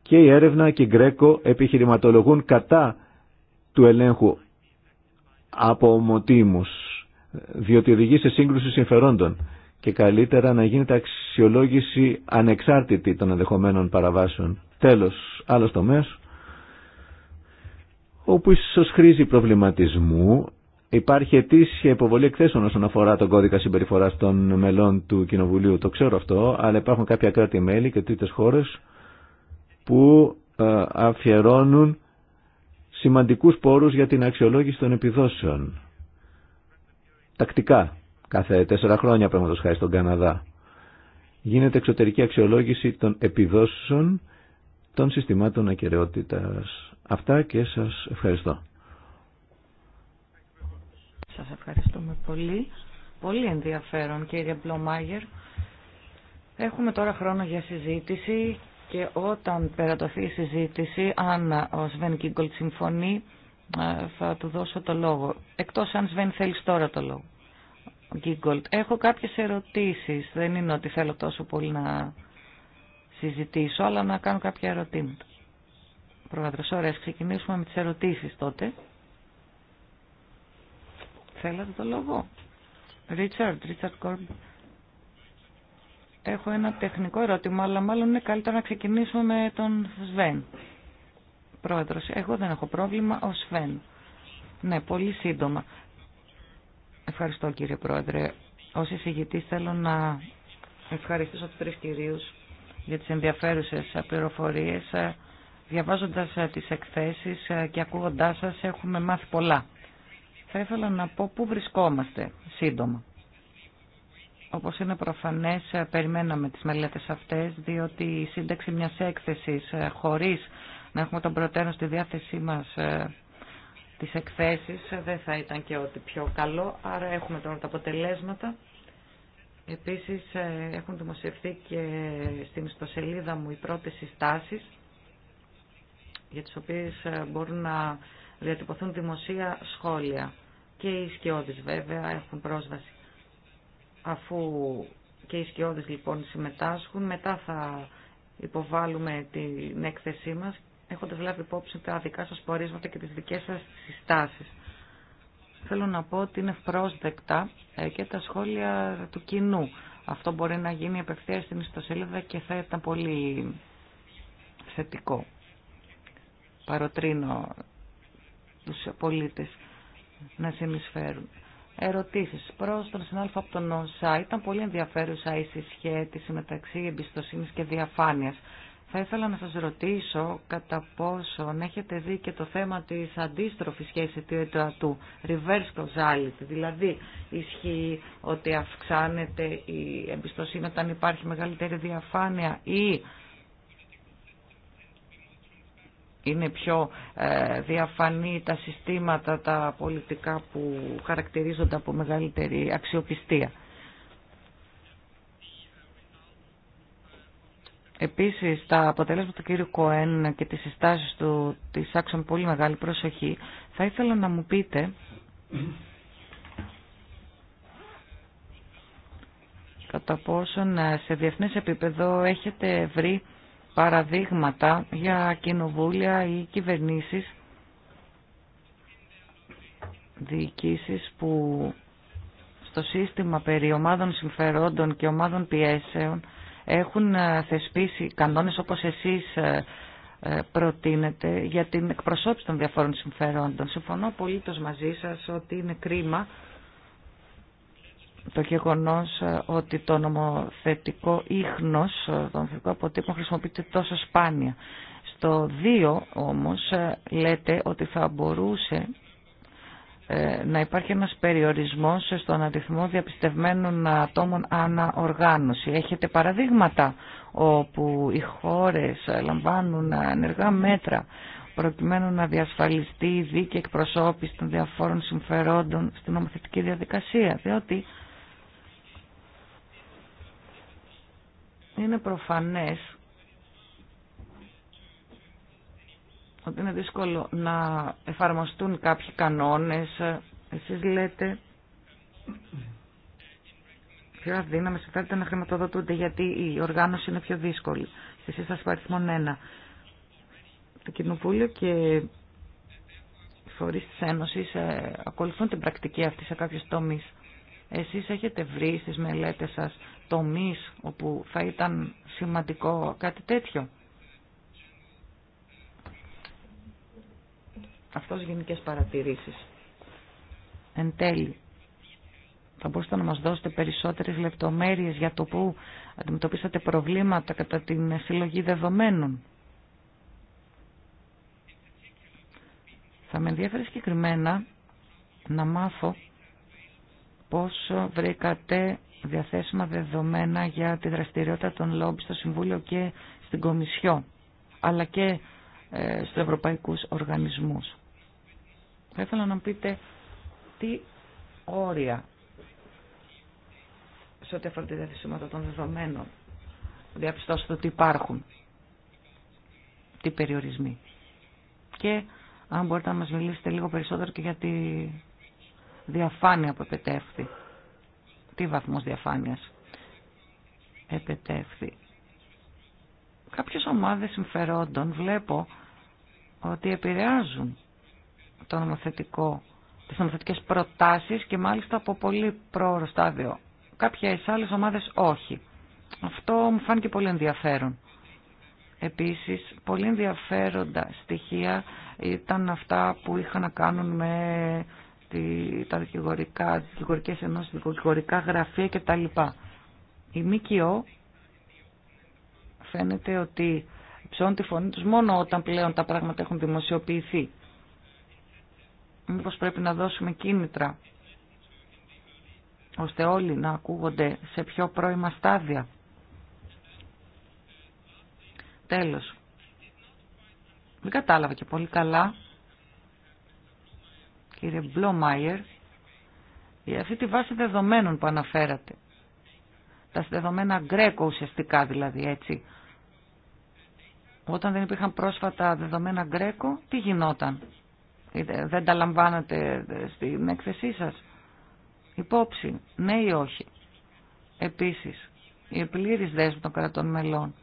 Και η έρευνα και η Γκρέκο επιχειρηματολογούν κατά του ελέγχου από ομοτήμους διότι οδηγεί σε σύγκρουση συμφερόντων και καλύτερα να γίνεται αξιολόγηση ανεξάρτητη των ενδεχομένων παραβάσεων. Τέλος, άλλος τομέας, όπου ίσως χρήζει προβληματισμού, υπάρχει ετήσια υποβολή εκθέσεων όσον αφορά τον κώδικα συμπεριφοράς των μελών του Κοινοβουλίου. Το ξέρω αυτό, αλλά υπάρχουν κάποια κράτη-μέλη και τρίτες χώρες που ε, αφιερώνουν σημαντικούς πόρους για την αξιολόγηση των επιδόσεων τακτικά κάθε τέσσερα χρόνια τους χάρη στον Καναδά. Γίνεται εξωτερική αξιολόγηση των επιδόσεων των συστημάτων ακαιρεότητας. Αυτά και σας ευχαριστώ. Σας ευχαριστούμε πολύ. Πολύ ενδιαφέρον κύριε Μπλομάγερ. Έχουμε τώρα χρόνο για συζήτηση και όταν περατωθεί η συζήτηση, αν ο Σβέν Κίγκολτ συμφωνεί, ε, θα του δώσω το λόγο. Εκτός αν Σβέν θέλεις τώρα το λόγο. Γκίγκολτ. Έχω κάποιες ερωτήσεις. Δεν είναι ότι θέλω τόσο πολύ να συζητήσω, αλλά να κάνω κάποια ερωτήματα. Πρόεδρος, ωραία, ας ξεκινήσουμε με τις ερωτήσεις τότε. Θέλατε το λόγο. Ρίτσαρντ, Ρίτσαρντ Κόρμπ. Έχω ένα τεχνικό ερώτημα, αλλά μάλλον είναι καλύτερο να ξεκινήσουμε με τον Σβέν. Πρόεδρος. Εγώ δεν έχω πρόβλημα, ο Σφέν. Ναι, πολύ σύντομα. Ευχαριστώ κύριε Πρόεδρε. Ως εισηγητής θέλω να ευχαριστήσω τους τρεις κυρίους για τις ενδιαφέρουσες πληροφορίες. Διαβάζοντας τις εκθέσεις και ακούγοντάς σας έχουμε μάθει πολλά. Θα ήθελα να πω πού βρισκόμαστε σύντομα. Όπως είναι προφανές, περιμέναμε τις μελέτες αυτές, διότι η σύνταξη μιας έκθεσης χωρίς να έχουμε τον προτέρων στη διάθεσή μας ε, τις εκθέσεις δεν θα ήταν και ό,τι πιο καλό, άρα έχουμε τώρα τα αποτελέσματα. Επίσης ε, έχουν δημοσιευθεί και στην ιστοσελίδα μου οι πρώτες συστάσεις για τις οποίες ε, μπορούν να διατυπωθούν δημοσία σχόλια. Και οι σκιώδεις βέβαια έχουν πρόσβαση. Αφού και οι σκιώδεις λοιπόν συμμετάσχουν, μετά θα υποβάλουμε την έκθεσή μας έχοντα λάβει υπόψη τα δικά σα πορίσματα και τι δικέ σα συστάσει. Θέλω να πω ότι είναι προσδεκτά ε, και τα σχόλια του κοινού. Αυτό μπορεί να γίνει απευθεία στην ιστοσελίδα και θα ήταν πολύ θετικό. Παροτρύνω τους πολίτες να συνεισφέρουν. Ερωτήσεις προς τον συνάδελφο από τον ΩΣΑ. Ήταν πολύ ενδιαφέρουσα η συσχέτιση μεταξύ εμπιστοσύνης και διαφάνειας. Θα ήθελα να σας ρωτήσω κατά πόσο έχετε δει και το θέμα της αντίστροφης σχέση του reverse causality, δηλαδή ισχύει ότι αυξάνεται η εμπιστοσύνη όταν υπάρχει μεγαλύτερη διαφάνεια ή είναι πιο ε, διαφανή τα συστήματα, τα πολιτικά που χαρακτηρίζονται από μεγαλύτερη αξιοπιστία. Επίσης, τα αποτέλεσματα του κύριου Κοέν και τις συστάσεις του της άξαν πολύ μεγάλη προσοχή. Θα ήθελα να μου πείτε κατά πόσον ε, σε διεθνές επίπεδο έχετε βρει παραδείγματα για κοινοβούλια ή κυβερνήσεις διοικήσεις που στο σύστημα περί ομάδων συμφερόντων και ομάδων πιέσεων έχουν ε, θεσπίσει κανόνες όπως εσείς ε, ε, προτείνετε για την εκπροσώπηση των διαφόρων συμφερόντων. Συμφωνώ απολύτως μαζί σας ότι είναι κρίμα το γεγονός ότι το νομοθετικό ίχνος, το νομοθετικό αποτύπωμα χρησιμοποιείται τόσο σπάνια. Στο 2 όμως λέτε ότι θα μπορούσε ε, να υπάρχει ένας περιορισμός στον αριθμό διαπιστευμένων ατόμων αναοργάνωση. Έχετε παραδείγματα όπου οι χώρες λαμβάνουν ενεργά μέτρα προκειμένου να διασφαλιστεί η δίκαιη εκπροσώπηση των διαφόρων συμφερόντων στην νομοθετική διαδικασία, διότι είναι προφανές ότι είναι δύσκολο να εφαρμοστούν κάποιοι κανόνες. Εσείς λέτε πιο αδύναμες θέλετε να χρηματοδοτούνται γιατί η οργάνωση είναι πιο δύσκολη. Εσείς σας πάρει ένα. Το Κοινοβούλιο και οι φορείς της Ένωσης ε, ακολουθούν την πρακτική αυτή σε κάποιους τομείς. Εσείς έχετε βρει στις μελέτες σας τομείς όπου θα ήταν σημαντικό κάτι τέτοιο. Αυτός γενικές παρατηρήσεις. Εν τέλει, θα μπορούσατε να μας δώσετε περισσότερες λεπτομέρειες για το που αντιμετωπίσατε προβλήματα κατά την συλλογή δεδομένων. Θα με ενδιαφέρει συγκεκριμένα να μάθω πόσο βρήκατε διαθέσιμα δεδομένα για τη δραστηριότητα των λόμπι στο Συμβούλιο και στην Κομισιό, αλλά και ε, στους ευρωπαϊκούς οργανισμούς. Θα ήθελα να πείτε τι όρια σε ό,τι αφορά τη διαθεσιμότητα των δεδομένων διαπιστώσετε ότι υπάρχουν τι περιορισμοί και αν μπορείτε να μας μιλήσετε λίγο περισσότερο και για τη διαφάνεια που επετεύχθη τι βαθμός διαφάνειας επετεύχθη κάποιες ομάδες συμφερόντων βλέπω ότι επηρεάζουν το νομοθετικό, τις νομοθετικές προτάσεις και μάλιστα από πολύ πρόωρο στάδιο. Κάποιες άλλες ομάδες όχι. Αυτό μου φάνηκε πολύ ενδιαφέρον. Επίσης, πολύ ενδιαφέροντα στοιχεία ήταν αυτά που είχαν να κάνουν με τα δικηγορικά, τις δικηγορικές ενώσεις, δικηγορικά γραφεία κτλ. Η ΜΚΟ φαίνεται ότι ψώνει τη φωνή τους μόνο όταν πλέον τα πράγματα έχουν δημοσιοποιηθεί. Μήπως πρέπει να δώσουμε κίνητρα ώστε όλοι να ακούγονται σε πιο πρώιμα στάδια. Τέλος. Δεν κατάλαβα και πολύ καλά, κύριε Μπλόμαϊερ, για αυτή τη βάση δεδομένων που αναφέρατε. Τα δεδομένα γκρέκο ουσιαστικά δηλαδή, έτσι. Όταν δεν υπήρχαν πρόσφατα δεδομένα γκρέκο, τι γινόταν δεν τα λαμβάνετε ε, στην έκθεσή σας. Υπόψη, ναι ή όχι. Επίσης, η επιλήρης δέσμη των κρατών μελών.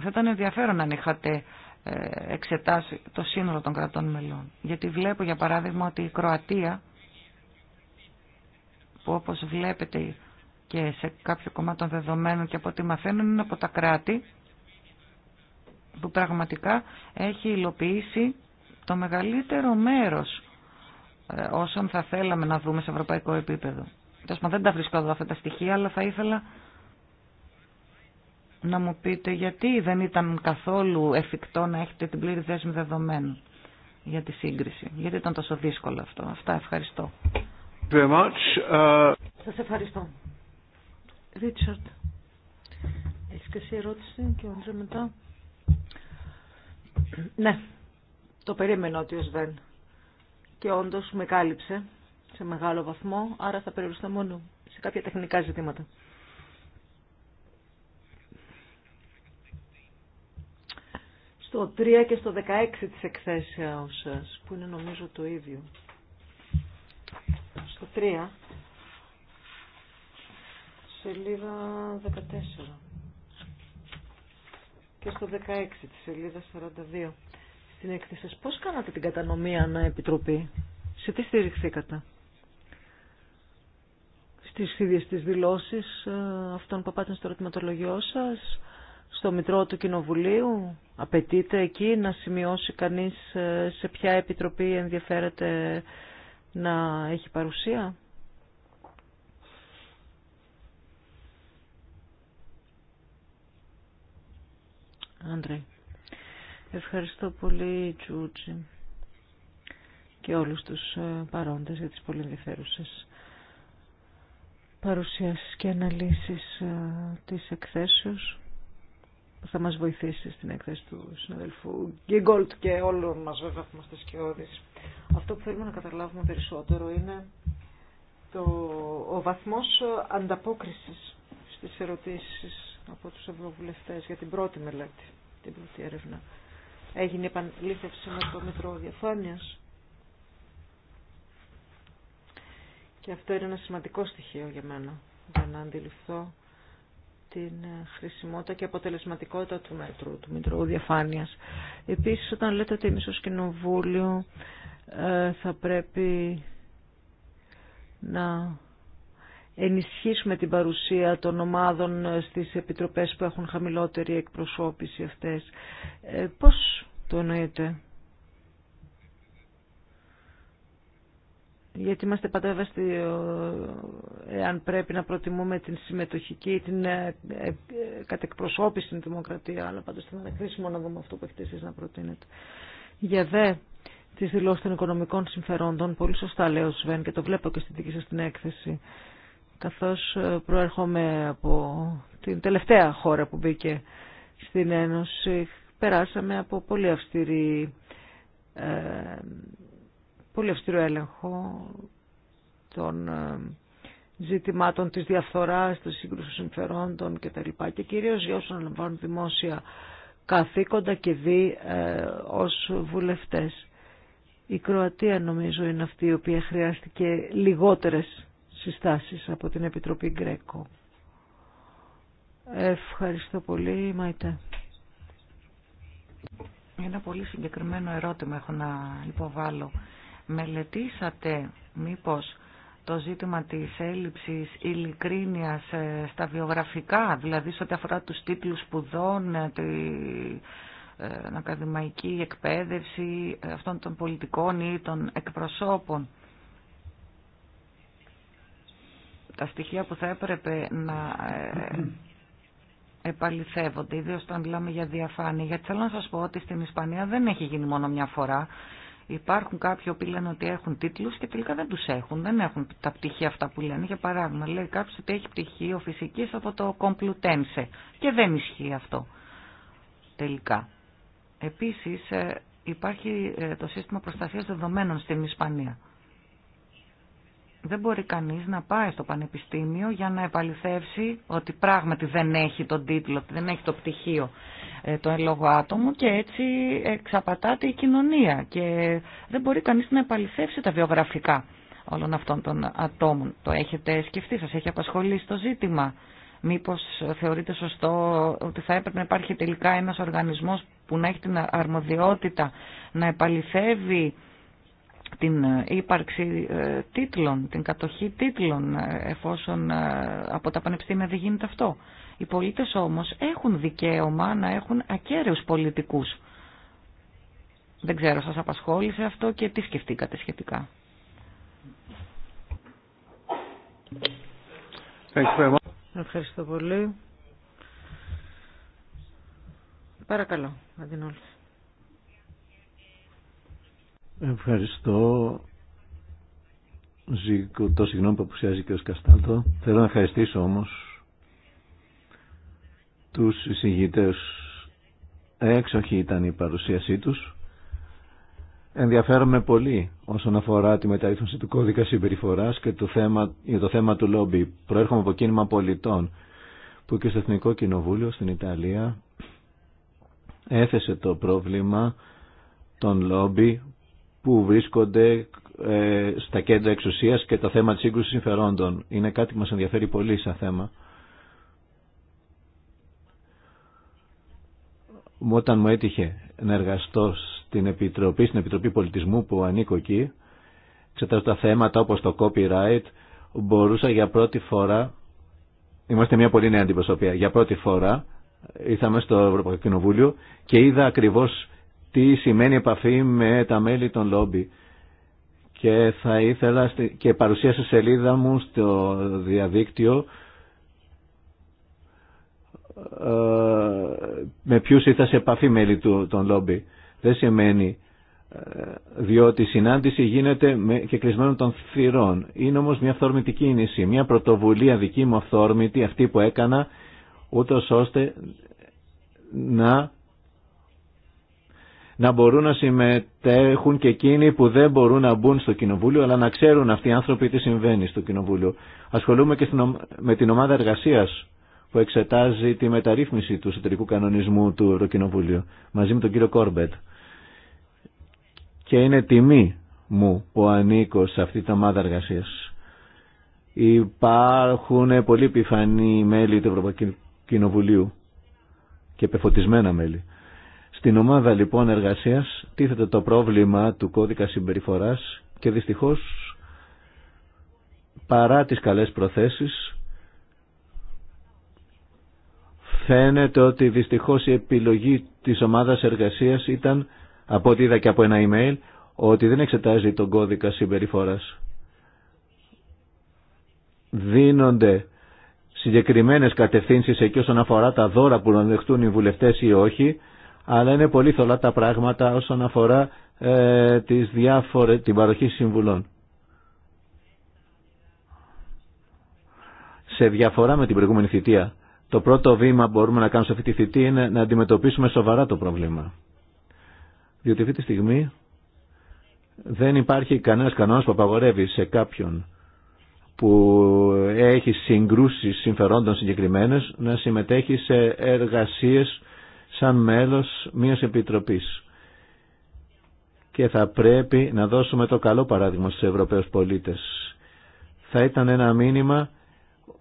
Θα ήταν ενδιαφέρον αν είχατε ε, εξετάσει το σύνολο των κρατών μελών. Γιατί βλέπω για παράδειγμα ότι η Κροατία που όπως βλέπετε και σε κάποιο κομμάτι των δεδομένων και από ό,τι μαθαίνουν είναι από τα κράτη που πραγματικά έχει υλοποιήσει το μεγαλύτερο μέρος ε, όσων θα θέλαμε να δούμε σε ευρωπαϊκό επίπεδο. δεν τα βρίσκω εδώ αυτά τα στοιχεία, αλλά θα ήθελα να μου πείτε γιατί δεν ήταν καθόλου εφικτό να έχετε την πλήρη δέσμη δεδομένων για τη σύγκριση. Γιατί ήταν τόσο δύσκολο αυτό. Αυτά ευχαριστώ. Very Uh... Σας ευχαριστώ. Ρίτσαρτ, έχεις και εσύ ερώτηση και ο μετά. Ναι, το περίμενα ότι ο Σβέν. Και όντως με κάλυψε σε μεγάλο βαθμό, άρα θα περιοριστώ μόνο σε κάποια τεχνικά ζητήματα. Στο 3 και στο 16 της εκθέσεως σας, που είναι νομίζω το ίδιο. Στο 3, σελίδα 14 και στο 16 της σελίδα 42 στην έκθεση Πώς κάνατε την κατανομή ανά επιτροπή, σε τι στηριχθήκατε. Στις ίδιες τις δηλώσεις ε, αυτών που πάτε στο ερωτηματολογιό σας, στο Μητρό του Κοινοβουλίου, απαιτείται εκεί να σημειώσει κανείς ε, σε ποια επιτροπή ενδιαφέρεται να έχει παρουσία. Άντρε. Ευχαριστώ πολύ Τζούτζι και όλους τους ε, παρόντες για τις πολύ ενδιαφέρουσες παρουσιάσεις και αναλύσεις ε, της εκθέσεως που θα μας βοηθήσει στην εκθέση του συναδελφού Γκίγκολτ και όλων μας βέβαια που είμαστε Αυτό που θέλουμε να καταλάβουμε περισσότερο είναι το, ο βαθμός ανταπόκρισης στις ερωτήσεις από τους ευρωβουλευτές για την πρώτη μελέτη, την πρώτη έρευνα. Έγινε επανλήθευση με το Μητρό Διαφάνειας. Και αυτό είναι ένα σημαντικό στοιχείο για μένα, για να αντιληφθώ την ε, χρησιμότητα και αποτελεσματικότητα του μέτρου, του Μητρώου Διαφάνειας. Επίσης, όταν λέτε ότι εμείς ως Κοινοβούλιο ε, θα πρέπει να ενισχύσουμε την παρουσία των ομάδων στις επιτροπές που έχουν χαμηλότερη εκπροσώπηση αυτές. Ε, πώς το εννοείτε. Γιατί είμαστε πατέβαστοι ε, εάν πρέπει να προτιμούμε την συμμετοχική ή την ε, ε, κατεκπροσώπηση στην δημοκρατία, αλλά πάντως θα είναι χρήσιμο να δούμε αυτό που έχετε εσείς να προτείνετε. Για δε τις δηλώσεις των οικονομικών συμφερόντων, πολύ σωστά λέω Σβέν και το βλέπω και στην δική σας την έκθεση, καθώς ε, προέρχομαι από την τελευταία χώρα που μπήκε στην Ένωση, περάσαμε από πολύ αυστηρή ε, πολύ αυστηρό έλεγχο των ε, ζητημάτων της διαφθοράς, των σύγκρουσης συμφερόντων κτλ. Και κυρίως για όσους αναλαμβάνουν δημόσια καθήκοντα και δει ε, ως βουλευτές. Η Κροατία νομίζω είναι αυτή η οποία χρειάστηκε λιγότερες συστάσεις από την Επιτροπή Γκρέκο. Ευχαριστώ πολύ, Μαϊτέ. Ένα πολύ συγκεκριμένο ερώτημα έχω να υποβάλω. Μελετήσατε μήπως το ζήτημα της έλλειψης ειλικρίνειας ε, στα βιογραφικά, δηλαδή σε ό,τι αφορά τους τίτλους σπουδών, ε, ε, την ακαδημαϊκή εκπαίδευση αυτών των πολιτικών ή των εκπροσώπων. τα στοιχεία που θα έπρεπε να ε, επαληθεύονται, ιδίω όταν μιλάμε για διαφάνεια. Γιατί θέλω να σα πω ότι στην Ισπανία δεν έχει γίνει μόνο μια φορά. Υπάρχουν κάποιοι που λένε ότι έχουν τίτλους και τελικά δεν τους έχουν. Δεν έχουν τα πτυχία αυτά που λένε. Για παράδειγμα, λέει κάποιος ότι έχει πτυχίο φυσικής από το Complutense και δεν ισχύει αυτό τελικά. Επίσης, ε, υπάρχει ε, το σύστημα προστασίας δεδομένων στην Ισπανία δεν μπορεί κανείς να πάει στο πανεπιστήμιο για να επαληθεύσει ότι πράγματι δεν έχει τον τίτλο, ότι δεν έχει το πτυχίο ε, το λόγο άτομο και έτσι εξαπατάται η κοινωνία και δεν μπορεί κανείς να επαληθεύσει τα βιογραφικά όλων αυτών των ατόμων. Το έχετε σκεφτεί, σας έχει απασχολήσει το ζήτημα. Μήπως θεωρείτε σωστό ότι θα έπρεπε να υπάρχει τελικά ένας οργανισμός που να έχει την αρμοδιότητα να επαληθεύει την ε, ύπαρξη ε, τίτλων, την κατοχή τίτλων, ε, εφόσον από τα πανεπιστήμια δεν γίνεται αυτό. Οι πολίτες όμως έχουν δικαίωμα να έχουν ακέραιους πολιτικούς. Δεν ξέρω, σας απασχόλησε αυτό και τι σκεφτήκατε σχετικά. Ευχαριστώ πολύ. Παρακαλώ, Αντινόλφη. Ευχαριστώ. Το συγγνώμη που απουσιάζει και ο Σκαστάλτο. Θέλω να ευχαριστήσω όμως τους εισηγητές. Έξοχη ήταν η παρουσίασή τους. Ενδιαφέρομαι πολύ όσον αφορά τη μεταρρύθμιση του κώδικα συμπεριφορά και το θέμα, το θέμα του λόμπι. Προέρχομαι από κίνημα πολιτών που και στο Εθνικό Κοινοβούλιο στην Ιταλία έθεσε το πρόβλημα των λόμπι που βρίσκονται ε, στα κέντρα εξουσίας και το θέμα της σύγκρουσης συμφερόντων. Είναι κάτι που μας ενδιαφέρει πολύ σαν θέμα. Όταν μου έτυχε να εργαστώ στην Επιτροπή, στην Επιτροπή Πολιτισμού που ανήκω εκεί, ξέρω τα θέματα όπως το copyright, μπορούσα για πρώτη φορά, είμαστε μια πολύ νέα αντιπροσωπεία, για πρώτη φορά ήρθαμε στο Ευρωπαϊκό Κοινοβούλιο και είδα ακριβώς τι σημαίνει επαφή με τα μέλη των λόμπι. Και θα ήθελα και σε σελίδα μου στο διαδίκτυο ε, με ποιους ήρθα σε επαφή μέλη του, των λόμπι. Δεν σημαίνει ε, διότι η συνάντηση γίνεται με, και κλεισμένο των θυρών. Είναι όμως μια αυθόρμητη κίνηση, μια πρωτοβουλία δική μου αυθόρμητη, αυτή που έκανα, ούτω ώστε να να μπορούν να συμμετέχουν και εκείνοι που δεν μπορούν να μπουν στο κοινοβούλιο, αλλά να ξέρουν αυτοί οι άνθρωποι τι συμβαίνει στο κοινοβούλιο. Ασχολούμαι και με την ομάδα εργασία που εξετάζει τη μεταρρύθμιση του εσωτερικού κανονισμού του Ευρωκοινοβουλίου, μαζί με τον κύριο Κόρμπετ. Και είναι τιμή μου που ανήκω σε αυτή την ομάδα εργασία. Υπάρχουν πολύ επιφανή μέλη του Ευρωπαϊκού Κοινοβουλίου και πεφωτισμένα μέλη. Στην ομάδα λοιπόν εργασίας τίθεται το πρόβλημα του κώδικα συμπεριφοράς και δυστυχώς παρά τις καλές προθέσεις φαίνεται ότι δυστυχώς η επιλογή της ομάδας εργασίας ήταν από ό,τι είδα και από ένα email ότι δεν εξετάζει τον κώδικα συμπεριφοράς. Δίνονται συγκεκριμένες κατευθύνσεις εκεί όσον αφορά τα δώρα που να δεχτούν οι βουλευτές ή όχι αλλά είναι πολύ θολά τα πράγματα όσον αφορά ε, τις διάφορε, την παροχή συμβουλών. Σε διαφορά με την προηγούμενη θητεία, το πρώτο βήμα που μπορούμε να κάνουμε σε αυτή τη θητεία είναι να αντιμετωπίσουμε σοβαρά το πρόβλημα. Διότι αυτή τη στιγμή δεν υπάρχει κανένα κανόνα που απαγορεύει σε κάποιον που έχει συγκρούσει συμφερόντων συγκεκριμένε να συμμετέχει σε εργασίες σαν μέλος μιας επιτροπής. Και θα πρέπει να δώσουμε το καλό παράδειγμα στους Ευρωπαίους πολίτες. Θα ήταν ένα μήνυμα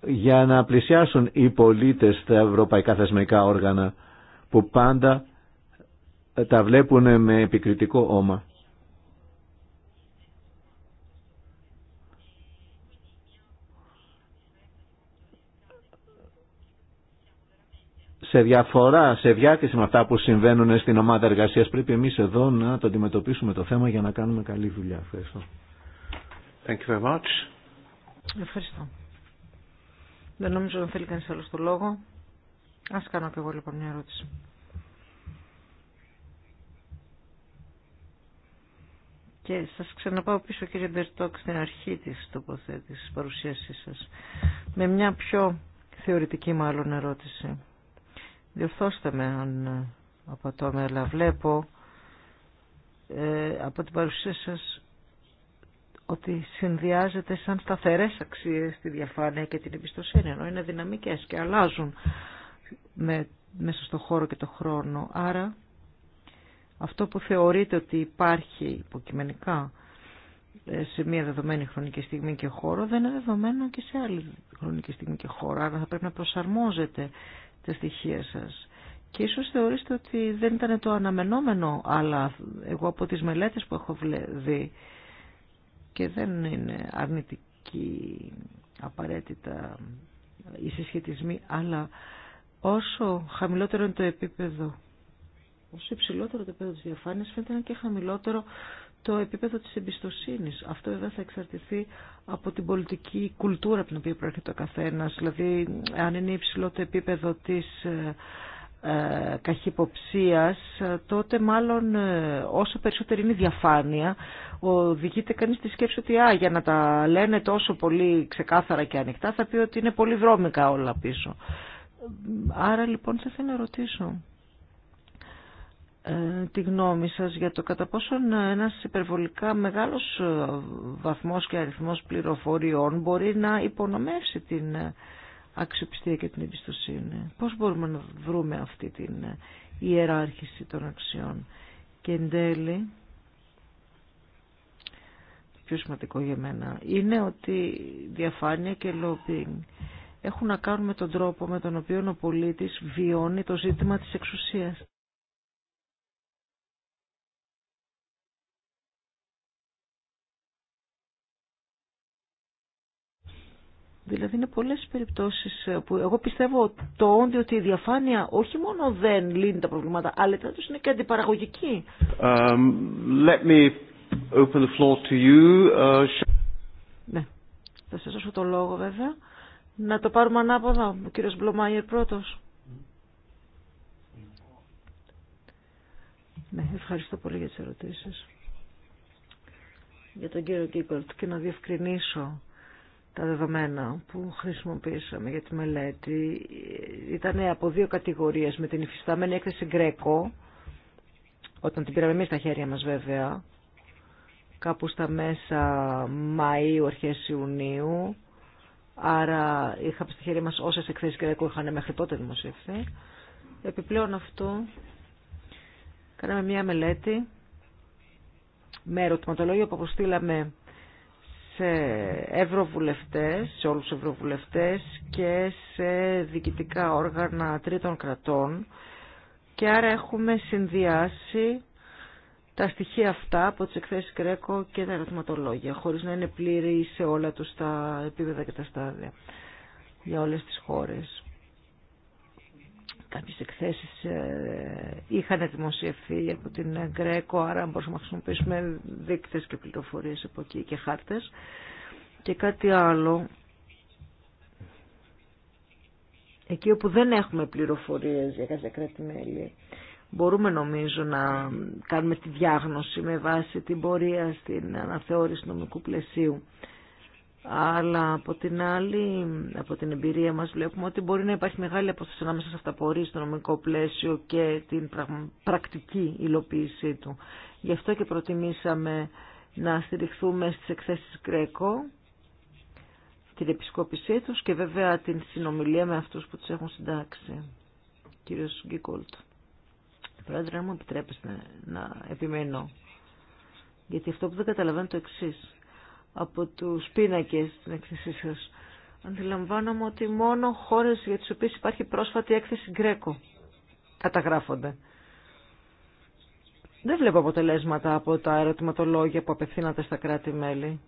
για να πλησιάσουν οι πολίτες τα ευρωπαϊκά θεσμικά όργανα που πάντα τα βλέπουν με επικριτικό όμα. σε διαφορά, σε διάκριση με αυτά που συμβαίνουν στην ομάδα εργασίας. Πρέπει εμείς εδώ να το αντιμετωπίσουμε το θέμα για να κάνουμε καλή δουλειά. Ευχαριστώ. Thank you very much. Ευχαριστώ. Δεν νομίζω να θέλει κανείς άλλο το λόγο. Α κάνω και εγώ λοιπόν μια ερώτηση. Και σας ξαναπάω πίσω κύριε Μπερτόκ στην αρχή της τοποθέτησης, της παρουσίασής σας. Με μια πιο θεωρητική μάλλον ερώτηση διορθώστε με αν ε, απατώμε, αλλά βλέπω ε, από την παρουσία σας ότι συνδυάζεται σαν σταθερές αξίες τη διαφάνεια και την εμπιστοσύνη, ενώ είναι δυναμικές και αλλάζουν με, μέσα στον χώρο και τον χρόνο. Άρα αυτό που θεωρείται ότι υπάρχει υποκειμενικά ε, σε μια δεδομένη χρονική στιγμή και χώρο δεν είναι δεδομένο και σε άλλη χρονική στιγμή και χώρο. Άρα θα πρέπει να προσαρμόζεται τα στοιχεία σας. Και ίσως θεωρήσετε ότι δεν ήταν το αναμενόμενο, αλλά εγώ από τις μελέτες που έχω δει και δεν είναι αρνητική απαραίτητα οι συσχετισμοί, αλλά όσο χαμηλότερο είναι το επίπεδο, όσο υψηλότερο το επίπεδο της διαφάνειας φαίνεται να και χαμηλότερο το επίπεδο της εμπιστοσύνης. Αυτό βέβαια θα εξαρτηθεί από την πολιτική κουλτούρα από την οποία προέρχεται ο καθένας. Δηλαδή, αν είναι υψηλό το επίπεδο της ε, ε καχυποψίας, ε, τότε μάλλον ε, όσο περισσότερη είναι η διαφάνεια, οδηγείται κανείς στη σκέψη ότι α, για να τα λένε τόσο πολύ ξεκάθαρα και ανοιχτά, θα πει ότι είναι πολύ βρώμικα όλα πίσω. Άρα λοιπόν θα ήθελα να ρωτήσω. Ε, τη γνώμη σας για το κατά πόσον ένας υπερβολικά μεγάλος ε, βαθμός και αριθμός πληροφοριών μπορεί να υπονομεύσει την ε, αξιοπιστία και την εμπιστοσύνη. Πώς μπορούμε να βρούμε αυτή την ιεράρχηση των αξιών. Και εν τέλει, το πιο σημαντικό για μένα, είναι ότι διαφάνεια και lobbying έχουν να κάνουν με τον τρόπο με τον οποίο ο πολίτης βιώνει το ζήτημα της εξουσίας. Δηλαδή είναι πολλές περιπτώσεις ε, που εγώ πιστεύω το όντι ότι η διαφάνεια όχι μόνο δεν λύνει τα προβλήματα, αλλά τους είναι και αντιπαραγωγική. let me open the floor to you. Uh... Ναι, θα σας δώσω το λόγο βέβαια. Να το πάρουμε ανάποδα, ο κύριος Μπλομάιερ πρώτος. Ναι, ευχαριστώ πολύ για τις ερωτήσεις. Για τον κύριο Κίκολτ και να διευκρινίσω τα δεδομένα που χρησιμοποιήσαμε για τη μελέτη ήταν από δύο κατηγορίες με την υφιστάμενη έκθεση Γκρέκο όταν την πήραμε εμείς στα χέρια μας βέβαια κάπου στα μέσα Μαΐου, αρχές Ιουνίου άρα είχαμε στα χέρια μας όσες εκθέσεις Γκρέκο είχαν μέχρι τότε δημοσιευθεί επιπλέον αυτό κάναμε μια μελέτη με ερωτηματολόγιο που αποστήλαμε σε ευρωβουλευτές, σε όλους τους ευρωβουλευτές και σε διοικητικά όργανα τρίτων κρατών και άρα έχουμε συνδυάσει τα στοιχεία αυτά από τις εκθέσεις Κρέκο και τα ερωτηματολόγια χωρίς να είναι πλήρη σε όλα τους τα επίπεδα και τα στάδια για όλες τις χώρες κάποιες εκθέσεις ε, είχαν δημοσιευθεί από την Γκρέκο, άρα μπορούμε να χρησιμοποιήσουμε δείκτες και πληροφορίες από εκεί και χάρτες. Και κάτι άλλο, εκεί όπου δεν έχουμε πληροφορίες για κάθε κρατη κράτη-μέλη, μπορούμε νομίζω να κάνουμε τη διάγνωση με βάση την πορεία στην αναθεώρηση νομικού πλαισίου αλλά από την άλλη, από την εμπειρία μας βλέπουμε ότι μπορεί να υπάρχει μεγάλη απόσταση ανάμεσα σε αυτά που ορίζει το νομικό πλαίσιο και την πρακτική υλοποίησή του. Γι' αυτό και προτιμήσαμε να στηριχθούμε στις εκθέσεις Κρέκο, την επισκόπησή τους και βέβαια την συνομιλία με αυτούς που τους έχουν συντάξει. Κύριος Γκίκολτ. Πρόεδρε, μου επιτρέπεστε να επιμένω. Γιατί αυτό που δεν καταλαβαίνω το εξής από τους πίνακες στην έκθεσή σα. Αντιλαμβάνομαι ότι μόνο χώρες για τις οποίες υπάρχει πρόσφατη έκθεση Γκρέκο καταγράφονται. Δεν βλέπω αποτελέσματα από τα ερωτηματολόγια που απευθύνατε στα κράτη-μέλη.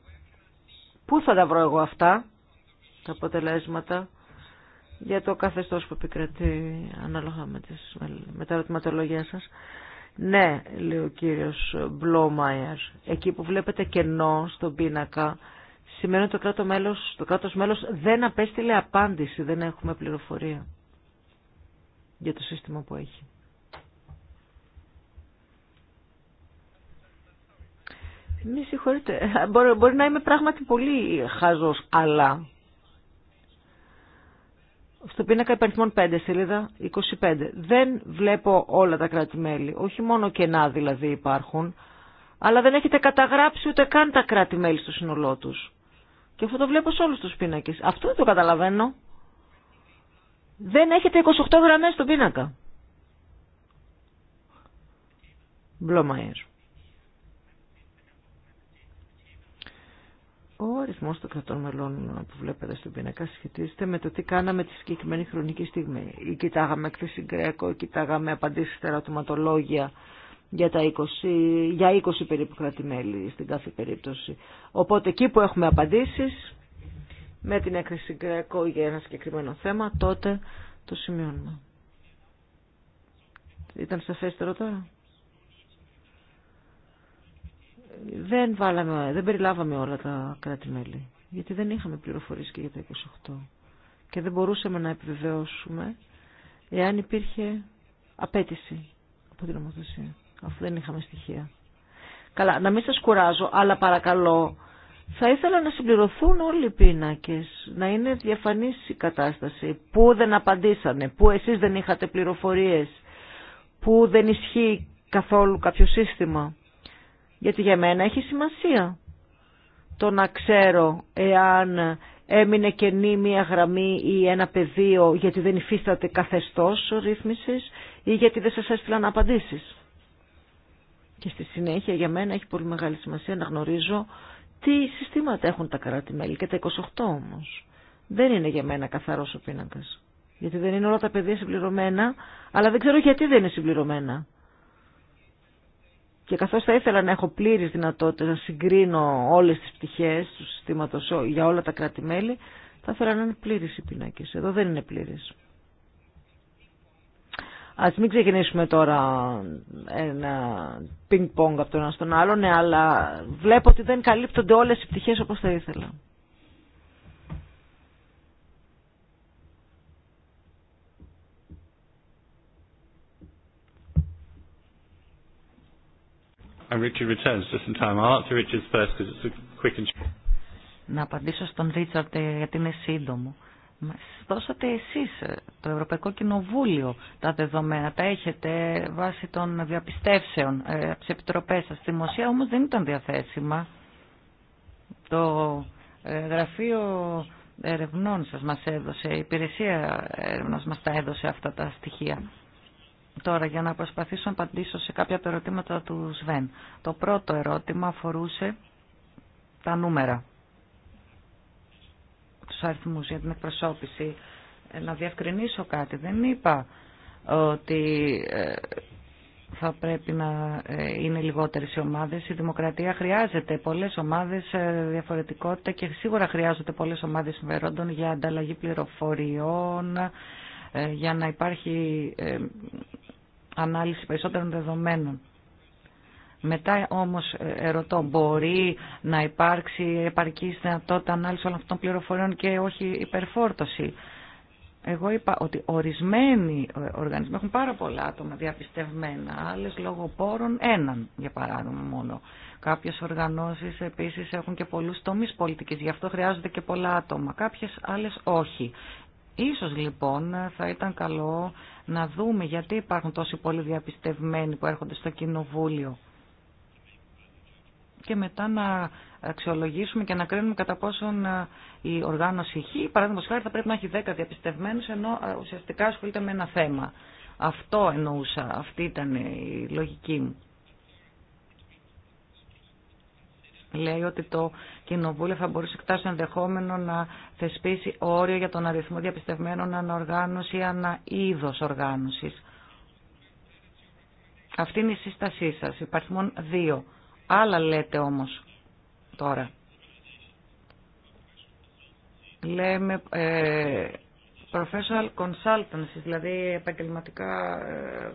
Πού θα τα βρω εγώ αυτά, τα αποτελέσματα, για το καθεστώς που επικρατεί ανάλογα με, τις, με τα ερωτηματολόγια σας. Ναι, λέει ο κύριος Μπλόμαϊερ, εκεί που βλέπετε κενό στον πίνακα, σημαίνει ότι το κράτος μέλος, το κράτος μέλος δεν απέστειλε απάντηση, δεν έχουμε πληροφορία για το σύστημα που έχει. Μη συγχωρείτε, μπορεί, μπορεί να είμαι πράγματι πολύ χαζός, αλλά στο πίνακα υπαριθμών 5, σελίδα 25. Δεν βλέπω όλα τα κράτη-μέλη. Όχι μόνο κενά δηλαδή υπάρχουν, αλλά δεν έχετε καταγράψει ούτε καν τα κράτη-μέλη στο σύνολό του. Και αυτό το βλέπω σε όλου του πίνακε. Αυτό δεν το καταλαβαίνω. Δεν έχετε 28 γραμμέ στο πίνακα. Μπλομαίρο. Ο αριθμό των κρατών μελών που βλέπετε στον πίνακα σχετίζεται με το τι κάναμε τη συγκεκριμένη χρονική στιγμή. Ή κοιτάγαμε εκθέση Γκρέκο, κοιτάγαμε απαντήσει στα για, τα 20, για 20 περίπου στην κάθε περίπτωση. Οπότε εκεί που έχουμε απαντήσει με την έκθεση Γκρέκο για ένα συγκεκριμένο θέμα, τότε το σημειώνουμε. Ήταν σαφέστερο τώρα δεν, βάλαμε, δεν περιλάβαμε όλα τα κράτη-μέλη, γιατί δεν είχαμε πληροφορίες και για τα 28 και δεν μπορούσαμε να επιβεβαιώσουμε εάν υπήρχε απέτηση από την νομοθεσία, αφού δεν είχαμε στοιχεία. Καλά, να μην σας κουράζω, αλλά παρακαλώ, θα ήθελα να συμπληρωθούν όλοι οι πίνακες, να είναι διαφανής η κατάσταση. Πού δεν απαντήσανε, πού εσείς δεν είχατε πληροφορίες, πού δεν ισχύει καθόλου κάποιο σύστημα. Γιατί για μένα έχει σημασία το να ξέρω εάν έμεινε κενή μία γραμμή ή ένα πεδίο γιατί δεν υφίσταται καθεστώς ρύθμισης ή γιατί δεν σας έστειλαν απαντήσεις. Και στη συνέχεια για μένα έχει πολύ μεγάλη σημασία να γνωρίζω τι συστήματα έχουν τα κράτη-μέλη και τα 28 όμως. Δεν είναι για μένα καθαρός ο πίνακας. Γιατί δεν είναι όλα τα πεδία συμπληρωμένα, αλλά δεν ξέρω γιατί δεν είναι συμπληρωμένα και καθώς θα ήθελα να έχω πλήρης δυνατότητα να συγκρίνω όλες τις πτυχές του συστήματος για όλα τα κράτη-μέλη, θα ήθελα να είναι πλήρης οι πινάκες. Εδώ δεν είναι πλήρης. Ας μην ξεκινήσουμε τώρα ένα πινκ-πονγκ από τον ένα στον άλλον, ναι, αλλά βλέπω ότι δεν καλύπτονται όλες οι πτυχές όπως θα ήθελα. Richard returns just time. I'll answer Richard's first because it's a quick and... Να απαντήσω στον Ρίτσαρτ ε, γιατί είναι σύντομο. Μας δώσατε εσείς, ε, το Ευρωπαϊκό Κοινοβούλιο, τα δεδομένα. Τα έχετε βάσει των διαπιστεύσεων ε, από Στη δημοσία όμως δεν ήταν διαθέσιμα. Το ε, γραφείο ερευνών σας μας έδωσε, η υπηρεσία ερευνών μας τα έδωσε αυτά τα στοιχεία. Τώρα για να προσπαθήσω να απαντήσω σε κάποια από τα ερωτήματα του Σβέν. Το πρώτο ερώτημα αφορούσε τα νούμερα, τους αριθμούς για την εκπροσώπηση. Ε, να διευκρινίσω κάτι. Δεν είπα ότι ε, θα πρέπει να ε, είναι λιγότερες οι ομάδες. Η δημοκρατία χρειάζεται πολλές ομάδες διαφορετικότητα και σίγουρα χρειάζονται πολλές ομάδες συμφερόντων για ανταλλαγή πληροφοριών, για να υπάρχει ανάλυση περισσότερων δεδομένων. Μετά όμως ε, ερωτώ, μπορεί να υπάρξει επαρκή δυνατότητα ανάλυση όλων αυτών των πληροφοριών και όχι υπερφόρτωση. Εγώ είπα ότι ορισμένοι ε, οργανισμοί έχουν πάρα πολλά άτομα διαπιστευμένα, άλλε λόγω πόρων έναν για παράδειγμα μόνο. Κάποιε οργανώσει επίση έχουν και πολλού τομεί πολιτική. γι' αυτό χρειάζονται και πολλά άτομα, Κάποιε άλλε όχι. Ίσως λοιπόν θα ήταν καλό να δούμε γιατί υπάρχουν τόσοι πολλοί διαπιστευμένοι που έρχονται στο Κοινοβούλιο και μετά να αξιολογήσουμε και να κρίνουμε κατά πόσον ε, η οργάνωση Χ, παράδειγμα χάρη, θα πρέπει να έχει 10 διαπιστευμένους, ενώ ε, ουσιαστικά ασχολείται με ένα θέμα. Αυτό εννοούσα, αυτή ήταν η λογική μου. λέει ότι το Κοινοβούλιο θα μπορούσε εκτάσει ενδεχόμενο να θεσπίσει όριο για τον αριθμό διαπιστευμένων ανοργάνωση ή ανα είδος οργάνωση. Αυτή είναι η ανα είδο οργανωσης αυτη ειναι η συσταση σας, υπάρχουν δύο. Άλλα λέτε όμως τώρα. Λέμε ε, professional consultancy, δηλαδή επαγγελματικά ε,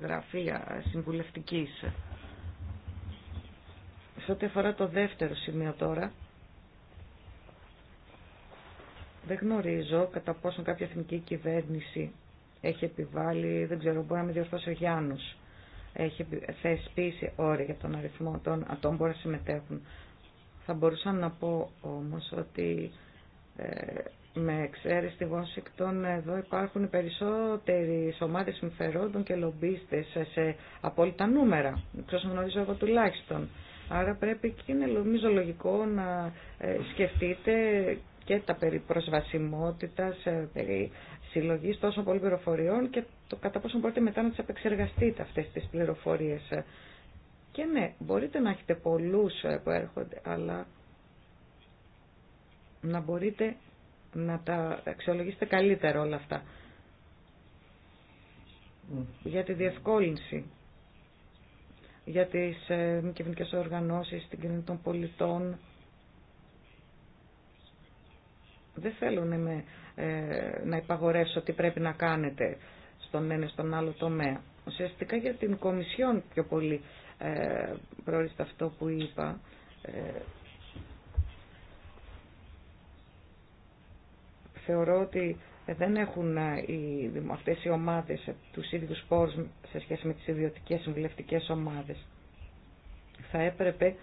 γραφεία συμβουλευτικής σε ό,τι αφορά το δεύτερο σημείο τώρα, δεν γνωρίζω κατά πόσο κάποια εθνική κυβέρνηση έχει επιβάλει, δεν ξέρω, μπορεί να με διορθώσει ο Γιάννους, έχει θεσπίσει όρια για τον αριθμό των ατόμων που να συμμετέχουν. Θα μπορούσα να πω όμως ότι ε, με εξαίρεση στη Βόσικτον εδώ υπάρχουν περισσότεροι ομάδες συμφερόντων και λομπίστες σε απόλυτα νούμερα. Ξέρω γνωρίζω εγώ τουλάχιστον. Άρα πρέπει και είναι νομίζω λογικό να ε, σκεφτείτε και τα περί προσβασιμότητας, ε, περί συλλογής τόσο πολλών πληροφοριών και το κατά πόσο μπορείτε μετά να τις επεξεργαστείτε αυτές τις πληροφορίες. Ε, και ναι, μπορείτε να έχετε πολλούς που έρχονται, αλλά να μπορείτε να τα αξιολογήσετε καλύτερα όλα αυτά. Για τη διευκόλυνση για τις ε, μη κυβερνικές οργανώσεις, την κοινωνία των πολιτών. Δεν θέλω να, ε, να υπαγορεύσω τι πρέπει να κάνετε στον ένα στον άλλο τομέα. Ουσιαστικά για την Κομισιόν πιο πολύ ε, αυτό που είπα. Ε, θεωρώ ότι δεν έχουν ε, οι, αυτές οι ομάδες ε, του ίδιου πόρους σε σχέση με τις ιδιωτικέ συμβουλευτικέ ομάδες. Θα έπρεπε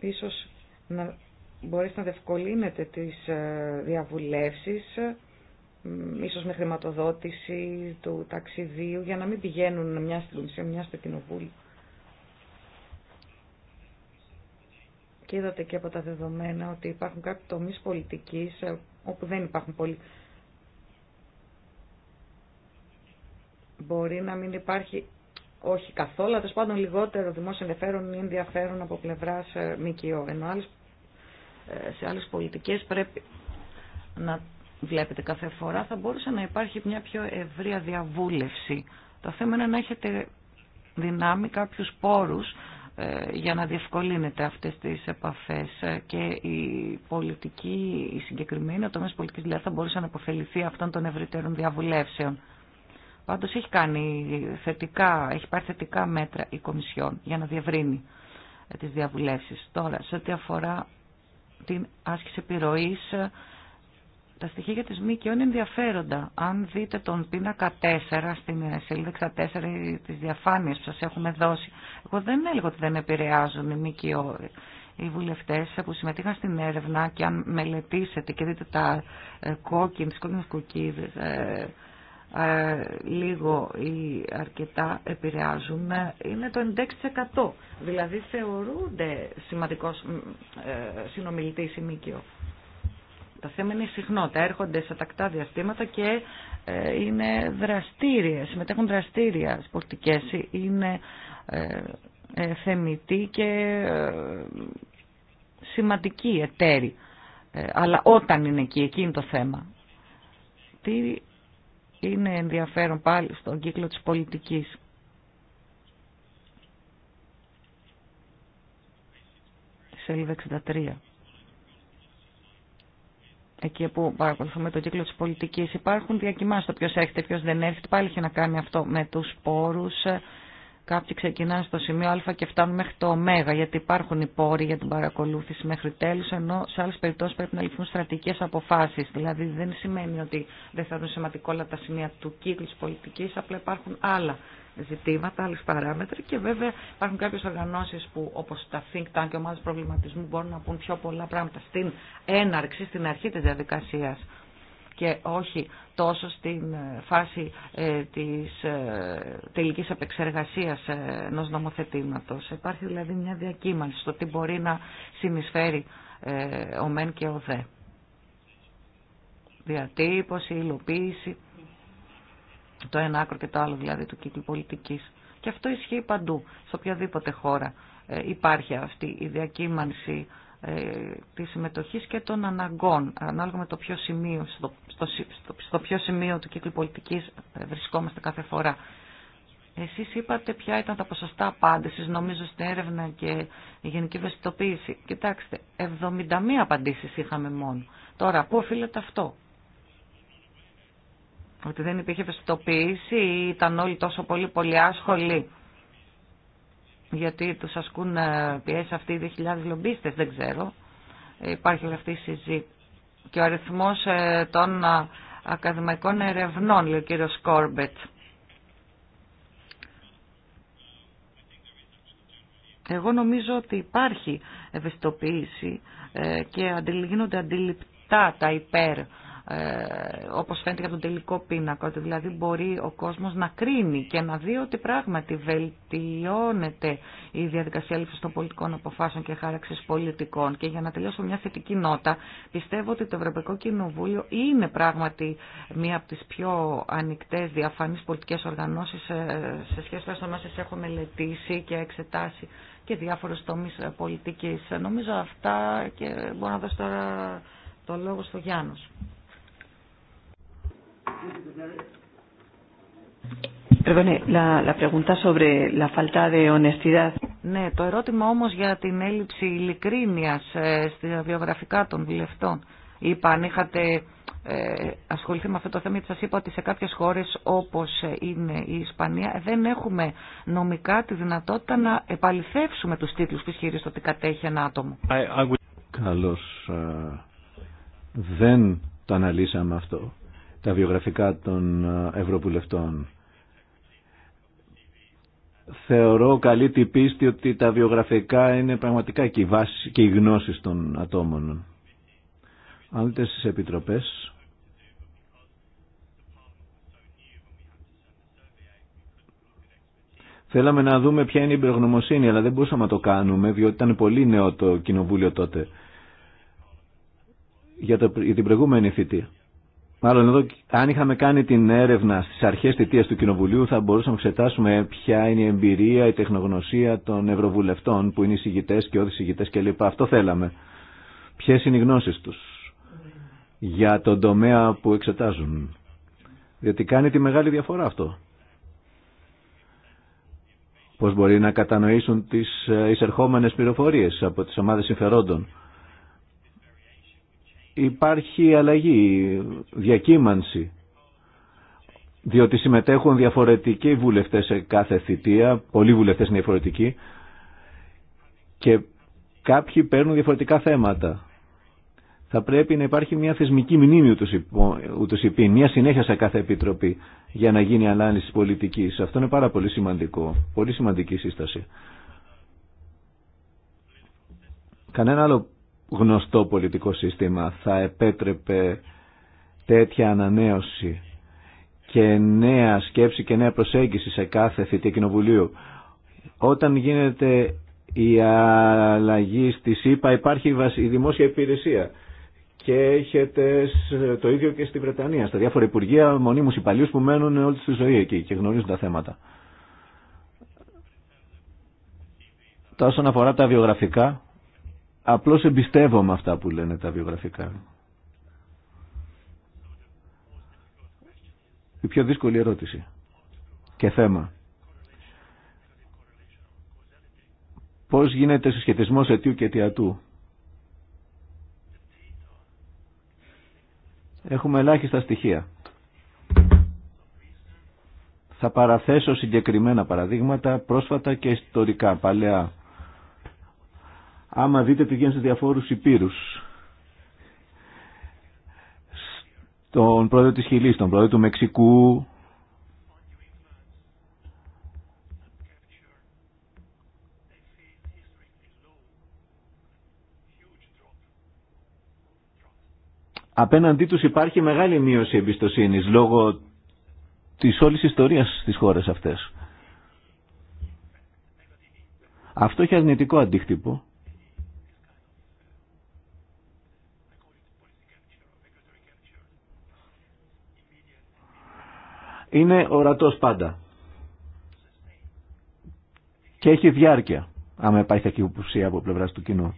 ίσως να μπορέσει να δευκολύνεται τις ε, διαβουλεύσεις ίσως με χρηματοδότηση του ταξιδίου για να μην πηγαίνουν μια στην Κομισία, μια στο Κοινοβούλιο. Και είδατε και από τα δεδομένα ότι υπάρχουν κάποιοι τομείς πολιτικής όπου δεν υπάρχουν πολλοί. Μπορεί να μην υπάρχει, όχι καθόλου, αλλά πάντων λιγότερο δημόσιο ενδιαφέρον ή ενδιαφέρον από πλευρά ε, ΜΚΟ. Ενώ ε, σε άλλε πολιτικές πρέπει να βλέπετε κάθε φορά, θα μπορούσε να υπάρχει μια πιο ευρεία διαβούλευση. Το θέμα είναι να έχετε δυνάμει κάποιους πόρους ε, για να διευκολύνεται αυτές τις επαφές ε, και η πολιτική, η συγκεκριμένη, ο τομέας πολιτικής δηλαδή θα μπορούσε να αποφεληθεί αυτών των ευρύτερων διαβουλεύσεων. Πάντως έχει κάνει θετικά, έχει πάρει θετικά μέτρα η Κομισιόν για να διευρύνει ε, τις διαβουλεύσεις. Τώρα, σε ό,τι αφορά την άσκηση επιρροής τα στοιχεία για τις ΜΚΟ είναι ενδιαφέροντα. Αν δείτε τον πίνακα 4, στην ε, σελίδα 64, τις διαφάνειες που σας έχουμε δώσει, εγώ δεν έλεγα ότι δεν επηρεάζουν οι ΜΚΟ. Οι βουλευτές που συμμετείχαν στην έρευνα και αν μελετήσετε και δείτε τα ε, κόκκιν, τις κόκκινες κουκίδες, ε, λίγο ή αρκετά επηρεάζουν είναι το 16%. Δηλαδή θεωρούνται σημαντικός ε, συνομιλητής ή ΜΚΟ. Τα θέμα είναι η συχνότητα. Έρχονται σε τακτά διαστήματα και ε, είναι δραστήρια, συμμετέχουν δραστήρια σπορτικές. Είναι ε, ε, θεμητοί και σημαντικοί εταίροι. Αλλά όταν είναι εκεί, εκεί είναι το θέμα. Τι είναι ενδιαφέρον πάλι στον κύκλο της πολιτικής. Σελίδα 63 εκεί που παρακολουθούμε το κύκλο της πολιτικής. Υπάρχουν διακοιμάσεις το ποιος έρχεται, ποιος δεν έρχεται. Πάλι έχει να κάνει αυτό με τους πόρους. Κάποιοι ξεκινάνε στο σημείο α και φτάνουν μέχρι το ω, γιατί υπάρχουν οι πόροι για την παρακολούθηση μέχρι τέλους, ενώ σε άλλες περιπτώσεις πρέπει να ληφθούν στρατηγικές αποφάσεις. Δηλαδή δεν σημαίνει ότι δεν θα δουν σημαντικό όλα τα σημεία του κύκλου της πολιτικής, απλά υπάρχουν άλλα ζητήματα, άλλε παράμετροι και βέβαια υπάρχουν κάποιε οργανώσει που όπω τα Think Tank και ομάδε προβληματισμού μπορούν να πούν πιο πολλά πράγματα στην έναρξη, στην αρχή τη διαδικασία και όχι τόσο στην ε, φάση ε, της ε, τελικής επεξεργασίας ε, ενός νομοθετήματος. Υπάρχει δηλαδή μια διακύμανση στο τι μπορεί να συνεισφέρει ε, ο ΜΕΝ και ο ΔΕ. Διατύπωση, υλοποίηση το ένα άκρο και το άλλο δηλαδή του κύκλου πολιτικής. Και αυτό ισχύει παντού, σε οποιαδήποτε χώρα ε, υπάρχει αυτή η διακύμανση ε, της συμμετοχής και των αναγκών, ανάλογα με το ποιο σημείο, στο, στο, στο, στο ποιο σημείο του κύκλου πολιτικής ε, βρισκόμαστε κάθε φορά. Εσείς είπατε ποια ήταν τα ποσοστά απάντησης, νομίζω στην έρευνα και η γενική βεστιτοποίηση. Κοιτάξτε, 71 απαντήσεις είχαμε μόνο. Τώρα, πού οφείλεται αυτό ότι δεν υπήρχε ευαισθητοποίηση ή ήταν όλοι τόσο πολύ πολύ άσχολοι γιατί τους ασκούν ε, πιέσει αυτοί οι 2.000 λομπίστες, δεν ξέρω. Υπάρχει όλη αυτή η συζήτηση. Και ο αριθμός ε, των ε, ακαδημαϊκών ερευνών, λέει ο κύριος Κόρμπετ. Εγώ νομίζω ότι υπάρχει ευαισθητοποίηση και γίνονται αντιληπτά τα υπέρ ε, όπως φαίνεται από τον τελικό πίνακα, ότι δηλαδή μπορεί ο κόσμος να κρίνει και να δει ότι πράγματι βελτιώνεται η διαδικασία λήψης των πολιτικών αποφάσεων και χάραξης πολιτικών. Και για να τελειώσω μια θετική νότα, πιστεύω ότι το Ευρωπαϊκό Κοινοβούλιο είναι πράγματι μία από τις πιο ανοιχτές διαφανείς πολιτικές οργανώσεις ε, σε σχέση με όσες έχω μελετήσει και εξετάσει και διάφορους τομείς ε, πολιτικής. Νομίζω αυτά και μπορώ να δώσω τώρα το λόγο στο Γιάννος. Perdone, la, la pregunta sobre la falta de honestidad. Ναι, το ερώτημα όμως για την έλλειψη ειλικρίνειας ε, στα βιογραφικά των βουλευτών. Είπα, αν είχατε ε, ασχοληθεί με αυτό το θέμα, γιατί σας είπα ότι σε κάποιες χώρες όπως είναι η Ισπανία δεν έχουμε νομικά τη δυνατότητα να επαληθεύσουμε τους τίτλους που ισχυρίζεται ότι κατέχει ένα άτομο. I, I would... Καλώς. Ε, δεν το αναλύσαμε αυτό τα βιογραφικά των ε, Ευρωβουλευτών. Θεωρώ καλή την πίστη ότι τα βιογραφικά είναι πραγματικά και οι βάσεις και οι γνώσεις των ατόμων. Αν δείτε στις επιτροπές, Θέλαμε να δούμε ποια είναι η προγνωμοσύνη, αλλά δεν μπορούσαμε να το κάνουμε, διότι ήταν πολύ νέο το κοινοβούλιο τότε για, την προηγούμενη θητεία. Μάλλον εδώ, αν είχαμε κάνει την έρευνα στι αρχέ θητεία του Κοινοβουλίου, θα μπορούσαμε να εξετάσουμε ποια είναι η εμπειρία, η τεχνογνωσία των ευρωβουλευτών που είναι εισηγητέ και όδη εισηγητέ κλπ. Αυτό θέλαμε. Ποιε είναι οι γνώσει του για τον τομέα που εξετάζουν. Διότι κάνει τη μεγάλη διαφορά αυτό. Πώς μπορεί να κατανοήσουν τις ε, εισερχόμενε πληροφορίε από τις ομάδες συμφερόντων υπάρχει αλλαγή, διακύμανση διότι συμμετέχουν διαφορετικοί βουλευτές σε κάθε θητεία, πολλοί βουλευτές είναι διαφορετικοί και κάποιοι παίρνουν διαφορετικά θέματα. Θα πρέπει να υπάρχει μια θεσμική μνήμη ούτως είπε. μια συνέχεια σε κάθε επιτροπή για να γίνει ανάλυση πολιτικής. Αυτό είναι πάρα πολύ σημαντικό, πολύ σημαντική σύσταση. Κανένα άλλο γνωστό πολιτικό σύστημα θα επέτρεπε τέτοια ανανέωση και νέα σκέψη και νέα προσέγγιση σε κάθε θητεία κοινοβουλίου. Όταν γίνεται η αλλαγή στη ΣΥΠΑ υπάρχει η δημόσια υπηρεσία και έχετε το ίδιο και στη Βρετανία, στα διάφορα υπουργεία μονίμους υπαλλήλους που μένουν όλη τη ζωή εκεί και γνωρίζουν τα θέματα. Τα όσον αφορά τα βιογραφικά, Απλώς εμπιστεύομαι αυτά που λένε τα βιογραφικά. Η πιο δύσκολη ερώτηση και θέμα. Πώς γίνεται συσχετισμός αιτίου και αιτιατού. Έχουμε ελάχιστα στοιχεία. Θα παραθέσω συγκεκριμένα παραδείγματα πρόσφατα και ιστορικά, παλαιά άμα δείτε πηγαίνει σε διαφόρους υπήρους. Στον πρόεδρο της Χιλής, τον πρόεδρο του Μεξικού, απέναντί τους υπάρχει μεγάλη μείωση εμπιστοσύνης λόγω της όλης ιστορίας στις χώρες αυτές. Αυτό έχει αρνητικό αντίκτυπο είναι ορατός πάντα. Και έχει διάρκεια, άμα υπάρχει ακυποψία από πλευρά του κοινού.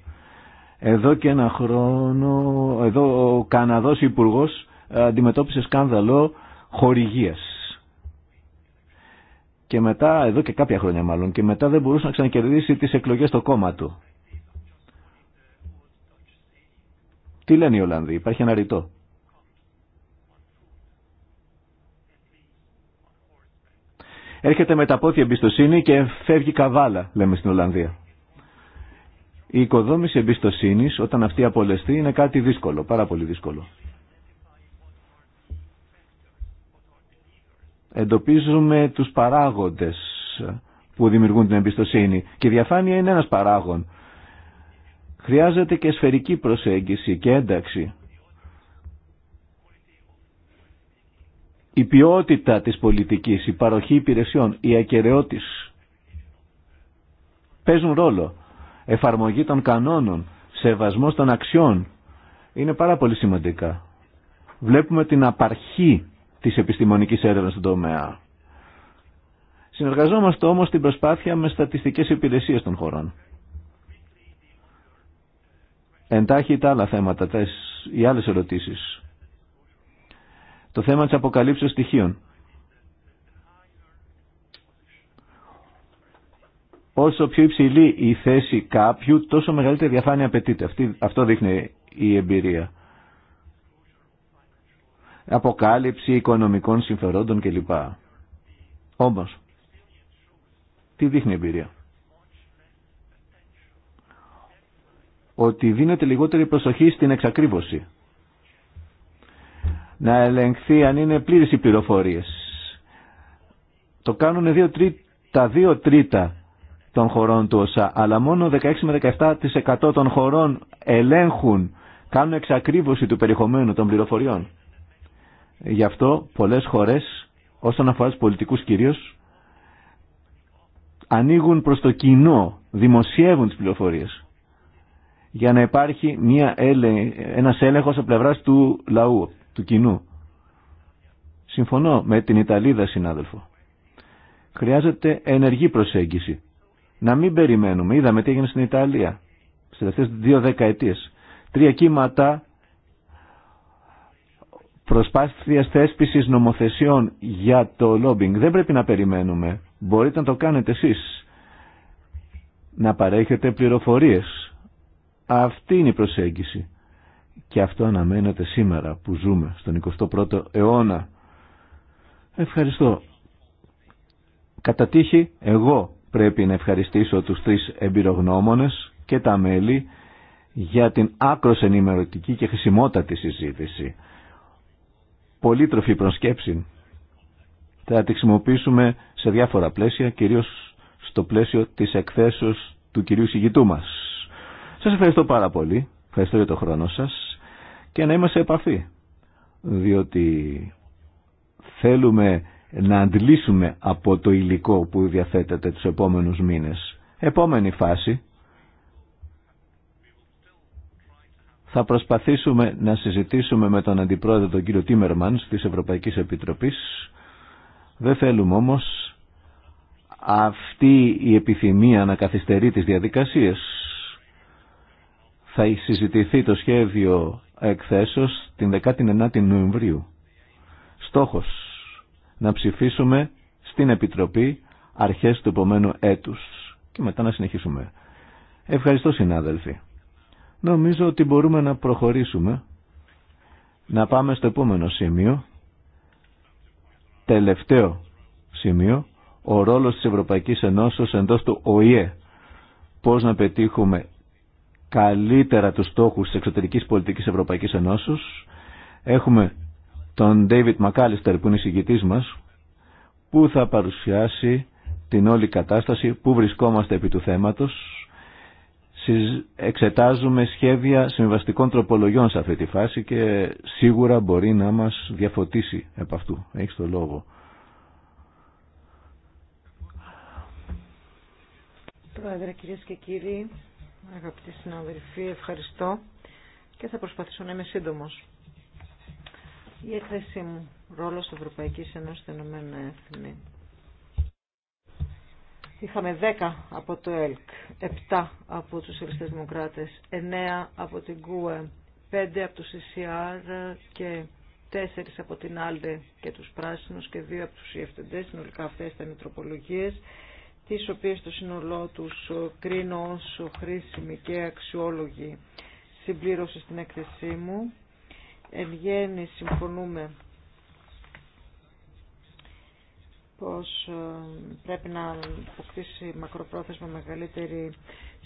Εδώ και ένα χρόνο, εδώ ο Καναδός υπουργό ε, αντιμετώπισε σκάνδαλο χορηγίας. Και μετά, εδώ και κάποια χρόνια μάλλον, και μετά δεν μπορούσε να ξανακερδίσει τις εκλογές στο κόμμα του. Τι λένε οι Ολλανδοί, υπάρχει ένα ρητό. Έρχεται με τα πόδια εμπιστοσύνη και φεύγει καβάλα, λέμε στην Ολλανδία. Η οικοδόμηση εμπιστοσύνη, όταν αυτή απολεστεί, είναι κάτι δύσκολο, πάρα πολύ δύσκολο. Εντοπίζουμε τους παράγοντες που δημιουργούν την εμπιστοσύνη και η διαφάνεια είναι ένας παράγον. Χρειάζεται και σφαιρική προσέγγιση και ένταξη η ποιότητα της πολιτικής, η παροχή υπηρεσιών, η ακαιρεότης παίζουν ρόλο. Εφαρμογή των κανόνων, σεβασμός των αξιών είναι πάρα πολύ σημαντικά. Βλέπουμε την απαρχή της επιστημονικής έρευνας στον τομέα. Συνεργαζόμαστε όμως την προσπάθεια με στατιστικές υπηρεσίες των χωρών. Εντάχει τα άλλα θέματα, οι άλλες ερωτήσεις. Το θέμα της αποκαλύψεως στοιχείων. Όσο πιο υψηλή η θέση κάποιου, τόσο μεγαλύτερη διαφάνεια απαιτείται. Αυτή, αυτό δείχνει η εμπειρία. Αποκάλυψη οικονομικών συμφερόντων κλπ. Όμως, τι δείχνει η εμπειρία. Ότι δίνεται λιγότερη προσοχή στην εξακρίβωση να ελεγχθεί αν είναι πλήρες οι πληροφορίες. Το κάνουν τα δύο τρίτα των χωρών του ΩΣΑ, αλλά μόνο 16 με 17% των χωρών ελέγχουν, κάνουν εξακρίβωση του περιεχομένου των πληροφοριών. Γι' αυτό πολλές χωρές, όσον αφορά τους πολιτικούς κυρίως, ανοίγουν προς το κοινό, δημοσιεύουν τις πληροφορίες για να υπάρχει μια έλεγ, ένας έλεγχος από πλευράς του λαού του κοινού. Συμφωνώ με την Ιταλίδα συνάδελφο. Χρειάζεται ενεργή προσέγγιση. Να μην περιμένουμε. Είδαμε τι έγινε στην Ιταλία. Στις τελευταίες δύο δεκαετίες. Τρία κύματα προσπάθειας θέσπισης νομοθεσιών για το λόμπινγκ. Δεν πρέπει να περιμένουμε. Μπορείτε να το κάνετε εσείς. Να παρέχετε πληροφορίες. Αυτή είναι η προσέγγιση και αυτό αναμένεται σήμερα που ζούμε στον 21ο αιώνα. Ευχαριστώ. Κατά τύχη, εγώ πρέπει να ευχαριστήσω τους τρεις εμπειρογνώμονες και τα μέλη για την άκρος ενημερωτική και χρησιμότατη συζήτηση. Πολύ τροφή προσκέψη. Θα τη χρησιμοποιήσουμε σε διάφορα πλαίσια, κυρίως στο πλαίσιο της εκθέσεως του κυρίου συγητού μας. Σας ευχαριστώ πάρα πολύ. Ευχαριστώ για το χρόνο σας και να είμαστε επαφή. Διότι θέλουμε να αντλήσουμε από το υλικό που διαθέτεται τους επόμενους μήνες. Επόμενη φάση θα προσπαθήσουμε να συζητήσουμε με τον Αντιπρόεδρο τον κύριο Τίμερμαν της Ευρωπαϊκής Επιτροπής. Δεν θέλουμε όμως αυτή η επιθυμία να καθυστερεί τις διαδικασίες θα συζητηθεί το σχέδιο εκθέσεως την 19η Νοεμβρίου. Στόχος να ψηφίσουμε στην Επιτροπή αρχές του επομένου έτους και μετά να συνεχίσουμε. Ευχαριστώ συνάδελφοι. Νομίζω ότι μπορούμε να προχωρήσουμε. Να πάμε στο επόμενο σημείο. Τελευταίο σημείο. Ο ρόλος της Ευρωπαϊκής Ενώσεως εντός του ΟΗΕ. Πώς να πετύχουμε καλύτερα τους στόχους της εξωτερικής πολιτικής Ευρωπαϊκής Ενώσεως. Έχουμε τον David McAllister που είναι συγγητής μας, που θα παρουσιάσει την όλη κατάσταση, που βρισκόμαστε επί του θέματος. Εξετάζουμε σχέδια συμβαστικών τροπολογιών σε αυτή τη φάση και σίγουρα μπορεί να μας διαφωτίσει από αυτού. Έχεις το λόγο. Πρόεδρε, κυρίες και κύριοι, αγαπητοί συναδελφοί, ευχαριστώ και θα προσπαθήσω να είμαι σύντομο. Η έκθεσή μου, τη Ευρωπαϊκή Ένωση στην Ηνωμένα Έθνη. Είχαμε 10 από το ΕΛΚ, 7 από του Ελληνικέ Δημοκράτε, 9 από την ΚΟΕ, 5 από τους ΕΣΥΑΡ και 4 από την ΑΛΔΕ και του πράσινου και 2 από του EFTD. Συνολικά αυτέ ήταν οι τις οποίες το σύνολό τους ε, κρίνω όσο χρήσιμη και αξιόλογη συμπλήρωση στην έκθεσή μου. Εν γέννη συμφωνούμε πως ε, πρέπει να αποκτήσει μακροπρόθεσμα μεγαλύτερη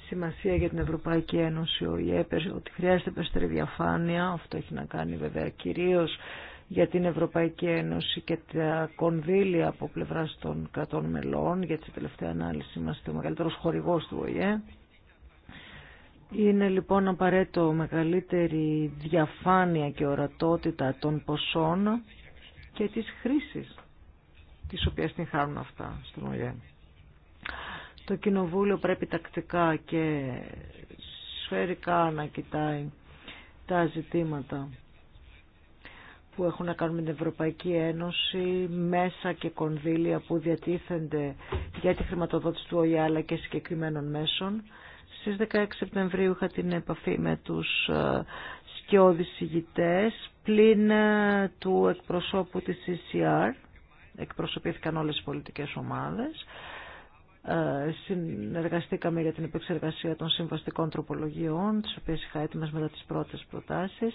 σημασία για την Ευρωπαϊκή Ένωση ο ΙΕΠΕΣ, ότι χρειάζεται περισσότερη διαφάνεια. Αυτό έχει να κάνει βέβαια κυρίως για την Ευρωπαϊκή Ένωση και τα κονδύλια από πλευρά των κρατών μελών, γιατί σε τελευταία ανάλυση είμαστε ο μεγαλύτερος χορηγός του ΟΗΕ. Είναι λοιπόν απαραίτητο μεγαλύτερη διαφάνεια και ορατότητα των ποσών και της χρήσης τις οποίες την χάνουν αυτά στον ΟΗΕ. Το Κοινοβούλιο πρέπει τακτικά και σφαιρικά να κοιτάει τα ζητήματα που έχουν να κάνουν με την Ευρωπαϊκή Ένωση, μέσα και κονδύλια που διατίθενται για τη χρηματοδότηση του ΟΗΑ αλλά και συγκεκριμένων μέσων. Στις 16 Σεπτεμβρίου είχα την επαφή με τους ε, σκιώδεις ηγητές, πλην ε, του εκπροσώπου της CCR, εκπροσωπήθηκαν όλες οι πολιτικές ομάδες. Ε, συνεργαστήκαμε για την επεξεργασία των συμβαστικών τροπολογιών, τις οποίες είχα έτοιμες μετά τις πρώτες προτάσεις.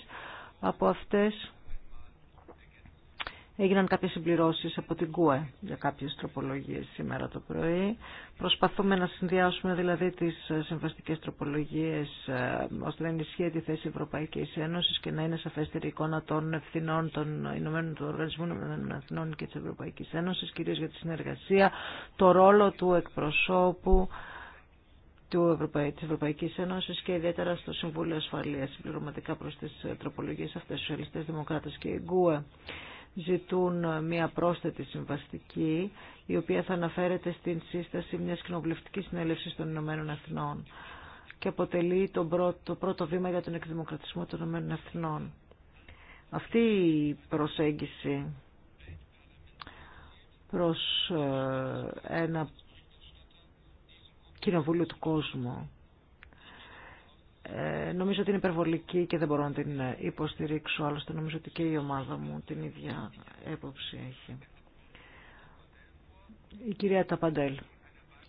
Από αυτές Έγιναν κάποιες συμπληρώσεις από την ΚΟΕ για κάποιες τροπολογίες σήμερα το πρωί. Προσπαθούμε να συνδυάσουμε δηλαδή τις ε, συμβαστικές τροπολογίες ε, ώστε να ενισχύει τη θέση Ευρωπαϊκής Ένωσης και να είναι σαφέστερη εικόνα των ευθυνών των Ηνωμένων του Οργανισμού των και της Ευρωπαϊκής Ένωσης, κυρίως για τη συνεργασία, το ρόλο του εκπροσώπου τη Ευρωπαϊκή της και ιδιαίτερα στο Συμβούλιο Ασφαλείας συμπληρωματικά προς τις ε, τροπολογίες αυτές, σοσιαλιστές, δημοκράτες και η ΓΚΟΕ ζητούν μια πρόσθετη συμβαστική η οποία θα αναφέρεται στην σύσταση μιας κοινοβουλευτικής συνέλευσης των Ηνωμένων Εθνών και αποτελεί το πρώτο, το πρώτο βήμα για τον εκδημοκρατισμό των Ηνωμένων Εθνών. Αυτή η προσέγγιση προς ε, ένα κοινοβούλιο του κόσμου ε, νομίζω ότι είναι υπερβολική και δεν μπορώ να την ε, υποστηρίξω, άλλωστε νομίζω ότι και η ομάδα μου την ίδια έποψη έχει. Η κυρία Ταπαντέλ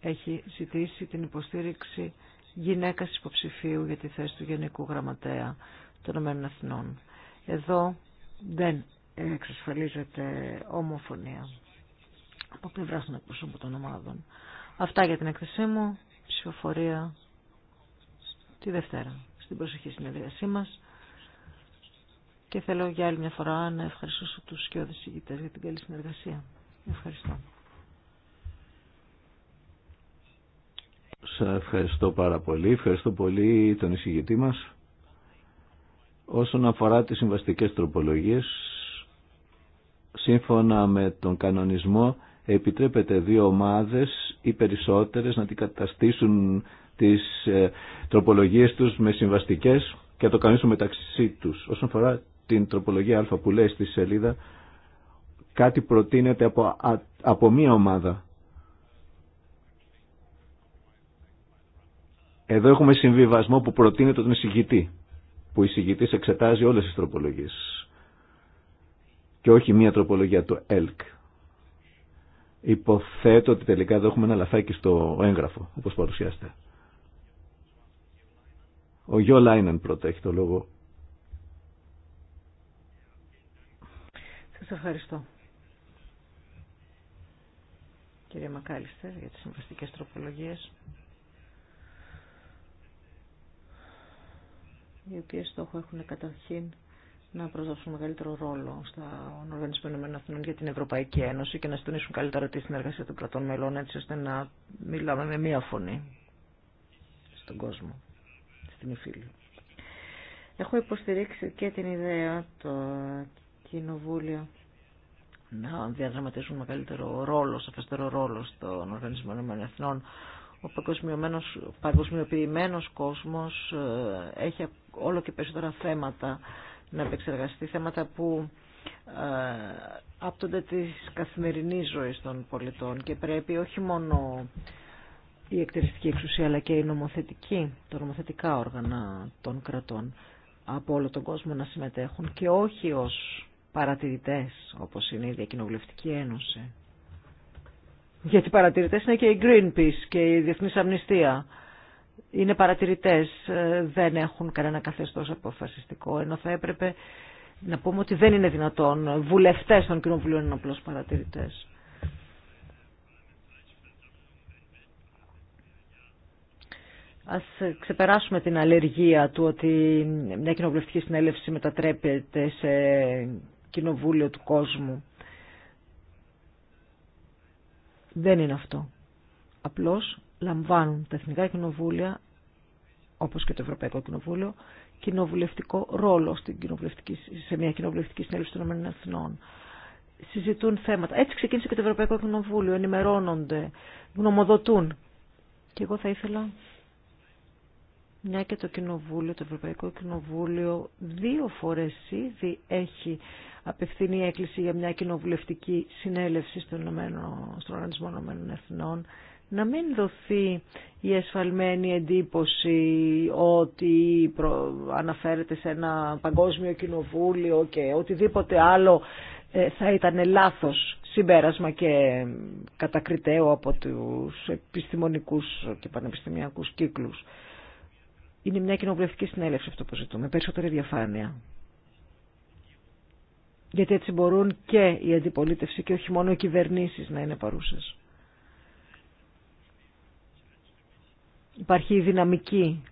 έχει ζητήσει την υποστήριξη γυναίκας υποψηφίου για τη θέση του Γενικού Γραμματέα των ΗΠΑ. Εδώ δεν εξασφαλίζεται ομοφωνία από πλευρά των εκπροσώπων των ομάδων. Αυτά για την έκθεσή μου. Ψηφοφορία τη Δευτέρα στην προσεχή συνεργασία μας και θέλω για άλλη μια φορά να ευχαριστήσω τους σκιώδες συγκητές για την καλή συνεργασία. Ευχαριστώ. Σας ευχαριστώ πάρα πολύ. Ευχαριστώ πολύ τον εισηγητή μας. Όσον αφορά τις συμβαστικές τροπολογίες, σύμφωνα με τον κανονισμό επιτρέπεται δύο ομάδες ή περισσότερες να αντικαταστήσουν τις ε, τροπολογίες τους με συμβαστικές και το κανονίσουν μεταξύ τους. Όσον αφορά την τροπολογία α που λέει στη σελίδα, κάτι προτείνεται από, από μία ομάδα. Εδώ έχουμε συμβιβασμό που προτείνεται τον εισηγητή, που ο εισηγητής εξετάζει όλες τις τροπολογίες και όχι μία τροπολογία του ΕΛΚ. Υποθέτω ότι τελικά εδώ έχουμε ένα λαφάκι στο έγγραφο, όπως παρουσιάζεται. Ο Γιώ Λάινεν πρώτα έχει το λόγο. Σας ευχαριστώ. Κύριε Μακάλιστερ για τις συμβαστικές τροπολογίες. Οι οποίες στόχο έχουν καταρχήν να προσδώσουν μεγαλύτερο ρόλο στα Οργανισμό Αθηνών για την Ευρωπαϊκή Ένωση και να συντονίσουν καλύτερα τη συνεργασία των κρατών μελών έτσι ώστε να μιλάμε με μία φωνή στον κόσμο. Έχω υποστηρίξει και την ιδέα το κοινοβούλιο να διαδραματίσουν μεγαλύτερο ρόλο, σαφέστερο ρόλο στον Οργανισμό Εθνών. Ο παγκοσμιοποιημένος κόσμος ε, έχει όλο και περισσότερα θέματα να επεξεργαστεί, θέματα που ε, άπτονται της καθημερινής ζωής των πολιτών και πρέπει όχι μόνο η εκτελεστική εξουσία αλλά και η νομοθετική, τα νομοθετικά όργανα των κρατών από όλο τον κόσμο να συμμετέχουν και όχι ως παρατηρητές όπως είναι η Διακοινοβουλευτική Ένωση. Γιατί παρατηρητές είναι και η Greenpeace και η Διεθνής Αμνηστία. Είναι παρατηρητές, ε, δεν έχουν κανένα καθεστώς αποφασιστικό, ενώ θα έπρεπε να πούμε ότι δεν είναι δυνατόν βουλευτές των κοινοβουλίων είναι απλώς παρατηρητές. Ας ξεπεράσουμε την αλλεργία του ότι μια κοινοβουλευτική συνέλευση μετατρέπεται σε κοινοβούλιο του κόσμου. Δεν είναι αυτό. Απλώς λαμβάνουν τα εθνικά κοινοβούλια, όπως και το Ευρωπαϊκό Κοινοβούλιο, κοινοβουλευτικό ρόλο στην κοινοβουλευτική, σε μια κοινοβουλευτική συνέλευση των Εθνών. Συζητούν θέματα. Έτσι ξεκίνησε και το Ευρωπαϊκό Κοινοβούλιο. Ενημερώνονται, γνωμοδοτούν. Και εγώ θα ήθελα μια και το Κοινοβούλιο, το Ευρωπαϊκό Κοινοβούλιο δύο φορές ήδη έχει απευθύνει έκκληση για μια κοινοβουλευτική συνέλευση στον, στον Οργανισμό Ηνωμένων Εθνών να μην δοθεί η εσφαλμένη εντύπωση ότι αναφέρεται σε ένα παγκόσμιο κοινοβούλιο και οτιδήποτε άλλο ε, θα ήταν λάθος συμπέρασμα και κατακριτέο από τους επιστημονικούς και πανεπιστημιακούς κύκλους. Είναι μια κοινοβουλευτική συνέλευση αυτό που ζητούμε, περισσότερη διαφάνεια. Γιατί έτσι μπορούν και η αντιπολίτευση και όχι μόνο οι κυβερνήσεις να είναι παρούσες. Υπάρχει η δυναμική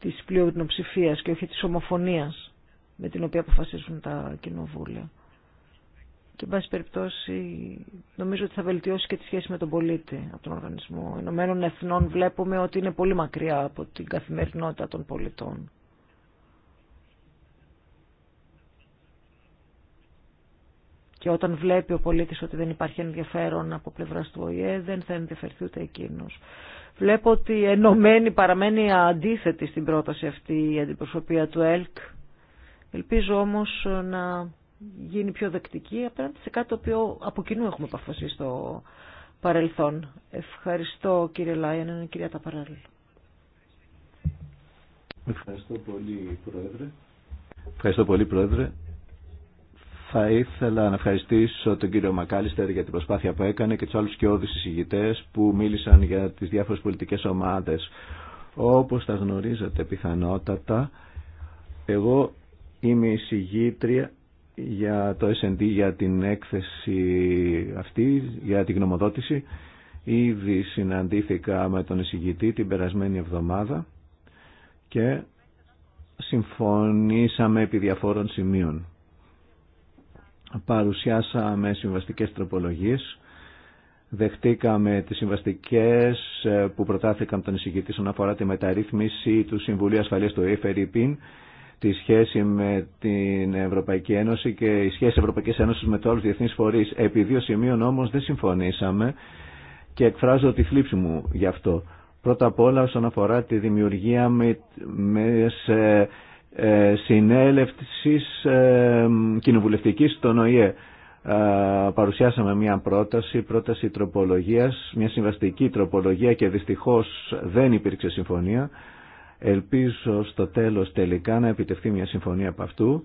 της πλειοψηφίας και όχι της ομοφωνίας με την οποία αποφασίζουν τα κοινοβούλια και, εν πάση περιπτώσει, νομίζω ότι θα βελτιώσει και τη σχέση με τον πολίτη από τον Οργανισμό Ενωμένων Εθνών. Βλέπουμε ότι είναι πολύ μακριά από την καθημερινότητα των πολιτών. Και όταν βλέπει ο πολίτης ότι δεν υπάρχει ενδιαφέρον από πλευράς του ΟΗΕ, δεν θα ενδιαφερθεί ούτε εκείνος. Βλέπω ότι ενωμένη παραμένει αντίθετη στην πρόταση αυτή η αντιπροσωπεία του ΕΛΚ. Ελπίζω όμως να γίνει πιο δεκτική απέναντι σε κάτι το οποίο από κοινού έχουμε επαφασίσει στο παρελθόν. Ευχαριστώ κύριε Λάιεν, κυρία Ταπαράλλη. Ευχαριστώ πολύ Πρόεδρε. Ευχαριστώ πολύ Πρόεδρε. Θα ήθελα να ευχαριστήσω τον κύριο Μακάλιστερ για την προσπάθεια που έκανε και τους άλλους όδους συζητητές που μίλησαν για τις διάφορες πολιτικές ομάδες. Όπως τα γνωρίζετε πιθανότατα, εγώ είμαι εισηγήτρια για το S&D για την έκθεση αυτή, για την γνωμοδότηση. Ήδη συναντήθηκα με τον εισηγητή την περασμένη εβδομάδα και συμφωνήσαμε επί διαφόρων σημείων. Παρουσιάσαμε συμβαστικές τροπολογίες, δεχτήκαμε τις συμβαστικές ε, που προτάθηκαν τον εισηγητή στον αφορά τη μεταρρύθμιση του Συμβουλίου Ασφαλείας του ΕΦΕΡΙΠΗΝ τη σχέση με την Ευρωπαϊκή Ένωση και η σχέση Ευρωπαϊκή Ένωση με τους διεθνείς φορείς. Επί δύο σημείων όμως δεν συμφωνήσαμε και εκφράζω τη θλίψη μου γι' αυτό. Πρώτα απ' όλα όσον αφορά τη δημιουργία με, με σε, ε, συνέλευσης ε, κοινοβουλευτικής στον ΟΗΕ. παρουσιάσαμε μια πρόταση, πρόταση τροπολογίας, μια συμβαστική τροπολογία και δυστυχώς δεν υπήρξε συμφωνία. Ελπίζω στο τέλος τελικά να επιτευχθεί μια συμφωνία από αυτού.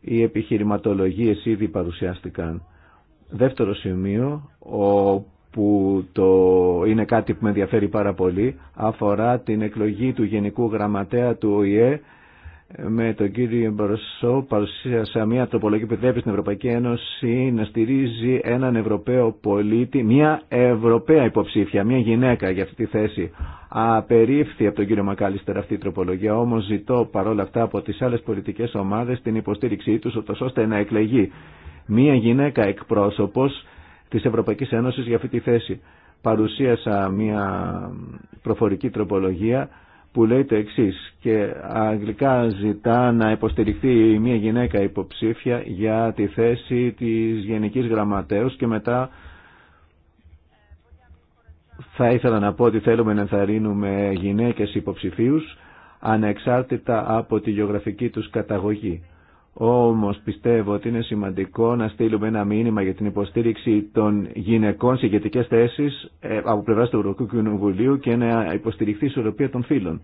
Οι επιχειρηματολογίες ήδη παρουσιάστηκαν. Δεύτερο σημείο, όπου το είναι κάτι που με ενδιαφέρει πάρα πολύ, αφορά την εκλογή του Γενικού Γραμματέα του ΟΗΕ με τον κύριο Μπαρσό παρουσίασα μια τροπολογία που επιτρέπει στην Ευρωπαϊκή Ένωση να στηρίζει έναν Ευρωπαίο πολίτη, μια Ευρωπαία υποψήφια, μια γυναίκα για αυτή τη θέση. Απερίφθη από τον κύριο Μακάλιστερ αυτή η τροπολογία, όμω ζητώ παρόλα αυτά από τι άλλε πολιτικέ ομάδε την υποστήριξή του, ώστε να εκλεγεί μια γυναίκα εκπρόσωπο τη Ευρωπαϊκή Ένωση για αυτή τη θέση. Παρουσίασα μια προφορική τροπολογία που λέει το εξή και αγγλικά ζητά να υποστηριχθεί μια γυναίκα υποψήφια για τη θέση της Γενικής Γραμματέως και μετά θα ήθελα να πω ότι θέλουμε να ενθαρρύνουμε γυναίκες υποψηφίους ανεξάρτητα από τη γεωγραφική τους καταγωγή. Όμως πιστεύω ότι είναι σημαντικό να στείλουμε ένα μήνυμα για την υποστήριξη των γυναικών σε ηγετικές θέσεις ε, από πλευρά του Ευρωπαϊκού Κοινοβουλίου και να υποστηριχθεί η ισορροπία των φίλων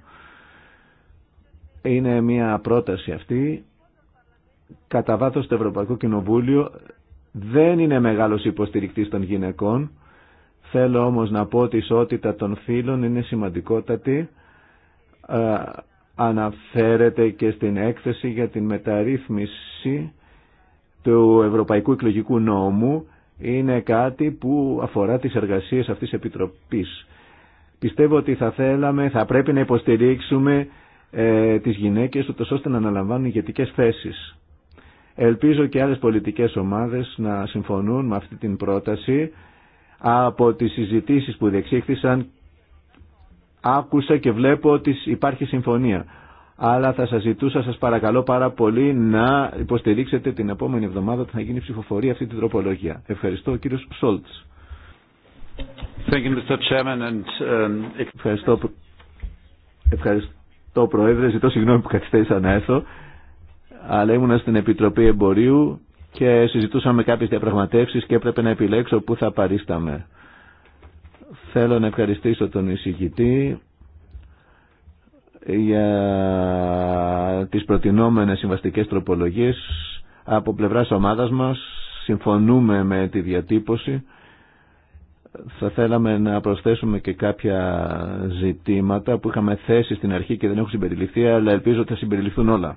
Είναι μια πρόταση αυτή. Κατά βάθο το Ευρωπαϊκό Κοινοβούλιο δεν είναι μεγάλος υποστηρικτής των γυναικών. Θέλω όμως να πω ότι η ισότητα των φύλων είναι σημαντικότατη ε, αναφέρεται και στην έκθεση για την μεταρρύθμιση του Ευρωπαϊκού Εκλογικού Νόμου είναι κάτι που αφορά τις εργασίες αυτής της Επιτροπής. Πιστεύω ότι θα θέλαμε, θα πρέπει να υποστηρίξουμε ε, τις γυναίκες ούτως ώστε να αναλαμβάνουν ηγετικέ θέσεις. Ελπίζω και άλλες πολιτικές ομάδες να συμφωνούν με αυτή την πρόταση από τις συζητήσεις που διεξήχθησαν άκουσα και βλέπω ότι υπάρχει συμφωνία. Αλλά θα σας ζητούσα, σας παρακαλώ πάρα πολύ να υποστηρίξετε την επόμενη εβδομάδα που θα γίνει ψηφοφορία αυτή την τροπολογία. Ευχαριστώ ο κύριος Σόλτς. Um, ευχαριστώ, ευχαριστώ Πρόεδρε, ζητώ συγγνώμη που καθυστέρησα να έρθω, αλλά ήμουν στην Επιτροπή Εμπορίου και συζητούσαμε κάποιες διαπραγματεύσεις και έπρεπε να επιλέξω πού θα παρίσταμε. Θέλω να ευχαριστήσω τον εισηγητή για τις προτινόμενες συμβαστικές τροπολογίες από πλευράς ομάδας μας συμφωνούμε με τη διατύπωση θα θέλαμε να προσθέσουμε και κάποια ζητήματα που είχαμε θέσει στην αρχή και δεν έχουν συμπεριληφθεί αλλά ελπίζω ότι θα συμπεριληφθούν όλα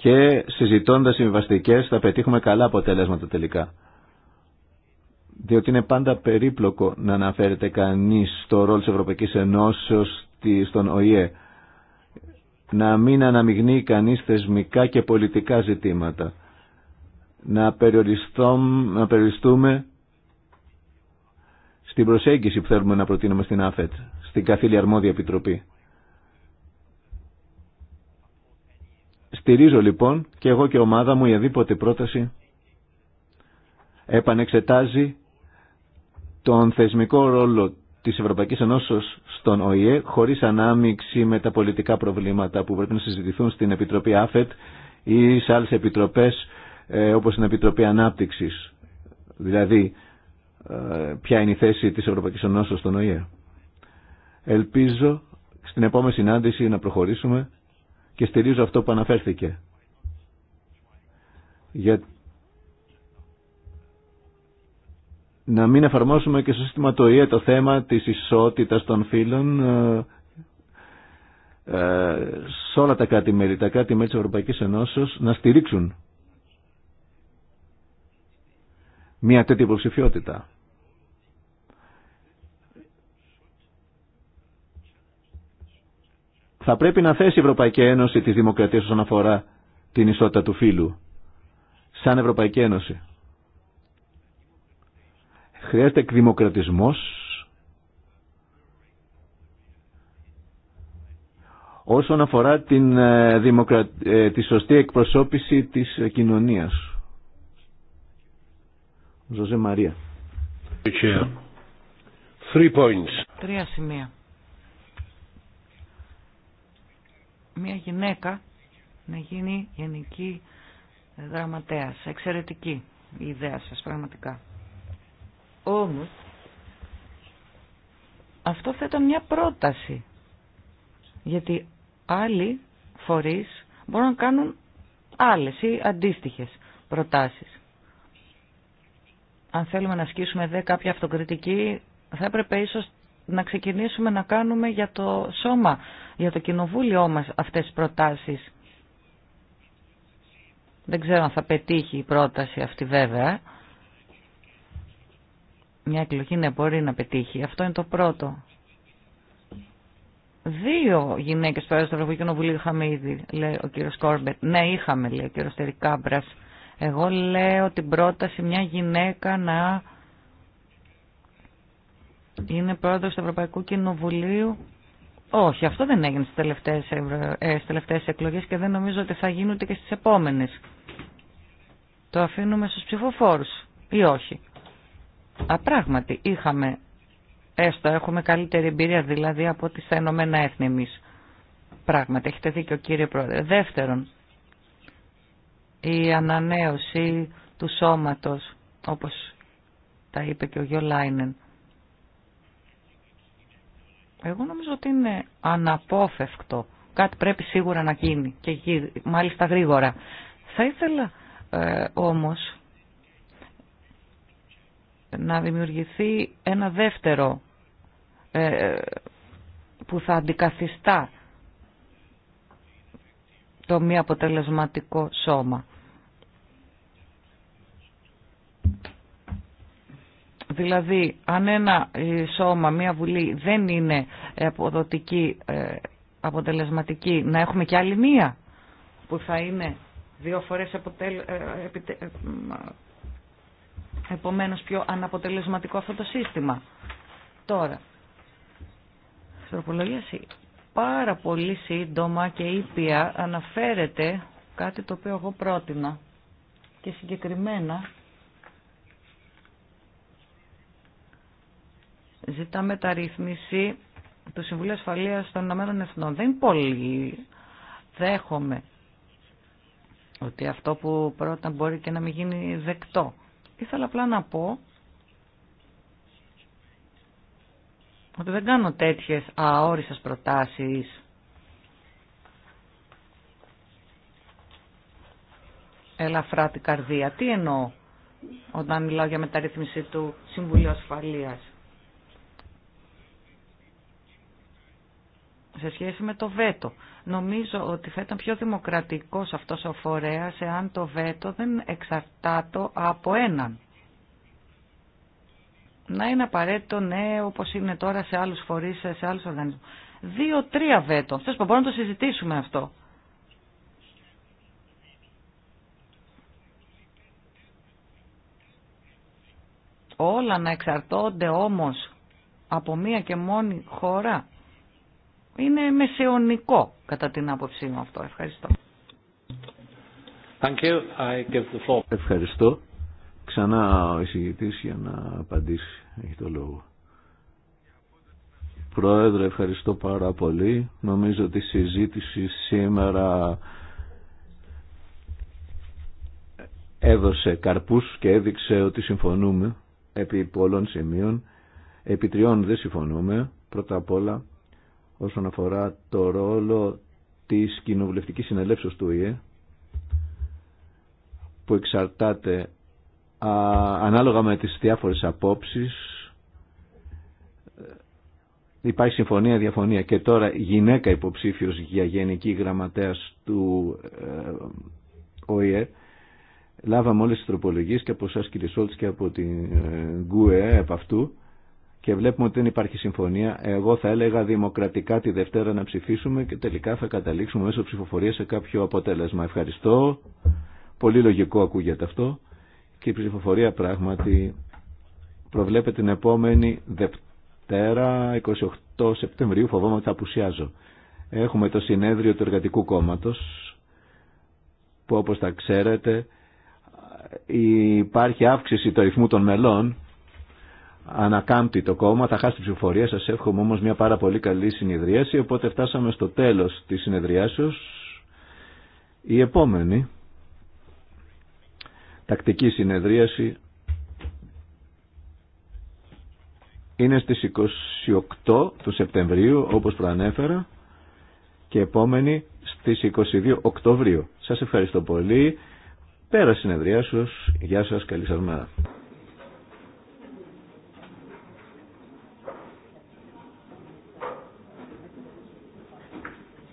και συζητώντας συμβαστικές θα πετύχουμε καλά αποτελέσματα τελικά. Διότι είναι πάντα περίπλοκο να αναφέρεται κανείς στο ρόλο της Ευρωπαϊκής Ενώσεως στον ΟΗΕ. Να μην αναμειγνύει κανείς θεσμικά και πολιτικά ζητήματα. Να, να περιοριστούμε στην προσέγγιση που θέλουμε να προτείνουμε στην ΑΦΕΤ, στην καθήλια αρμόδια επιτροπή. Στηρίζω λοιπόν και εγώ και ομάδα μου η αδίποτε πρόταση επανεξετάζει τον θεσμικό ρόλο της Ευρωπαϊκής Ενώσεως στον ΟΗΕ χωρίς ανάμειξη με τα πολιτικά προβλήματα που πρέπει να συζητηθούν στην Επιτροπή ΑΦΕΤ ή σε άλλες επιτροπές ε, όπως την Επιτροπή Ανάπτυξης. Δηλαδή, ε, ποια είναι η θέση της Ευρωπαϊκής Ενώσεως στον ΟΗΕ. Ελπίζω στην επόμενη συνάντηση να προχωρήσουμε και στηρίζω αυτό που αναφέρθηκε. Για να μην εφαρμόσουμε και στο σύστημα το ΙΕ το θέμα της ισότητας των φύλων ε, ε, σε όλα τα κάτι μελη τα κράτη-μέλη της Ευρωπαϊκής Ενώσεως να στηρίξουν μια τέτοια υποψηφιότητα. θα πρέπει να θέσει η Ευρωπαϊκή Ένωση τη δημοκρατία όσον αφορά την ισότητα του φύλου. Σαν Ευρωπαϊκή Ένωση. Χρειάζεται εκδημοκρατισμός όσον αφορά την, ε, ε, τη σωστή εκπροσώπηση της ε, κοινωνίας. Ζωζέ Μαρία. Τρία σημεία. μια γυναίκα να γίνει γενική δραματέας. Εξαιρετική η ιδέα σας πραγματικά. Όμως, αυτό θα ήταν μια πρόταση. Γιατί άλλοι φορείς μπορούν να κάνουν άλλες ή αντίστοιχες προτάσεις. Αν θέλουμε να ασκήσουμε δε κάποια αυτοκριτική, θα έπρεπε ίσως να ξεκινήσουμε να κάνουμε για το σώμα για το κοινοβούλιο μας αυτές τις προτάσεις. Δεν ξέρω αν θα πετύχει η πρόταση αυτή βέβαια. Μια εκλογή ναι μπορεί να πετύχει. Αυτό είναι το πρώτο. Δύο γυναίκες τώρα στο Ευρωπαϊκό Κοινοβουλίο είχαμε ήδη, λέει ο κύριος Κόρμπετ. Ναι, είχαμε, λέει ο κύριος Τερικάμπρας. Εγώ λέω την πρόταση μια γυναίκα να είναι πρόεδρος του Ευρωπαϊκού Κοινοβουλίου όχι, αυτό δεν έγινε στις τελευταίες, ε, στις τελευταίες εκλογές και δεν νομίζω ότι θα γίνουν και στις επόμενες. Το αφήνουμε στους ψηφοφόρους ή όχι. Απράγματι είχαμε, έστω έχουμε καλύτερη εμπειρία δηλαδή από ό,τι στα Ενωμένα Έθνη εμείς. Πράγματι, έχετε δίκιο κύριε Πρόεδρε. Δεύτερον, η ανανέωση του σώματος, όπως τα είπε και ο Γιώλάινεν. Εγώ νομίζω ότι είναι αναπόφευκτο. Κάτι πρέπει σίγουρα να γίνει και μάλιστα γρήγορα. Θα ήθελα ε, όμως να δημιουργηθεί ένα δεύτερο ε, που θα αντικαθιστά το μη αποτελεσματικό σώμα. Δηλαδή, αν ένα ε, σώμα, μια βουλή δεν είναι ε, αποδοτική, ε, αποτελεσματική, να έχουμε και άλλη μία που θα είναι δύο φορές αποτελ... επομένως πιο αναποτελεσματικό αυτό το σύστημα. Τώρα, στροπολογίαση πάρα πολύ σύντομα και ήπια αναφέρεται κάτι το οποίο εγώ πρότεινα και συγκεκριμένα ζητά μεταρρύθμιση του Συμβουλίου Ασφαλείας των Ηνωμένων Εθνών. Δεν είναι πολύ δέχομαι ότι αυτό που πρώτα μπορεί και να μην γίνει δεκτό. Ήθελα απλά να πω ότι δεν κάνω τέτοιες αόρισες προτάσεις. Ελαφρά την καρδία. Τι εννοώ όταν μιλάω για μεταρρύθμιση του Συμβουλίου Ασφαλείας. σε σχέση με το βέτο. Νομίζω ότι θα ήταν πιο δημοκρατικός αυτός ο φορέας εάν το βέτο δεν εξαρτάται από έναν. Να είναι απαραίτητο, ναι, όπως είναι τώρα σε άλλους φορείς, σε άλλους οργανισμούς. Δύο-τρία βέτο. Θες πω, μπορούμε να το συζητήσουμε αυτό. Όλα να εξαρτώνται όμως από μία και μόνη χώρα είναι μεσαιωνικό κατά την άποψή μου αυτό. Ευχαριστώ. Thank you. I give the floor. Ευχαριστώ. Ξανά ο εισηγητής για να απαντήσει. Έχει το λόγο. Πρόεδρε, ευχαριστώ πάρα πολύ. Νομίζω ότι η συζήτηση σήμερα έδωσε καρπούς και έδειξε ότι συμφωνούμε επί πολλών σημείων. Επί τριών δεν συμφωνούμε. Πρώτα απ' όλα όσον αφορά το ρόλο της κοινοβουλευτικής συνελεύσεως του ΙΕ που εξαρτάται ανάλογα με τις διάφορες απόψεις υπάρχει συμφωνία, διαφωνία και τώρα γυναίκα υποψήφιος για γενική γραμματέας του ε, ΟΗΕ λάβαμε όλες τις τροπολογίες και από εσάς κύριε Σόλτς και από την ε, ΓΚΟΕ από αυτού και βλέπουμε ότι δεν υπάρχει συμφωνία. Εγώ θα έλεγα δημοκρατικά τη Δευτέρα να ψηφίσουμε και τελικά θα καταλήξουμε μέσω ψηφοφορία σε κάποιο αποτέλεσμα. Ευχαριστώ. Πολύ λογικό ακούγεται αυτό. Και η ψηφοφορία πράγματι προβλέπεται την επόμενη Δευτέρα 28 Σεπτεμβρίου. Φοβόμαι ότι θα απουσιάζω. Έχουμε το συνέδριο του Εργατικού κόμματο που όπως τα ξέρετε υπάρχει αύξηση του αριθμού των μελών ανακάμπτει το κόμμα, θα χάσει τη ψηφοφορία. Σα εύχομαι όμω μια πάρα πολύ καλή συνεδρίαση, οπότε φτάσαμε στο τέλος της συνεδριάσεω. Η επόμενη τακτική συνεδρίαση είναι στις 28 του Σεπτεμβρίου, όπως προανέφερα, και επόμενη στις 22 Οκτωβρίου. Σας ευχαριστώ πολύ. Πέρα συνεδριάσεως. Γεια σας. Καλή σας μέρα.